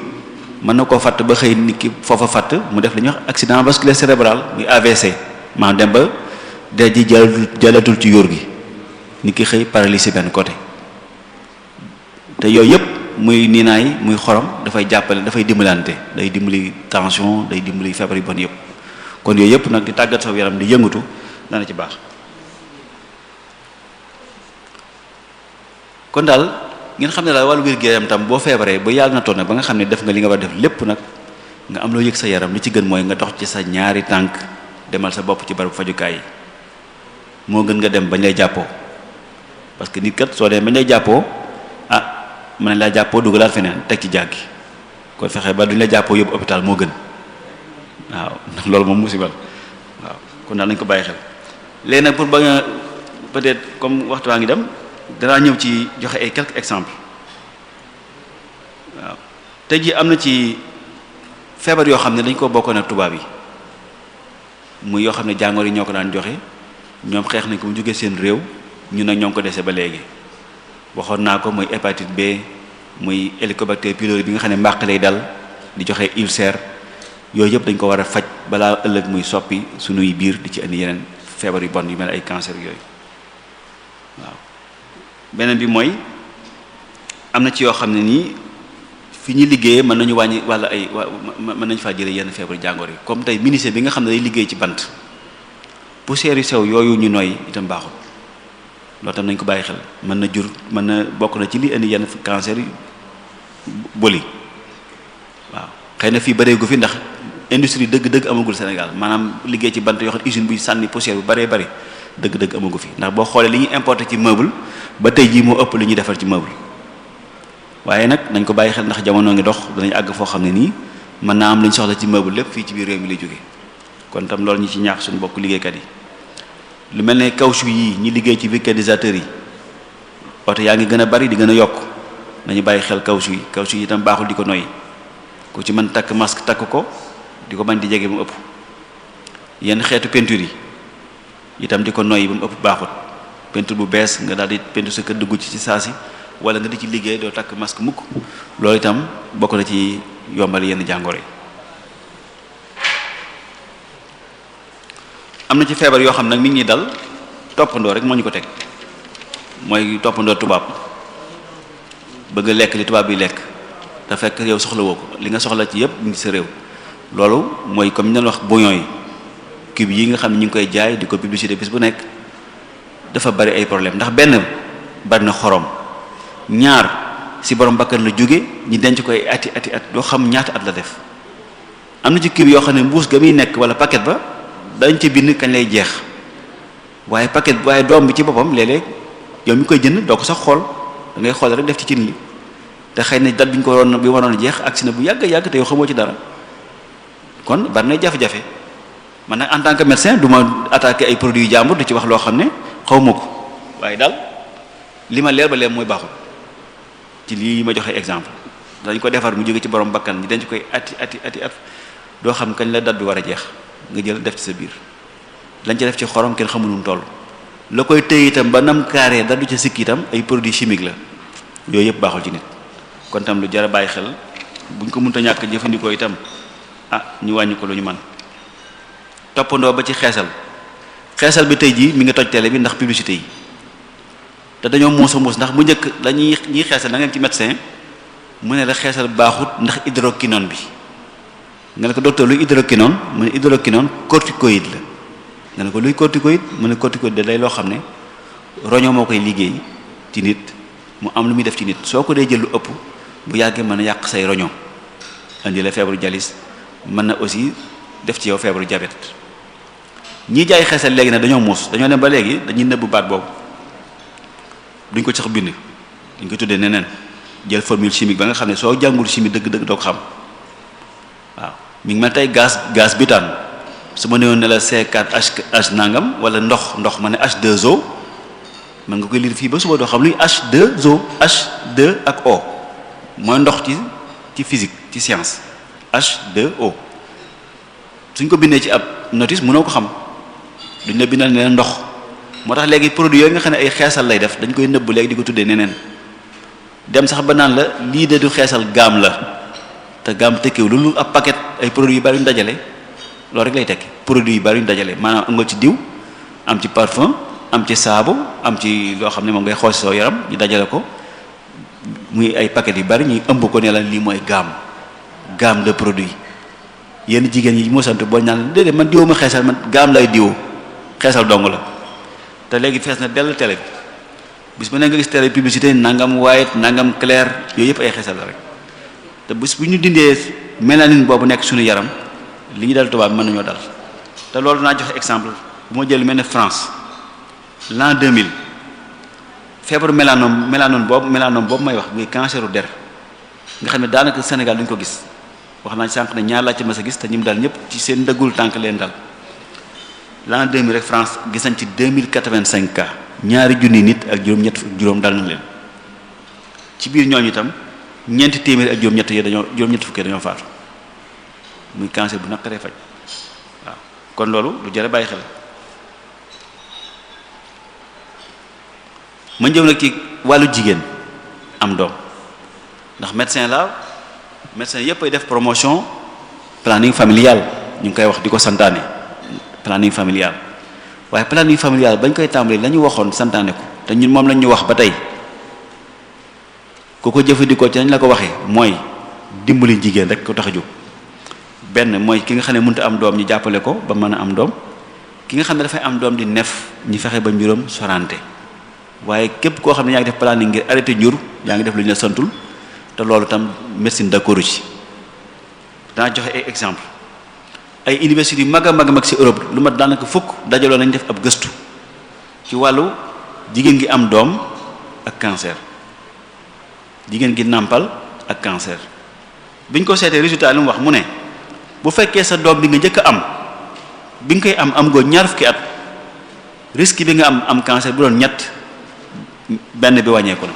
Speaker 2: mën na koo fàtt ba xëy nit ki foofa fàtt mu def la ñuy wax accident vasculaire cérébral muy AVC maanaam dem ba dee ji jàllatul ci yóor gi nit ki xëy si benn côté te yooyu yëpp muy ninaay muy xorom dafay jàppale dafay dimbalante day dimbali tension day dimbali feebar yi bon yëpp kon yooyu yëpp nag di tàggat sa yaram di yëngatu dana ci baax kon daal ngeen xam ne daal wàllu wér gu yaram tam boo feebaree ba yàlla na toog nag ba nga xam ne def nga li nga war def lépp nag nga am loo yëg sa yaram li ci gën mooy nga dox ci sa ñaari tànk demal sa bopp ci barabu fajukaay yi moo gën nga dem bañ lay jàppoo parce nit kat soo demee mën nañ laa jàppoo dugalaat feneen teg ci jàggi kon fexe ba duñ la jàppoo yóbbu hôpital moo gën waaw ndax loolu moom musibal waaw kon daal nañ ko bàyyi xel léegi nag pour ba nga peut-être comme waxtu waa ngi dem danaa ñëw ci joxe ay quelques exemples waaw tey jii am na ci feebar yoo xam ne dañ ko bokkoon a tubaab yi muy yoo xam ne jàngoor yi ñoo ko daan joxe ñoom xeex nañ ko mu jógee seen réew ñu nag ñoo ko dese ba léegi waxoon naa ko muy hépatite bee muy Helicobacter pylori bi nga xam ne mbàq lay dal di joxe ulcère yooyu yëpp dañ ko war a faj balaa ëllëg muy soppi suñuy biir di ci indi yeneen feebar yu bon yu mel ay cancer yooyu waaw beneen bi mooy am na ci yoo xam ne nii fi ñu liggéeyee mën nañu wàññi walla ay mën nañu faa jëlee yenn feebar jàngoor yi comme tey ministère bi xam ne day liggéey ci bant poussière yu sew yooyu ñu noy itam baaxul loolu tam nañ ko bàyyi xel mën na jur mën na bokk na ci li indi yenn cancer boli waaw xëy na fii bareegu fi ndax industrie dëgg-dëgg amagul Sénégal maanaam liggéey ci bant yoo xam usine sànni poussière bu baree bari dëgg-dëgg amagu fi ndax boo xoolee li ñuy importer ci meuble ba tey jii moo ëpp li ñuy defar ci meuble waaye nag nañ ko bàyyi xel ndax jamono ngi dox danañ àgg foo xam ne nii mën naa am lu soxla ci meuble lépp fii ci biir réew mi lay jóge kon tam loolu ñu ci ñaax suñu bokk liggéeykat yi lu mel ne caoutchouc yii ñi liggéey ci vulcanisateur yi oto yaa ngi gën a bari di gën a yokk nañu bàyyi xel caoutchouc yi caoutchouc yi itam baaxul di ko noyyi ku ci man takk masque takk ko di ko bañ di jege ba mu ëpp yenn xeetu peinture yi itam di ko noyyi ba mu ëpp baaxut peinture bu bees nga daal di peinture sa kër dugg ci ci saa si wala nga di ci liggéey doo takk masque mukk loolu itam bokk na ci yombal yenn jàngoro yi am na ci feebar yoo xam nag nit ñi dal toppandoo rek moo ñu ko teg mooy toppandoo tubaab bëgg lekk li tubaab bi lekk te fekk yow soxla woo ko li nga soxla ci yëpp ngi sa réew loolu mooy comme ñu doon wax bouillon yi cube yi nga xam ne ñu ngi koy jaay di ko publicité bis bu nekk dafa bari ay problème ndax benn bari na xorom ñaar si borom bakkan la jóge ñi denc koy ati ati at doo xam ñaata at la def am na ci cube yoo xam ne mbuus ga muy nekk wala paquet ba dañ ci bind kañ lay jeex waaye paquet waaye doom bi ci boppam léeg-léeg yow mi koy jënd doo ko sax xool da ngay xool rek def ci cin li te xëy na date bi ñu ko waroon bi waroon jeex agsi na bu yàgg yàgg te yow ci dara kon bari na jafe man nag en tant que médecin du ma attaquer ay produits yu jàmbur di ci wax loo xam ne xaw ko waaye daal li ma leer ba mooy baaxul ci lii ma joxe exemple dañ ko defar mu jóge ci borom bakkan ñu denc koy ati ati ati at doo xam kañ la dal bi war a jeex. nga jël def ci sa biir lañ ci def ci xorom kenn xamuñu toll la koy téye itam ba nam carré da du ca sikk itam ay produits chimiques la yooyu yëpp baaxul ci nit kon tam lu jar a bàyyi xel buñ ko mënta ñàkk jëfandikoo itam ah ñu wàññi ko lu ñu man toppandoo ba ci xeesal xeesal bi tey jii mi ngi toj tele bi ndax publicité yi te dañoo muus a muus ndax mu njëkk dañuy ñuy xeesal danga ngeen ci médecin mu ne la xeesal baaxut ndax kinoon bi nga ne ko docteur luy hydroquinone mu ne hydroquinone corticoïde la nga ne ko luy corticoïde mu ne corticoïde da day loo xam ne roño moo koy liggéey ci nit mu am lu muy def ci nit soo ko dee jël lu ëpp bu yàggee mën a yàq say roño indi la feebaru jalis mën na aussi def ci yow feebaru jabet ñi jaay xeesal léegi na dañoo muus dañoo ne ba léegi dañuy nëbb baat boobu duñ ko sax bind duñ ko tuddee neneen jël formule chimique ba nga xam ne soo jàngul chimie dëgg-dëgg doo ko mi ngi mel tey gaz gaz butane su ma néewoon ne la C4H nangam wala ndox ndox ma ne H2O mën nga koy lire fii ba suba doo xam luy H2O H2 ak O mooy ndox ci ci physique ci science H2O suñ ko bindee ci ab notice mënoo ko xam duñ la bindal ne ndox moo tax léegi produit yooyu nga xam ne ay xeesal lay def dañ koy nëbbu léegi di ko tuddee neneen dem sax ba naan la lii de du xeesal gaam la. te gaam tekkiw lu ab paket ay produits yu bari yu ñu dajale loolu rek lay tekki produit yu bari yu ñu dajale maanaam am nga ci diw am ci parfum am ci saabu am ci loo xam ne moom ngay xool soo yaram ñu dajale ko muy ay paquets yu bari ñuy ëmb ko ne la lii mooy gaam gaam de produit yenn jigéen yi moo sant boo ñaan déedéet man diwoo ma xeesal man gaam lay diwoo xeesal dong la te léegi fees na dell télé bi bis bu ne nga gis télé publicité nangam white nangam clair yëpp ay xeesal la te bis bu ñu dindee mélanine boobu nekk suñu yaram li ñu dal tobaab mën nañoo dal te loolu naa joxe exemple bu ma jël mel ne France l'an 2000 feebaru mélanome mélanome boobu mélanome boobu may wax muy canceru der nga xam ne daanaka Sénégal duñ ko gis wax naa sànq na ñaar laa ci mas a gis te ñi mu dal ñëpp ci seen ndëggul tànk leen dal l'an de 2000 rek France gis nañ ci 2085 cas ñaari junni nit ak juróom-ñett juróom dal na leen ci biir ñooñu itam. ñeenti téeméeri ak juróom-ñett yi dañoo juróom-ñett fukki dañoo faatu muy cancer bu naqaree faj waaw kon loolu lu jare bàyyi xel ma jëm nag ci wàllu jigéen am doom ndax médecin la médecin yépp ay def promotion planning familial ñu ngi koy wax di ko santaane planning familial waaye planning familial bañ koy tàmbali la ñu waxoon santaane ko te ñu moom lañ ñu wax ba tey ku ko jëfandikoo ci nañ la ko waxee mooy dimbali jigéen rek ko tax a jóg benn mooy ki nga xam ne mënut am doom ñu jàppale ko ba mën a am doom ki nga xam ne dafay am doom di nef ñu fexe ba njuram sorante waaye képp koo xam ne yaa ngi def planning ngir arrêté njur yaa ngi def lu ñu la santul te loolu tam médecine d'accord ci danaa joxe ay exemple ay universités yu mag a mag a mag ci Europe lu mat daanaka fukk dajaloo nañ def ab gëstu ci wàllu jigéen gi am doom ak cancer jigéen gi nàmpal ak cancer biñ ko seetee résultat li mu wax mu ne bu fekkee sa doom bi nga jëkk am bi nga koy am am goo ñaar fukki at risque bi nga am am cancer bu doon ñett benn bi wàññeeku na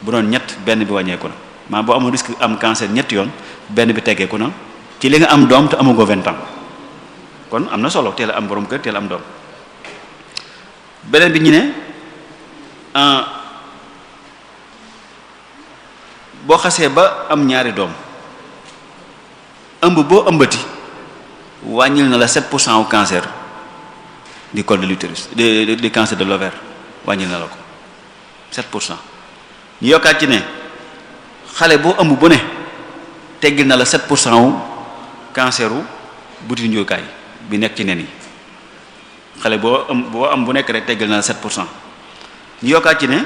Speaker 2: bu doon ñett benn bi wàññeeku na maa boo amoon risque am cancer ñetti yoon benn bi teggeeku na ci li nga am doom te amagoo vingt ans kon am na solo teel a am borom kër teel a am doom beneen bi ñu ne boo xasee ba am ñaari doom ëmb boo ëmbati wàññil na la 7 pour cent au cancer di col de l'utérus du du cancer de l'ovaire wàññil na la ko 7 pour cent ñu yokkaat ci ne xale boo ëmb bu ne teggil na la 7 pour cent wu cancer wu butit njurukaay bi nekk ci nen xale boo am boo am bu nekk rek teggil na la pour cent ñu ne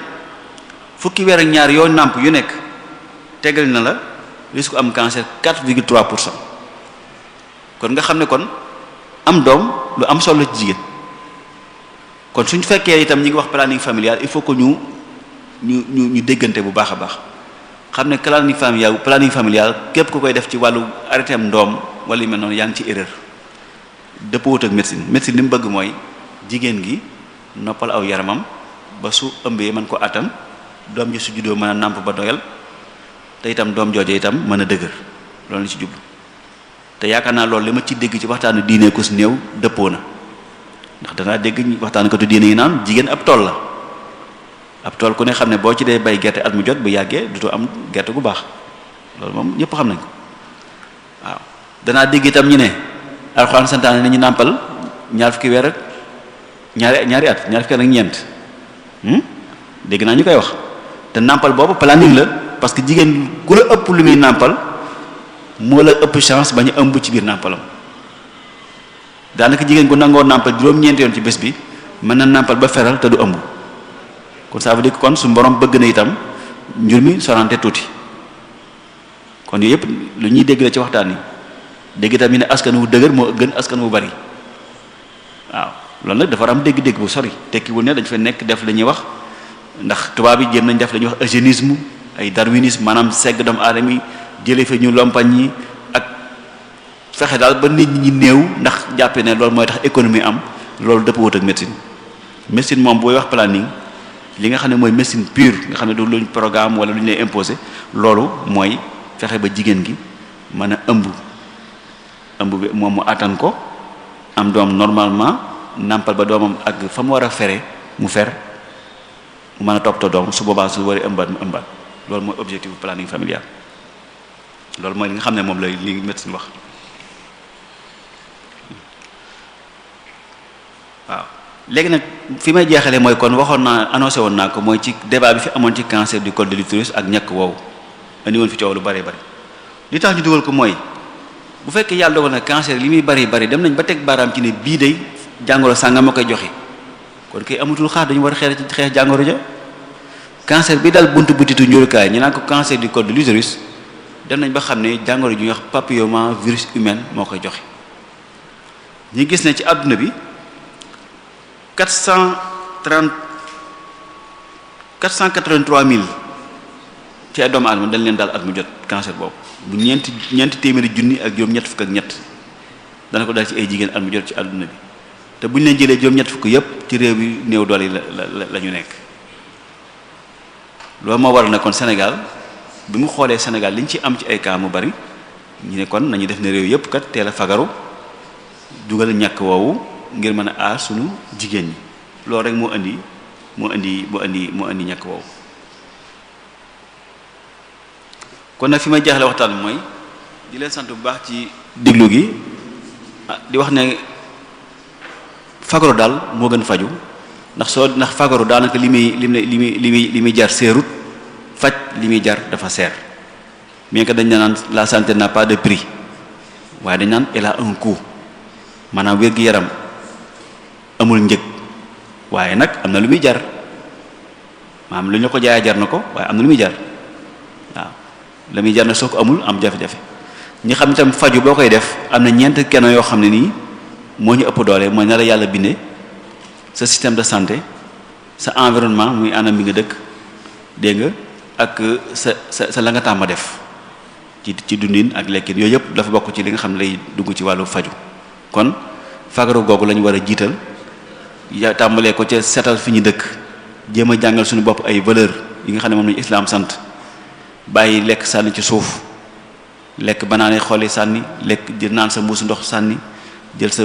Speaker 2: fukki weer ak ñaar yoo nàmp yu nekk. tegal na la risque am cancer 4,3 pour cent kon nga xam ne kon am doom lu am solo ci jigéen kon suñ fekkee itam ñi ngi wax planning familial il faut que ñu ñu ñu ñu déggante bu baax a baax xam ne planning familial planning familial képp ku koy def ci wàllu arrêté am doom wala yu mel noonu yaa ngi ci erreur dëppoo ak médecine médecine li mu bëgg mooy jigéen gi noppal aw yaramam ba su ëmbee man ko attan doom ji su juddoo mën a nàmp ba doyal te itam doom jooje itam mën a dëgër loolu la ci jublu te yaakaar naa loolu li ma ci dégg ci waxtaanu diine ko si néew dëppoo na ndax danaa dégg waxtaan katu diine yi naan jigéen ab tool la ab tool ku ne xam ne boo ci dee bay gerte at mu jot bu yàggee du dutu am gerte gu baax loolu moom ñëpp xam nañ ko waaw danaa dégg itam ñu ne alxuraan santaane nañu nàmpal ñaar fukki weer ak ñaari ñaari at ñaar fukki at ak ñeent hmm? dégg naa ñu koy wax te nàmpal boobu planning la parce que jigéen ku la ëpp lu muy nàmpal moo la ëpp chance ba ñu ëmb ci biir nàmpalam daanaka jigéen gu nangoo nàmpal juróom-ñeenti yoon ci bés bi mën na nàmpal ba feral te du ëmb kon ça veut dire kon su borom bëgg na itam njur mi sorante tuuti kon yooyu yëpp lu ñuy dégg la ci waxtaan yi dégg itam ñu ne askan wu dëgër moo gën askan wu bari waaw loolu nag dafa am dégg-dégg bu sori wu ne dañ fa nekk def lañuy ñuy wax ndax tubaab yi jéem nañ def dañuy wax eugénisme ay darwinisme maanaam segg doomu aadama yi jëlee fi ñu lompañ yi ak fexe daal ba nit ñi néew ndax jàppe ne loolu mooy tax économie am loolu dëpp wut ak médecine médecine moom booy wax planning li nga xam ne mooy médecine pure nga xam ne du luñ programme wala lu ñu lay imposé loolu mooy fexe ba jigéen gi mën a ëmb ëmb moom mu attan ko am doom normalement nampal ba doomam ak fa mu war a fere mu fer mu mën a toppatoo doom su boobaa su waree ëmbaat mu ëmbaat loolu mooy objectif planning familial loolu mooy li nga xam ne moom lay li médecine wax waaw léegi nag fi may jeexalee mooy kon waxoon naa annoncé woon naa ko mooy ci débat bi fi amoon ci cancer du col de l'utérus ak ñàkk a andi woon fi coow lu bari bari li tax ñu dugal ko mooy bu fekkee yàlla woon na cancer li muy bari bari dem nañ ba teg baaraam ci ne bii day jàngoro sàngam ma koy joxe. kon kay amatul xaar dañu war a xeex xeex jàngoro ja cancer bi daal buntu butitu njurukaay ñi naan ko cancer du col de l'utérus dem nañ ba xam ne jàngoro ju ñuy wax papilloma virus humain moo koy joxe ñi gis ne ci àdduna bi 430 483000 ci ay doomu aadama dañ leen daal at mu jot cancer boobu bu ñeenti ñeenti téeméeri junni ak juróom ñett fukk ak ñett dana ko daal ci ay jigéen at mu jot ci àdduna bi te bu ñu leen jëlee juróom-ñett fukk yépp ci réew yi néew dool yi la nekk loo moo waral na kon Sénégal bi mu xoolee Sénégal li ñu ci am ci ay cas mu bari ñu ne kon nañu def ne réew yépp kat teel a fagaru dugal ñàkk woowu ngir mën a aar sunu jigéen ñi loolu rek moo indi moo indi moo indi moo indi ñakk woowu kon nag fi ma jaaxle waxtaan mooy di leen sant bu baax ci diglu gi ah, di wax ne. fagaru daal moo gën faju ndax soo ndax fagaru daanaka li muy li muy li muy li muy jar seerut faj li muy jar dafa seer bien que dañ naan la santé n'a pas de prix waaye dañ naan elle a un coût maanaam wér-gu-yaram amul njëg waaye nag am na lu muy jar maanaam lu ñu ko jaayee jar na ko waaye am na lu muy jar waaw la muy jar na soo ko amul am jafe-jafe ñi xam itam faju boo koy def am na ñeent kenn yoo xam ne nii moo ñu ëpp doole mooy na la yàlla bindee sa système de santé sa environnement muy anam bi nga dëkk dégg nga ak sa sa sa la nga tàmm def ci ci dundin ak lekkin yooyu yëpp dafa bokk ci li nga xam ne lay dugg ci wàllu faju kon fagaru googu lañu ñu war a jiital ya tàmbalee ko ca setal fi ñu dëkk jéem a jàngal suñu bopp ay valeur yi nga xam ne moom lañu islam sant bàyyi lekk sànni ci suuf lekk banaane xooli sànni lekk jël naan sa mbuusu ndox sànni jël sa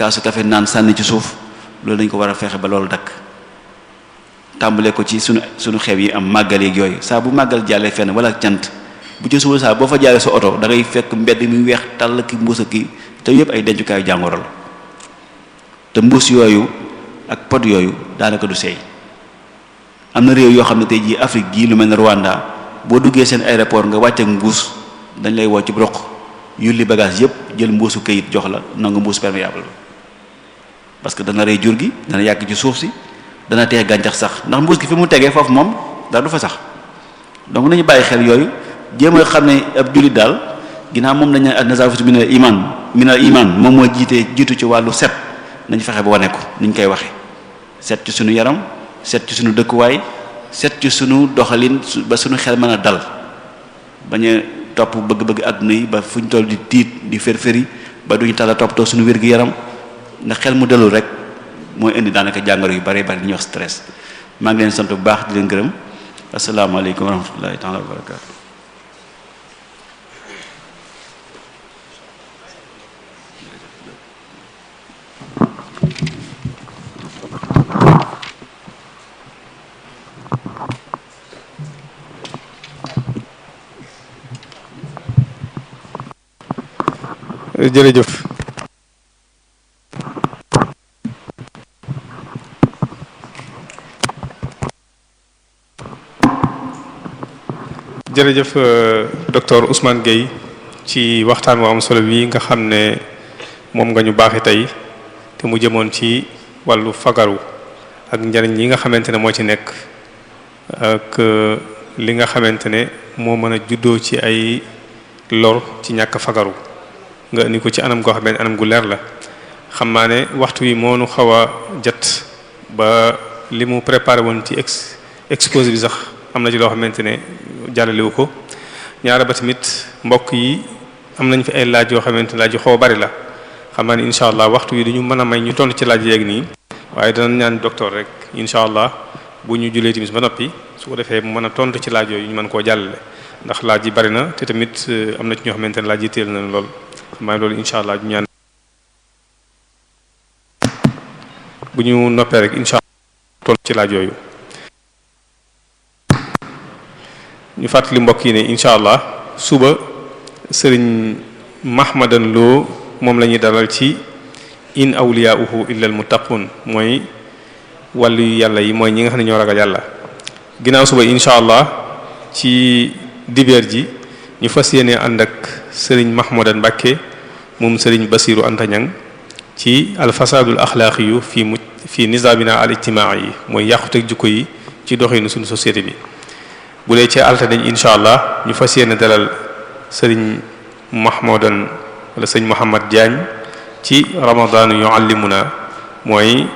Speaker 2: kaasu kafe naan sànni ci suuf loolu dañ ko war a fexe ba loolu dakk tàmbale ko ci sunu sunu xew yi am màggal yeeg yooyu saa bu màggal jàllee fenn wala cant bu ci suba saa boo fa jaaree sa oto da fekk mbedd mi weex tàll ki mbuus ki te yëpp ay dencukaayu jàngoro la te mbuus yooyu ak pot yooyu daanaka du seey am na réew yoo xam ne tey jii Afrique gii lu mel na Rwanda boo duggee seen aéroport nga wàcc ak mbuus dañ lay woo ci roq yulli bagage yëpp jël mbuusu këyit jox la nangu mbuus perméable parce que dana rey jur gi dana yàgg ci suuf si dana tee gàncax sax ndax mbuus gi fi mu tegee foofu moom dara du fa sax donc nañu bàyyi xel yooyu jéem a xam ne ab jullit daal ginnaaw moom lañ ne nazafatu min al iman min al moom moo jiitee jiitu ci wàllu set nañ fexe ba wane ko niñ koy waxe set ci sunu yaram set ci sunu dëkkuwaay set ci sunu doxalin ba sunu xel mën a dal ba a topp bëgg-bëgg àdduna yi ba fuñ toll di tiit di fër-fëri ba duñu tala toppatoo sunu wér-gu-yaram ndax xel mu dellu rek mooy indi daanaka jàngoro yu bari bari li ñuy wax stress maa ngi leen sant bu baax di leen gërëm asalaamaaleykum wa rahmatullahi taala wa barakaatu
Speaker 4: jërëjëf euh, docteur Ousmane Gueye ci waxtaan wu am solo bii nga xam ne moom nga ñu baaxee tey te mu jëmoon ci wàllu fagaru ak njariñ yi nga xamante ne moo ci nekk euh, li nga xamante ne moo mën a juddo ci ay lor ci ñàkk fagaru nga indi ko ci anam goo xam ne anam gu leer la xam naa ne waxtu wi moo nu xaw a jat ba li mu préparé woon ci ex exposé bi sax. am na ci loo xamante ne jàllalewu ko ñaara ba tamit mbokk yi am nañ fi ay laaj yoo xamante ne laaj yu xaw bari la xam naa ne incha allah waxtu yi dañu mën a may ñu tontu ci laaj yeeg nii waaye danañ ñaan docteur rek incha allah bu ñu julee timis ba noppi su ko defee mu mën a tontu ci laaj yooyu ñu mën koo jàllale ndax laaj yi bari na te tamit eh, am na ci ñoo xamante ne laaj yi teel na lool xam naa loolu incha allah ñu bu ñu noppee rek incha allah tontu ci laaj yooyu. ñu fàttali mbokk yi ne incha allah suba sëriñ mahmadan loo moom la ñuy dalal ci in awliyauhu illa al muttaqun mooy wàllu yu yàlla yi mooy ñi nga xam ne ñoo ragal yàlla ginnaaw suba incha allah ci dibeer ji ñu fas yéene ànd ak sëriñ mahmadan mbàkke moom sëriñ basiru antañang ci alfasadul axlaaqi yu fi mu fi nizaamina al ijtimaai yi mooy yàquteg jukko yi ci doxinu suñu societé bi bu dee ci altine incha allah ñu fa yéene dalal sëriñ mahmoudan wala sëñ Mouhamad Diagne ci ramadaan yuallimuna mooy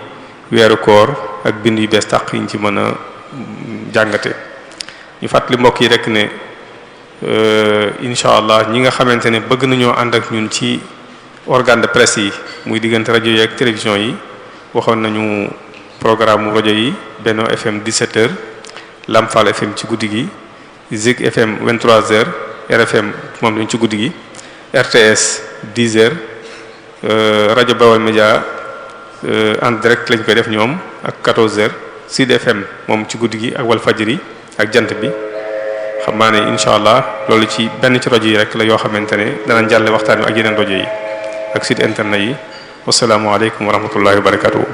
Speaker 4: weeru koor ak bind yu bees tàq yiñ ci mën a jàngate ñu fàttali mbokk yi rek ne euh, incha allah ñi nga xamante ne bëgg nañoo ànd ak ñun ci organe de presse yi muy diggante rajo yi ak télévision yi waxoon nañu programme rajo yi Benno FM 17h Lamfal FM ci guddi gi Zig FM 23h RFM moom lañ ci guddi gi RTS 10h euh, rajo Bawal Média euh, en direct lañ koy def ñoom ak 14h Sud FM moom ci guddi gi ak Walf Fadjri ak jant bi xam naa ne incha allah loolu ci benn ci rajo yi rek la yoo xamante ne danañ jàlle waxtaan wi ak yeneen rajo yi ak site internet yi wasalaamualeykum wa rahmatullahi wa barakatuh